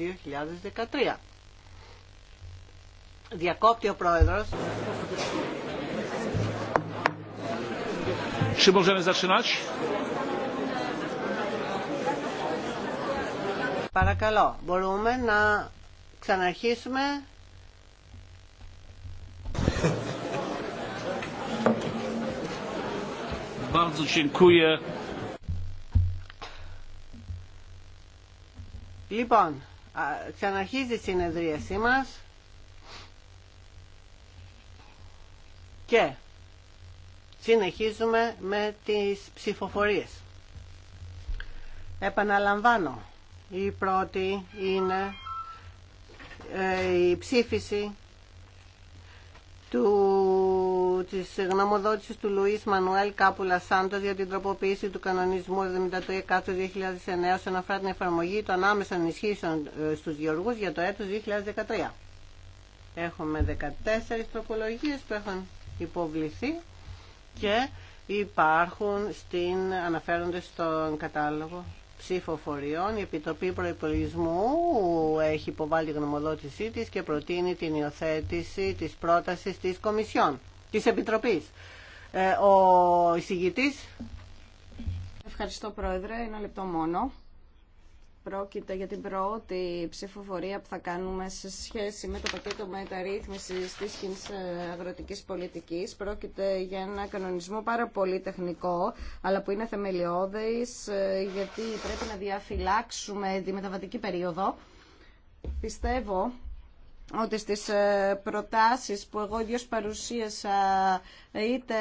2013. Διακόπτει ο πρόεδρος. Czy możemy zaczynać? Παρακαλώ, μπορούμε να ξαναρχίσουμε. Bardzo dziękuję. Λοιπόν, ξαναρχίζει η συνεδρίασή μας και Συνεχίζουμε με τις ψηφοφορίες. Επαναλαμβάνω, η πρώτη είναι ε, η ψήφιση του, της γνωμοδότησης του Λουίς Μανουέλ Κάπουλα Σάντος για την τροποποίηση του κανονισμού 73 2009 όσον αφορά την εφαρμογή των άμεσων ενισχύσεων ε, στους γεωργούς για το έτος 2013. Έχουμε 14 τροπολογίες που έχουν υποβληθεί και υπάρχουν στην, αναφέρονται στον κατάλογο ψηφοφοριών. Η Επιτροπή Προϋπολογισμού έχει υποβάλει γνωμοδότησή της και προτείνει την υιοθέτηση της πρότασης της Κομισιόν, της Επιτροπής. Ε, ο εισηγητής... Ευχαριστώ Πρόεδρε, ένα λεπτό μόνο. Πρόκειται για την πρώτη ψηφοφορία που θα κάνουμε σε σχέση με το πακέτο μεταρρύθμιση τη κοινή ε, αγροτικής πολιτικής. Πρόκειται για ένα κανονισμό πάρα πολύ τεχνικό, αλλά που είναι θεμελιώδη, ε, γιατί πρέπει να διαφυλάξουμε τη μεταβατική περίοδο. Πιστεύω ότι στις ε, προτάσεις που εγώ ίδιος παρουσίασα είτε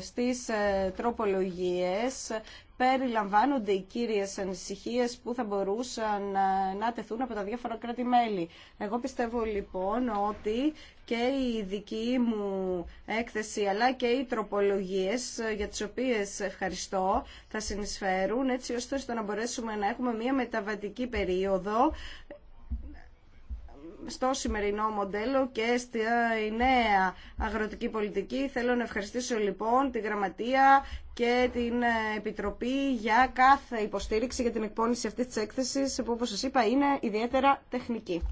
στις τροπολογίες περιλαμβάνονται οι κύριες ανησυχίες που θα μπορούσαν ε, να τεθούν από τα διάφορα κράτη-μέλη. Εγώ πιστεύω λοιπόν ότι και η δική μου έκθεση αλλά και οι τροπολογίες ε, για τις οποίες ευχαριστώ θα συνεισφέρουν έτσι ώστε να μπορέσουμε να έχουμε μια μεταβατική περίοδο στο σημερινό μοντέλο και στη νέα αγροτική πολιτική. Θέλω να ευχαριστήσω λοιπόν τη Γραμματεία και την ε, Επιτροπή για κάθε υποστήριξη για την εκπόνηση αυτής της έκθεσης που όπως σας είπα είναι ιδιαίτερα τεχνική.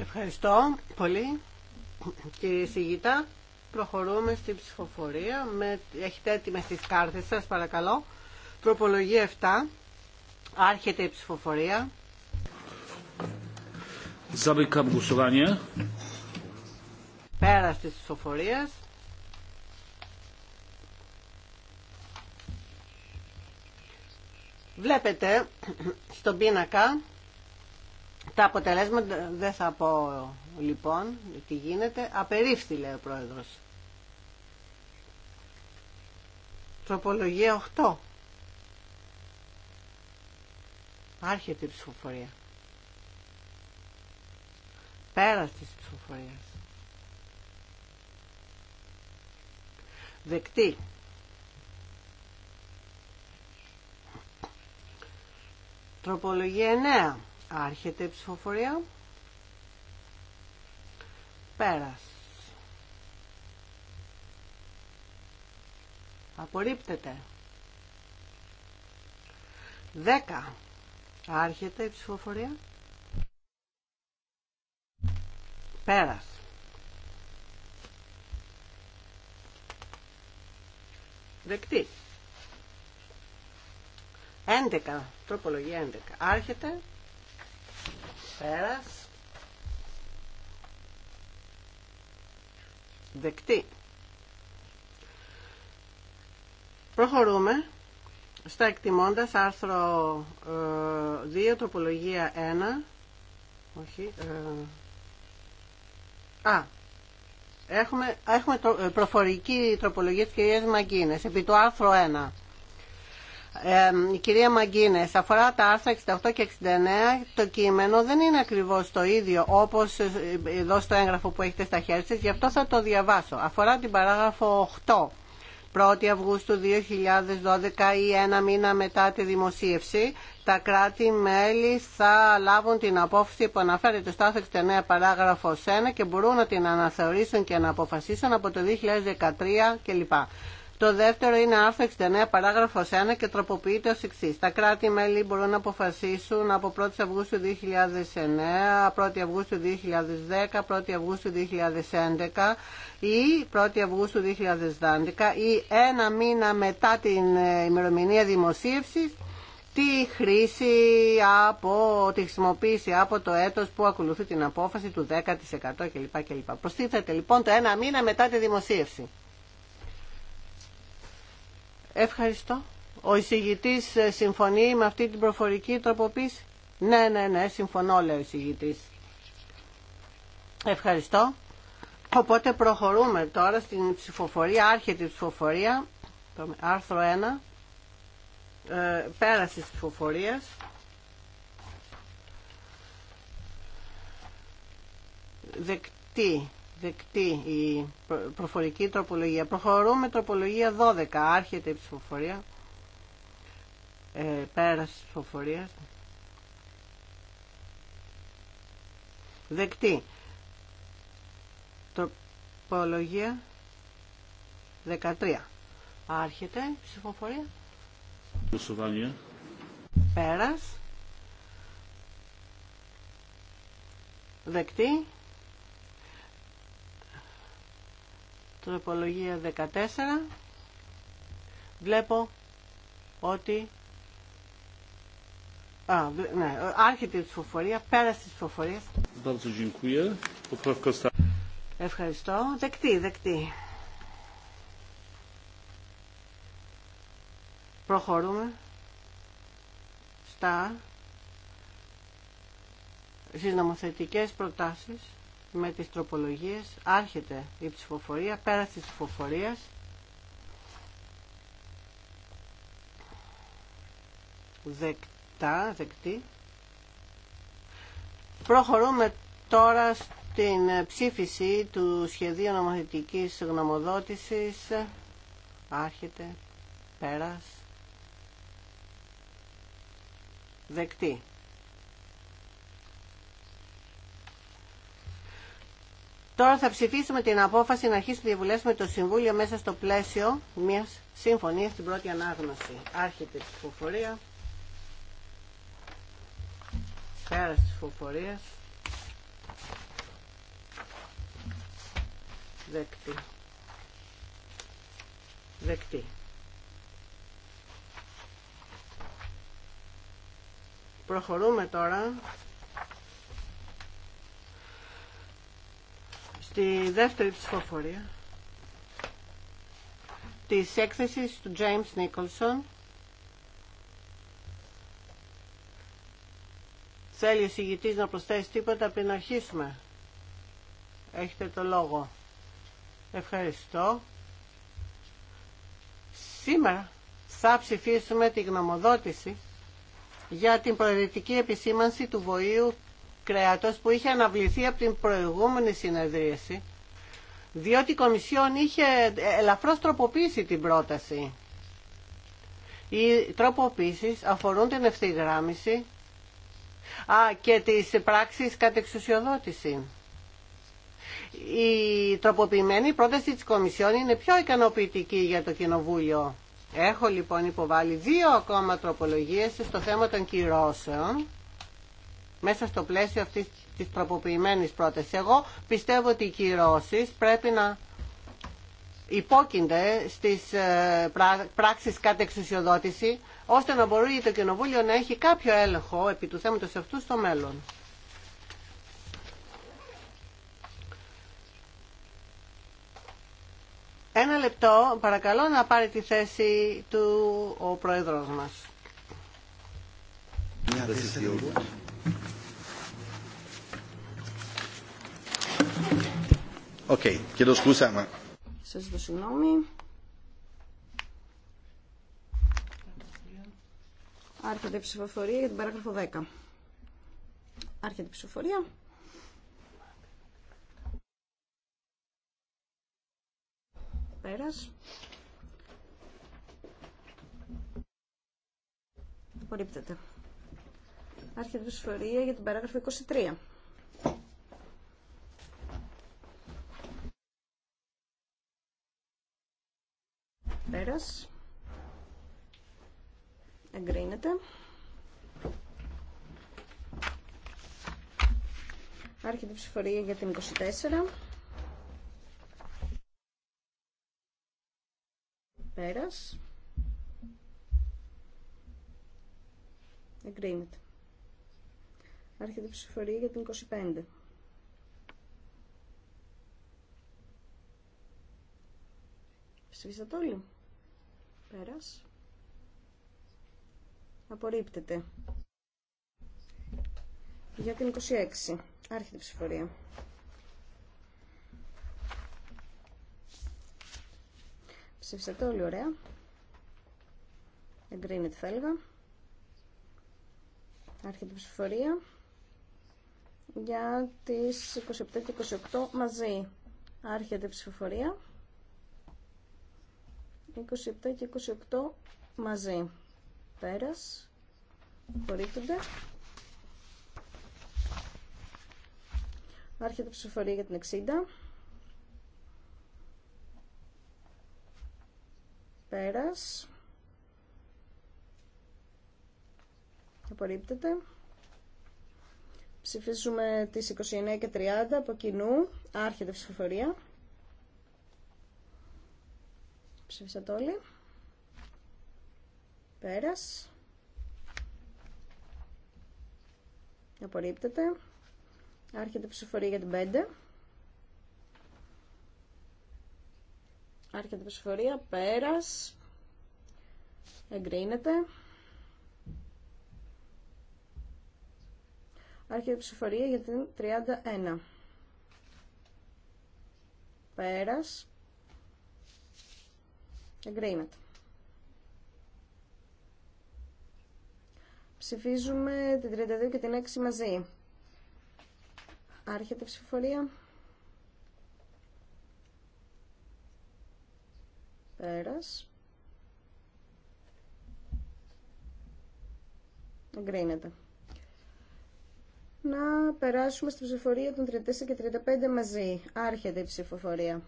Ευχαριστώ πολύ κύριε Σιγητά. Προχωρούμε στην ψηφοφορία. Με... Έχετε έτοιμε τις κάρτες σας παρακαλώ. Τροπολογία 7. Άρχεται η ψηφοφορία. Zamykam głosowanie. Πέρας της ψηφοφορίας. Βλέπετε στον πίνακα τα αποτελέσματα, δεν θα πω λοιπόν τι γίνεται, απερίφθη λέει ο πρόεδρος. Τροπολογία 8. Άρχεται η ψηφοφορία. Πέρας τη ψηφοφορία. Δεκτή. Τροπολογία 9. Άρχεται η ψηφοφορία. Πέρας. Απορρίπτεται. 10. Άρχεται η ψηφοφορία. Πέρας. Δεκτή. 11. Τροπολογία 11. Άρχεται. Πέρας. Δεκτή. Προχωρούμε στα εκτιμώντας άρθρο 2, ε, τροπολογία 1. Όχι. Ε, α, έχουμε, έχουμε το, ε, προφορική τροπολογία της κυρίας Μαγκίνες, επί του άρθρου 1. Ε, η κυρία Μαγκίνες, αφορά τα άρθρα 68 και 69, το κείμενο δεν είναι ακριβώς το ίδιο όπως εδώ στο έγγραφο που έχετε στα χέρια σας, γι' αυτό θα το διαβάσω. Αφορά την παράγραφο 8 1η Αυγούστου 2012 ή ένα μήνα μετά τη δημοσίευση, τα κράτη-μέλη θα λάβουν την απόφαση που αναφέρεται στο άθρο παράγραφο παράγραφο 1 και μπορούν να την αναθεωρήσουν και να αποφασίσουν από το 2013 κλπ. Το δεύτερο είναι άρθρο 69 παράγραφο 1 και τροποποιείται ω εξή. Τα κράτη-μέλη μπορούν να αποφασίσουν από 1η Αυγούστου 2009, 1η Αυγούστου 2010, 1η Αυγούστου 2011 ή 1η Αυγούστου 2012 ή ένα μήνα μετά την ε, ημερομηνία δημοσίευσης τη χρήση από, τη χρησιμοποίηση από το έτος που ακολουθεί την απόφαση του 10% κλπ. κλπ. Προστίθεται λοιπόν το ένα μήνα μετά τη δημοσίευση. Ευχαριστώ. Ο εισηγητή ε, συμφωνεί με αυτή την προφορική τροποποίηση. Ναι, ναι, ναι, συμφωνώ, λέει ο εισηγητή. Ευχαριστώ. Οπότε προχωρούμε τώρα στην ψηφοφορία, άρχεται η ψηφοφορία, το άρθρο 1, ε, πέραση της ψηφοφορίας. Δεκτή δεκτή η προφορική τροπολογία. Προχωρούμε τροπολογία 12. Άρχεται η ψηφοφορία. Ε, πέρας της Δεκτή. Τροπολογία 13. Άρχεται η ψηφοφορία. Πέρας. Πέρας. Δεκτή. τροπολογία 14 βλέπω ότι Α, ναι, άρχεται η ψηφοφορία, πέρασε τη ψηφοφορία. Ευχαριστώ. Δεκτή, δεκτή. Προχωρούμε στα στις νομοθετικές προτάσεις με τις τροπολογίες. Άρχεται η ψηφοφορία, πέρα της ψηφοφορίας. Δεκτά, δεκτή. Προχωρούμε τώρα στην ψήφιση του σχεδίου νομοθετικής γνωμοδότησης. Άρχεται, πέρας. Δεκτή. Τώρα θα ψηφίσουμε την απόφαση να αρχίσουμε διαβουλεύσει με το Συμβούλιο μέσα στο πλαίσιο μιας συμφωνία στην πρώτη ανάγνωση. Άρχεται η ψηφοφορία. Πέρα τη ψηφοφορία. Δεκτή. Δεκτή. Προχωρούμε τώρα στη δεύτερη ψηφοφορία της έκθεσης του James Nicholson Θέλει ο συγητής να προσθέσει τίποτα πριν αρχίσουμε. Έχετε το λόγο. Ευχαριστώ. Σήμερα θα ψηφίσουμε τη γνωμοδότηση για την προαιρετική επισήμανση του βοήου κρέατος που είχε αναβληθεί από την προηγούμενη συνεδρίαση διότι η Κομισιόν είχε ελαφρώς τροποποίησει την πρόταση. Οι τροποποίησεις αφορούν την ευθυγράμμιση α, και τις πράξεις κατ' εξουσιοδότηση. Η τροποποιημένη πρόταση της Κομισιόν είναι πιο ικανοποιητική για το Κοινοβούλιο. Έχω λοιπόν υποβάλει δύο ακόμα τροπολογίες στο θέμα των κυρώσεων μέσα στο πλαίσιο αυτής της τροποποιημένης πρότασης. Εγώ πιστεύω ότι οι κυρώσεις πρέπει να υπόκεινται στις ε, πράξεις κάτω εξουσιοδότηση, ώστε να μπορεί το Κοινοβούλιο να έχει κάποιο έλεγχο επί του θέματος αυτού στο μέλλον. Ένα λεπτό, παρακαλώ να πάρει τη θέση του ο Πρόεδρος μας. Σα ζητώ συγγνώμη. Άρχεται η ψηφοφορία για την παράγραφο 10. Άρχεται η ψηφοφορία. Πέρας. Απορρίπτεται. Άρχεται η ψηφοφορία για την παράγραφο 23. Πέρας. Εγκρίνεται. Άρχεται η ψηφορία για την 24. Πέρας. Εγκρίνεται. Άρχεται η ψηφορία για την 25. Ψηφίσατε όλοι. Πέρας. Απορρίπτεται. Για την 26. Άρχεται η ψηφορία. Ψήφισατε όλοι ωραία. Εγκρίνεται θα έλεγα. Άρχεται η ψηφορία. Για τις 27 και 28 μαζί. Άρχεται η ψηφοφορία. 27 και 28 μαζί. Πέρας. Απορρίπτονται. Άρχεται η ψηφοφορία για την 60. Πέρας. Απορρίπτεται. Ψηφίζουμε τις 29 και 30 από κοινού. Άρχεται η ψηφοφορία. Ψήφισατε όλοι. Πέρας. Απορρίπτεται. Άρχεται η ψηφορία για την 5. Άρχεται η ψηφορία. Πέρας. Εγκρίνεται. Άρχεται η ψηφορία για την 31. Πέρας. Εγκρίνεται. Ψηφίζουμε την 32 και την 6 μαζί. Άρχεται η ψηφοφορία. Πέρας. Εγκρίνεται. Να περάσουμε στη ψηφοφορία των 34 και 35 μαζί. Άρχεται η ψηφοφορία.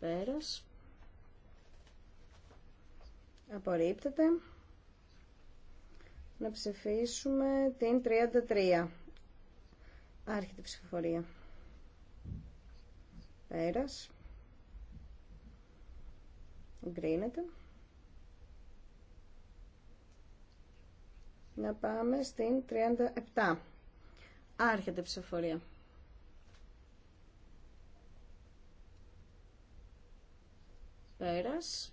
Πέρας. Απορρίπτεται. Να ψηφίσουμε την 33. Άρχεται η ψηφοφορία. Πέρας. Εγκρίνεται. Να πάμε στην 37. Άρχεται η ψηφοφορία. Πέρας.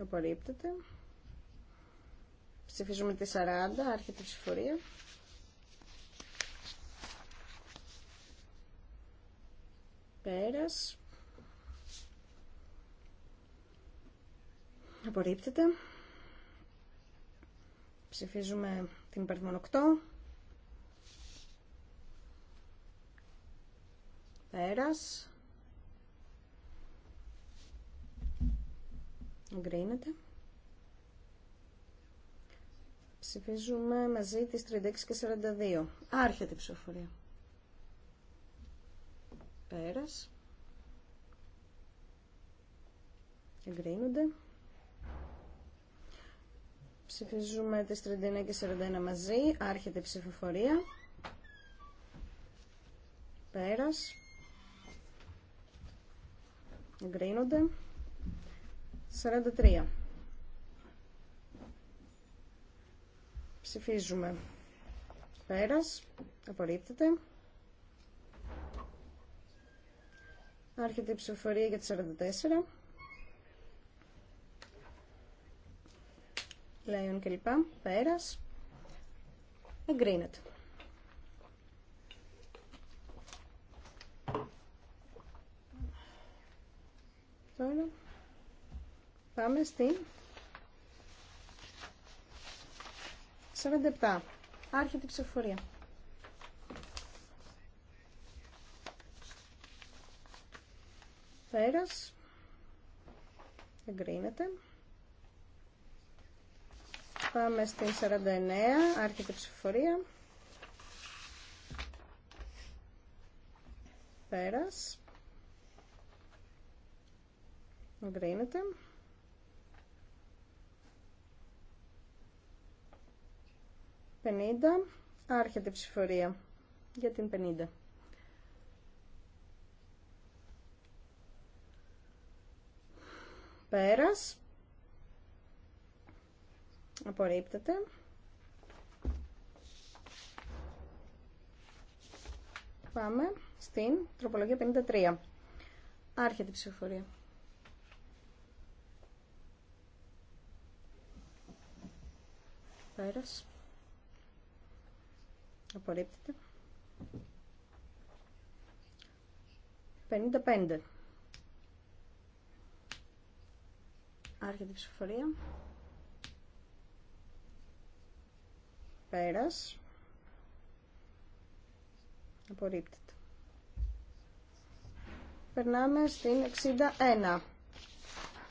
Απορρίπτεται. Ψηφίζουμε τη 40, άρχεται η ψηφορία. Πέρας. Απορρίπτεται. Ψηφίζουμε την υπαριθμόν Πέρας. Εγκρίνεται. Ψηφίζουμε μαζί τις 36 και 42. Άρχεται η ψηφοφορία. Πέρας. Εγκρίνονται. Ψηφίζουμε τις 39 και 41 μαζί. Άρχεται η ψηφοφορία. Πέρας εγκρίνονται. 43. Ψηφίζουμε. Πέρας. Απορρίπτεται. Άρχεται η ψηφοφορία για τη 44. Λέων κλπ. Πέρας. Εγκρίνεται. Τώρα πάμε στην 47. Άρχεται η ψηφοφορία. Πέρας. Εγκρίνεται. Πάμε στην 49. Άρχεται η ψηφοφορία. Πέρας. Εγκρίνεται. Πενήντα. Άρχεται η ψηφορία για την 50. Πέρας. Απορρίπτεται. Πάμε στην τροπολογία 53. Άρχεται η ψηφορία. αέρας Απορρίπτεται. 55. Άρχεται η ψηφοφορία. Πέρας. Απορρίπτεται. Περνάμε στην 61.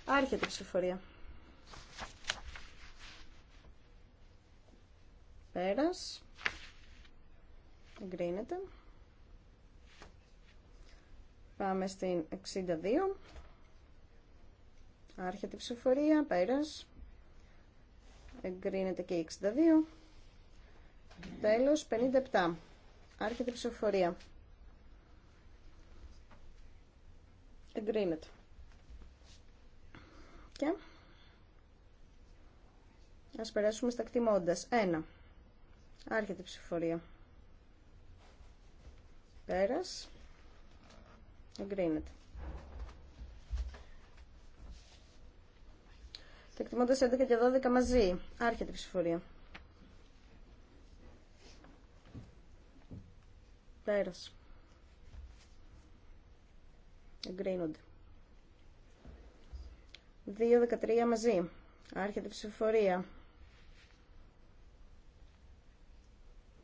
Άρχεται η ψηφοφορία. Πέρας. Εγκρίνεται. Πάμε στην 62. Άρχεται η ψηφορία. Πέρας. Εγκρίνεται και η 62. Τέλος 57. Άρχεται η ψηφοφορία. Εγκρίνεται. Και ας περάσουμε στα κτιμώντας. 1. Άρχεται η ψηφορία. Πέρας. Εγκρίνεται. Και εκτιμώντας 11 και 12 μαζί. Άρχεται η ψηφορία. Πέρας. Εγκρίνονται. 2-13 μαζί. Άρχεται η ψηφορία.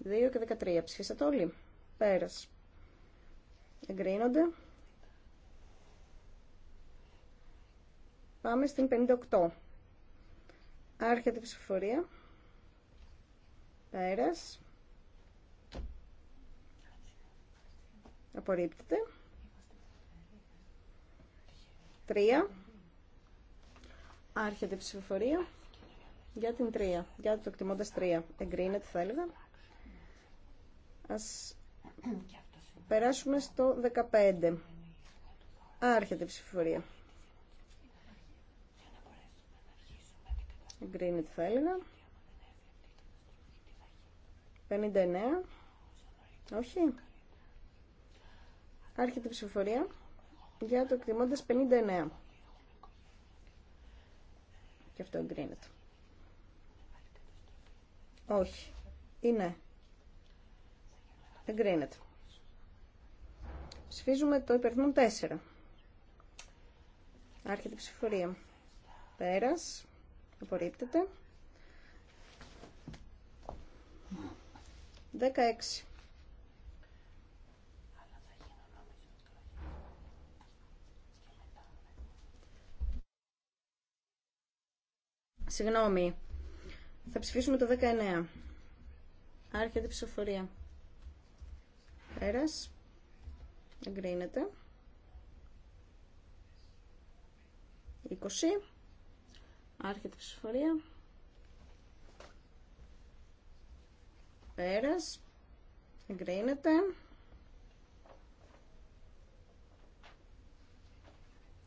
2 και 13. Ψηφίσατε όλοι. Πέρας. Εγκρίνονται. Πάμε στην 58. Άρχεται η ψηφοφορία. Πέρας. Απορρίπτεται. 3. Άρχεται η ψηφοφορία για την 3. Για το εκτιμώντας 3. Εγκρίνεται θα έλεγα. Ας περάσουμε στο 15. Άρχεται η ψηφοφορία. Εγκρίνεται θα έλεγα. 59. Όχι. Άρχεται η ψηφοφορία για το εκτιμώντας 59. Και αυτό εγκρίνεται. Όχι. Είναι. Εγκρίνεται. Ψηφίζουμε το υπερθμό 4. Άρχεται η ψηφορία. Πέρας. Απορρίπτεται. 16. Συγγνώμη. Θα ψηφίσουμε το 19. Άρχεται η ψηφοφορία. Πέρας. Εγκρίνεται. 20. Άρχεται η ψηφορία. Πέρας. Εγκρίνεται.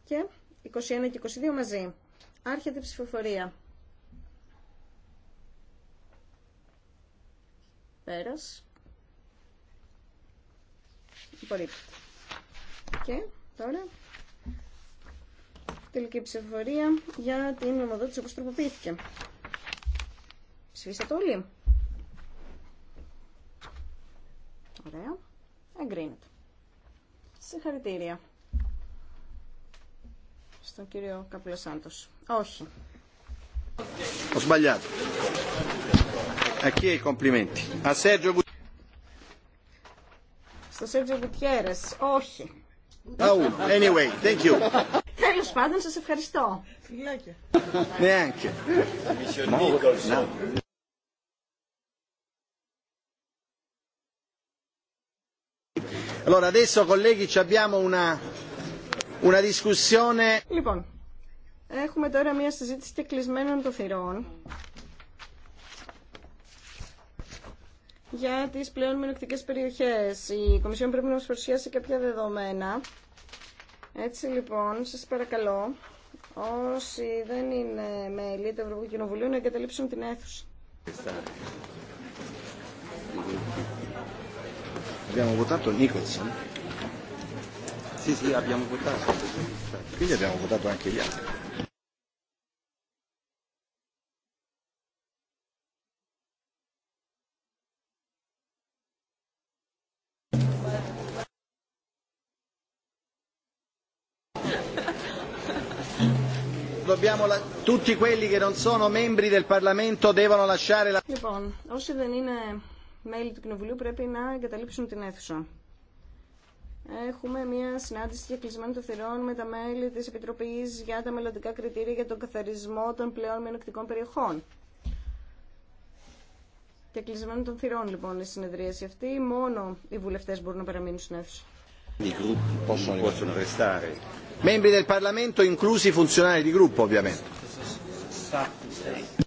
Και 21 και 22 μαζί. Άρχεται η ψηφοφορία. Πέρας. Και τώρα τελική ψηφοφορία για την νομοδότηση όπως τροποποιήθηκε. Ψηφίσατε όλοι. Ωραία. Εγκρίνεται. Συγχαρητήρια. Στον κύριο Καπλοσάντος. Όχι. Ο Σμπαλιάτο. Ακεί οι κομπλιμέντι. Στο Σέρτζο Γουτιέρε. Όχι. Oh, anyway, thank you. Τέλο πάντων, σα ευχαριστώ. Φιλάκια. Ναι, Allora, adesso colleghi, abbiamo una, una discussione. Λοιπόν, έχουμε τώρα μια συζήτηση και κλεισμένων των θυρών. για τι πλέον μειονεκτικές περιοχέ. Η Κομισιόν πρέπει να μα παρουσιάσει κάποια δεδομένα. Έτσι λοιπόν, σα παρακαλώ, όσοι δεν είναι μέλη του Ευρωπαϊκού Κοινοβουλίου, να εγκαταλείψουν την αίθουσα. Abbiamo votato Nicholson? Sì, Λοιπόν, όσοι δεν είναι μέλη του Κοινοβουλίου πρέπει να εγκαταλείψουν την αίθουσα. Έχουμε μια συνάντηση για κλεισμένο των θυρών με τα μέλη της Επιτροπής για τα μελλοντικά κριτήρια για τον καθαρισμό των πλέον μενοκτικών περιοχών. Και κλεισμένο των θυρών λοιπόν η συνεδρίαση αυτή. Μόνο οι βουλευτές μπορούν να παραμείνουν στην αίθουσα i gruppi possono restare. Membri del Parlamento, inclusi funzionari di gruppo ovviamente.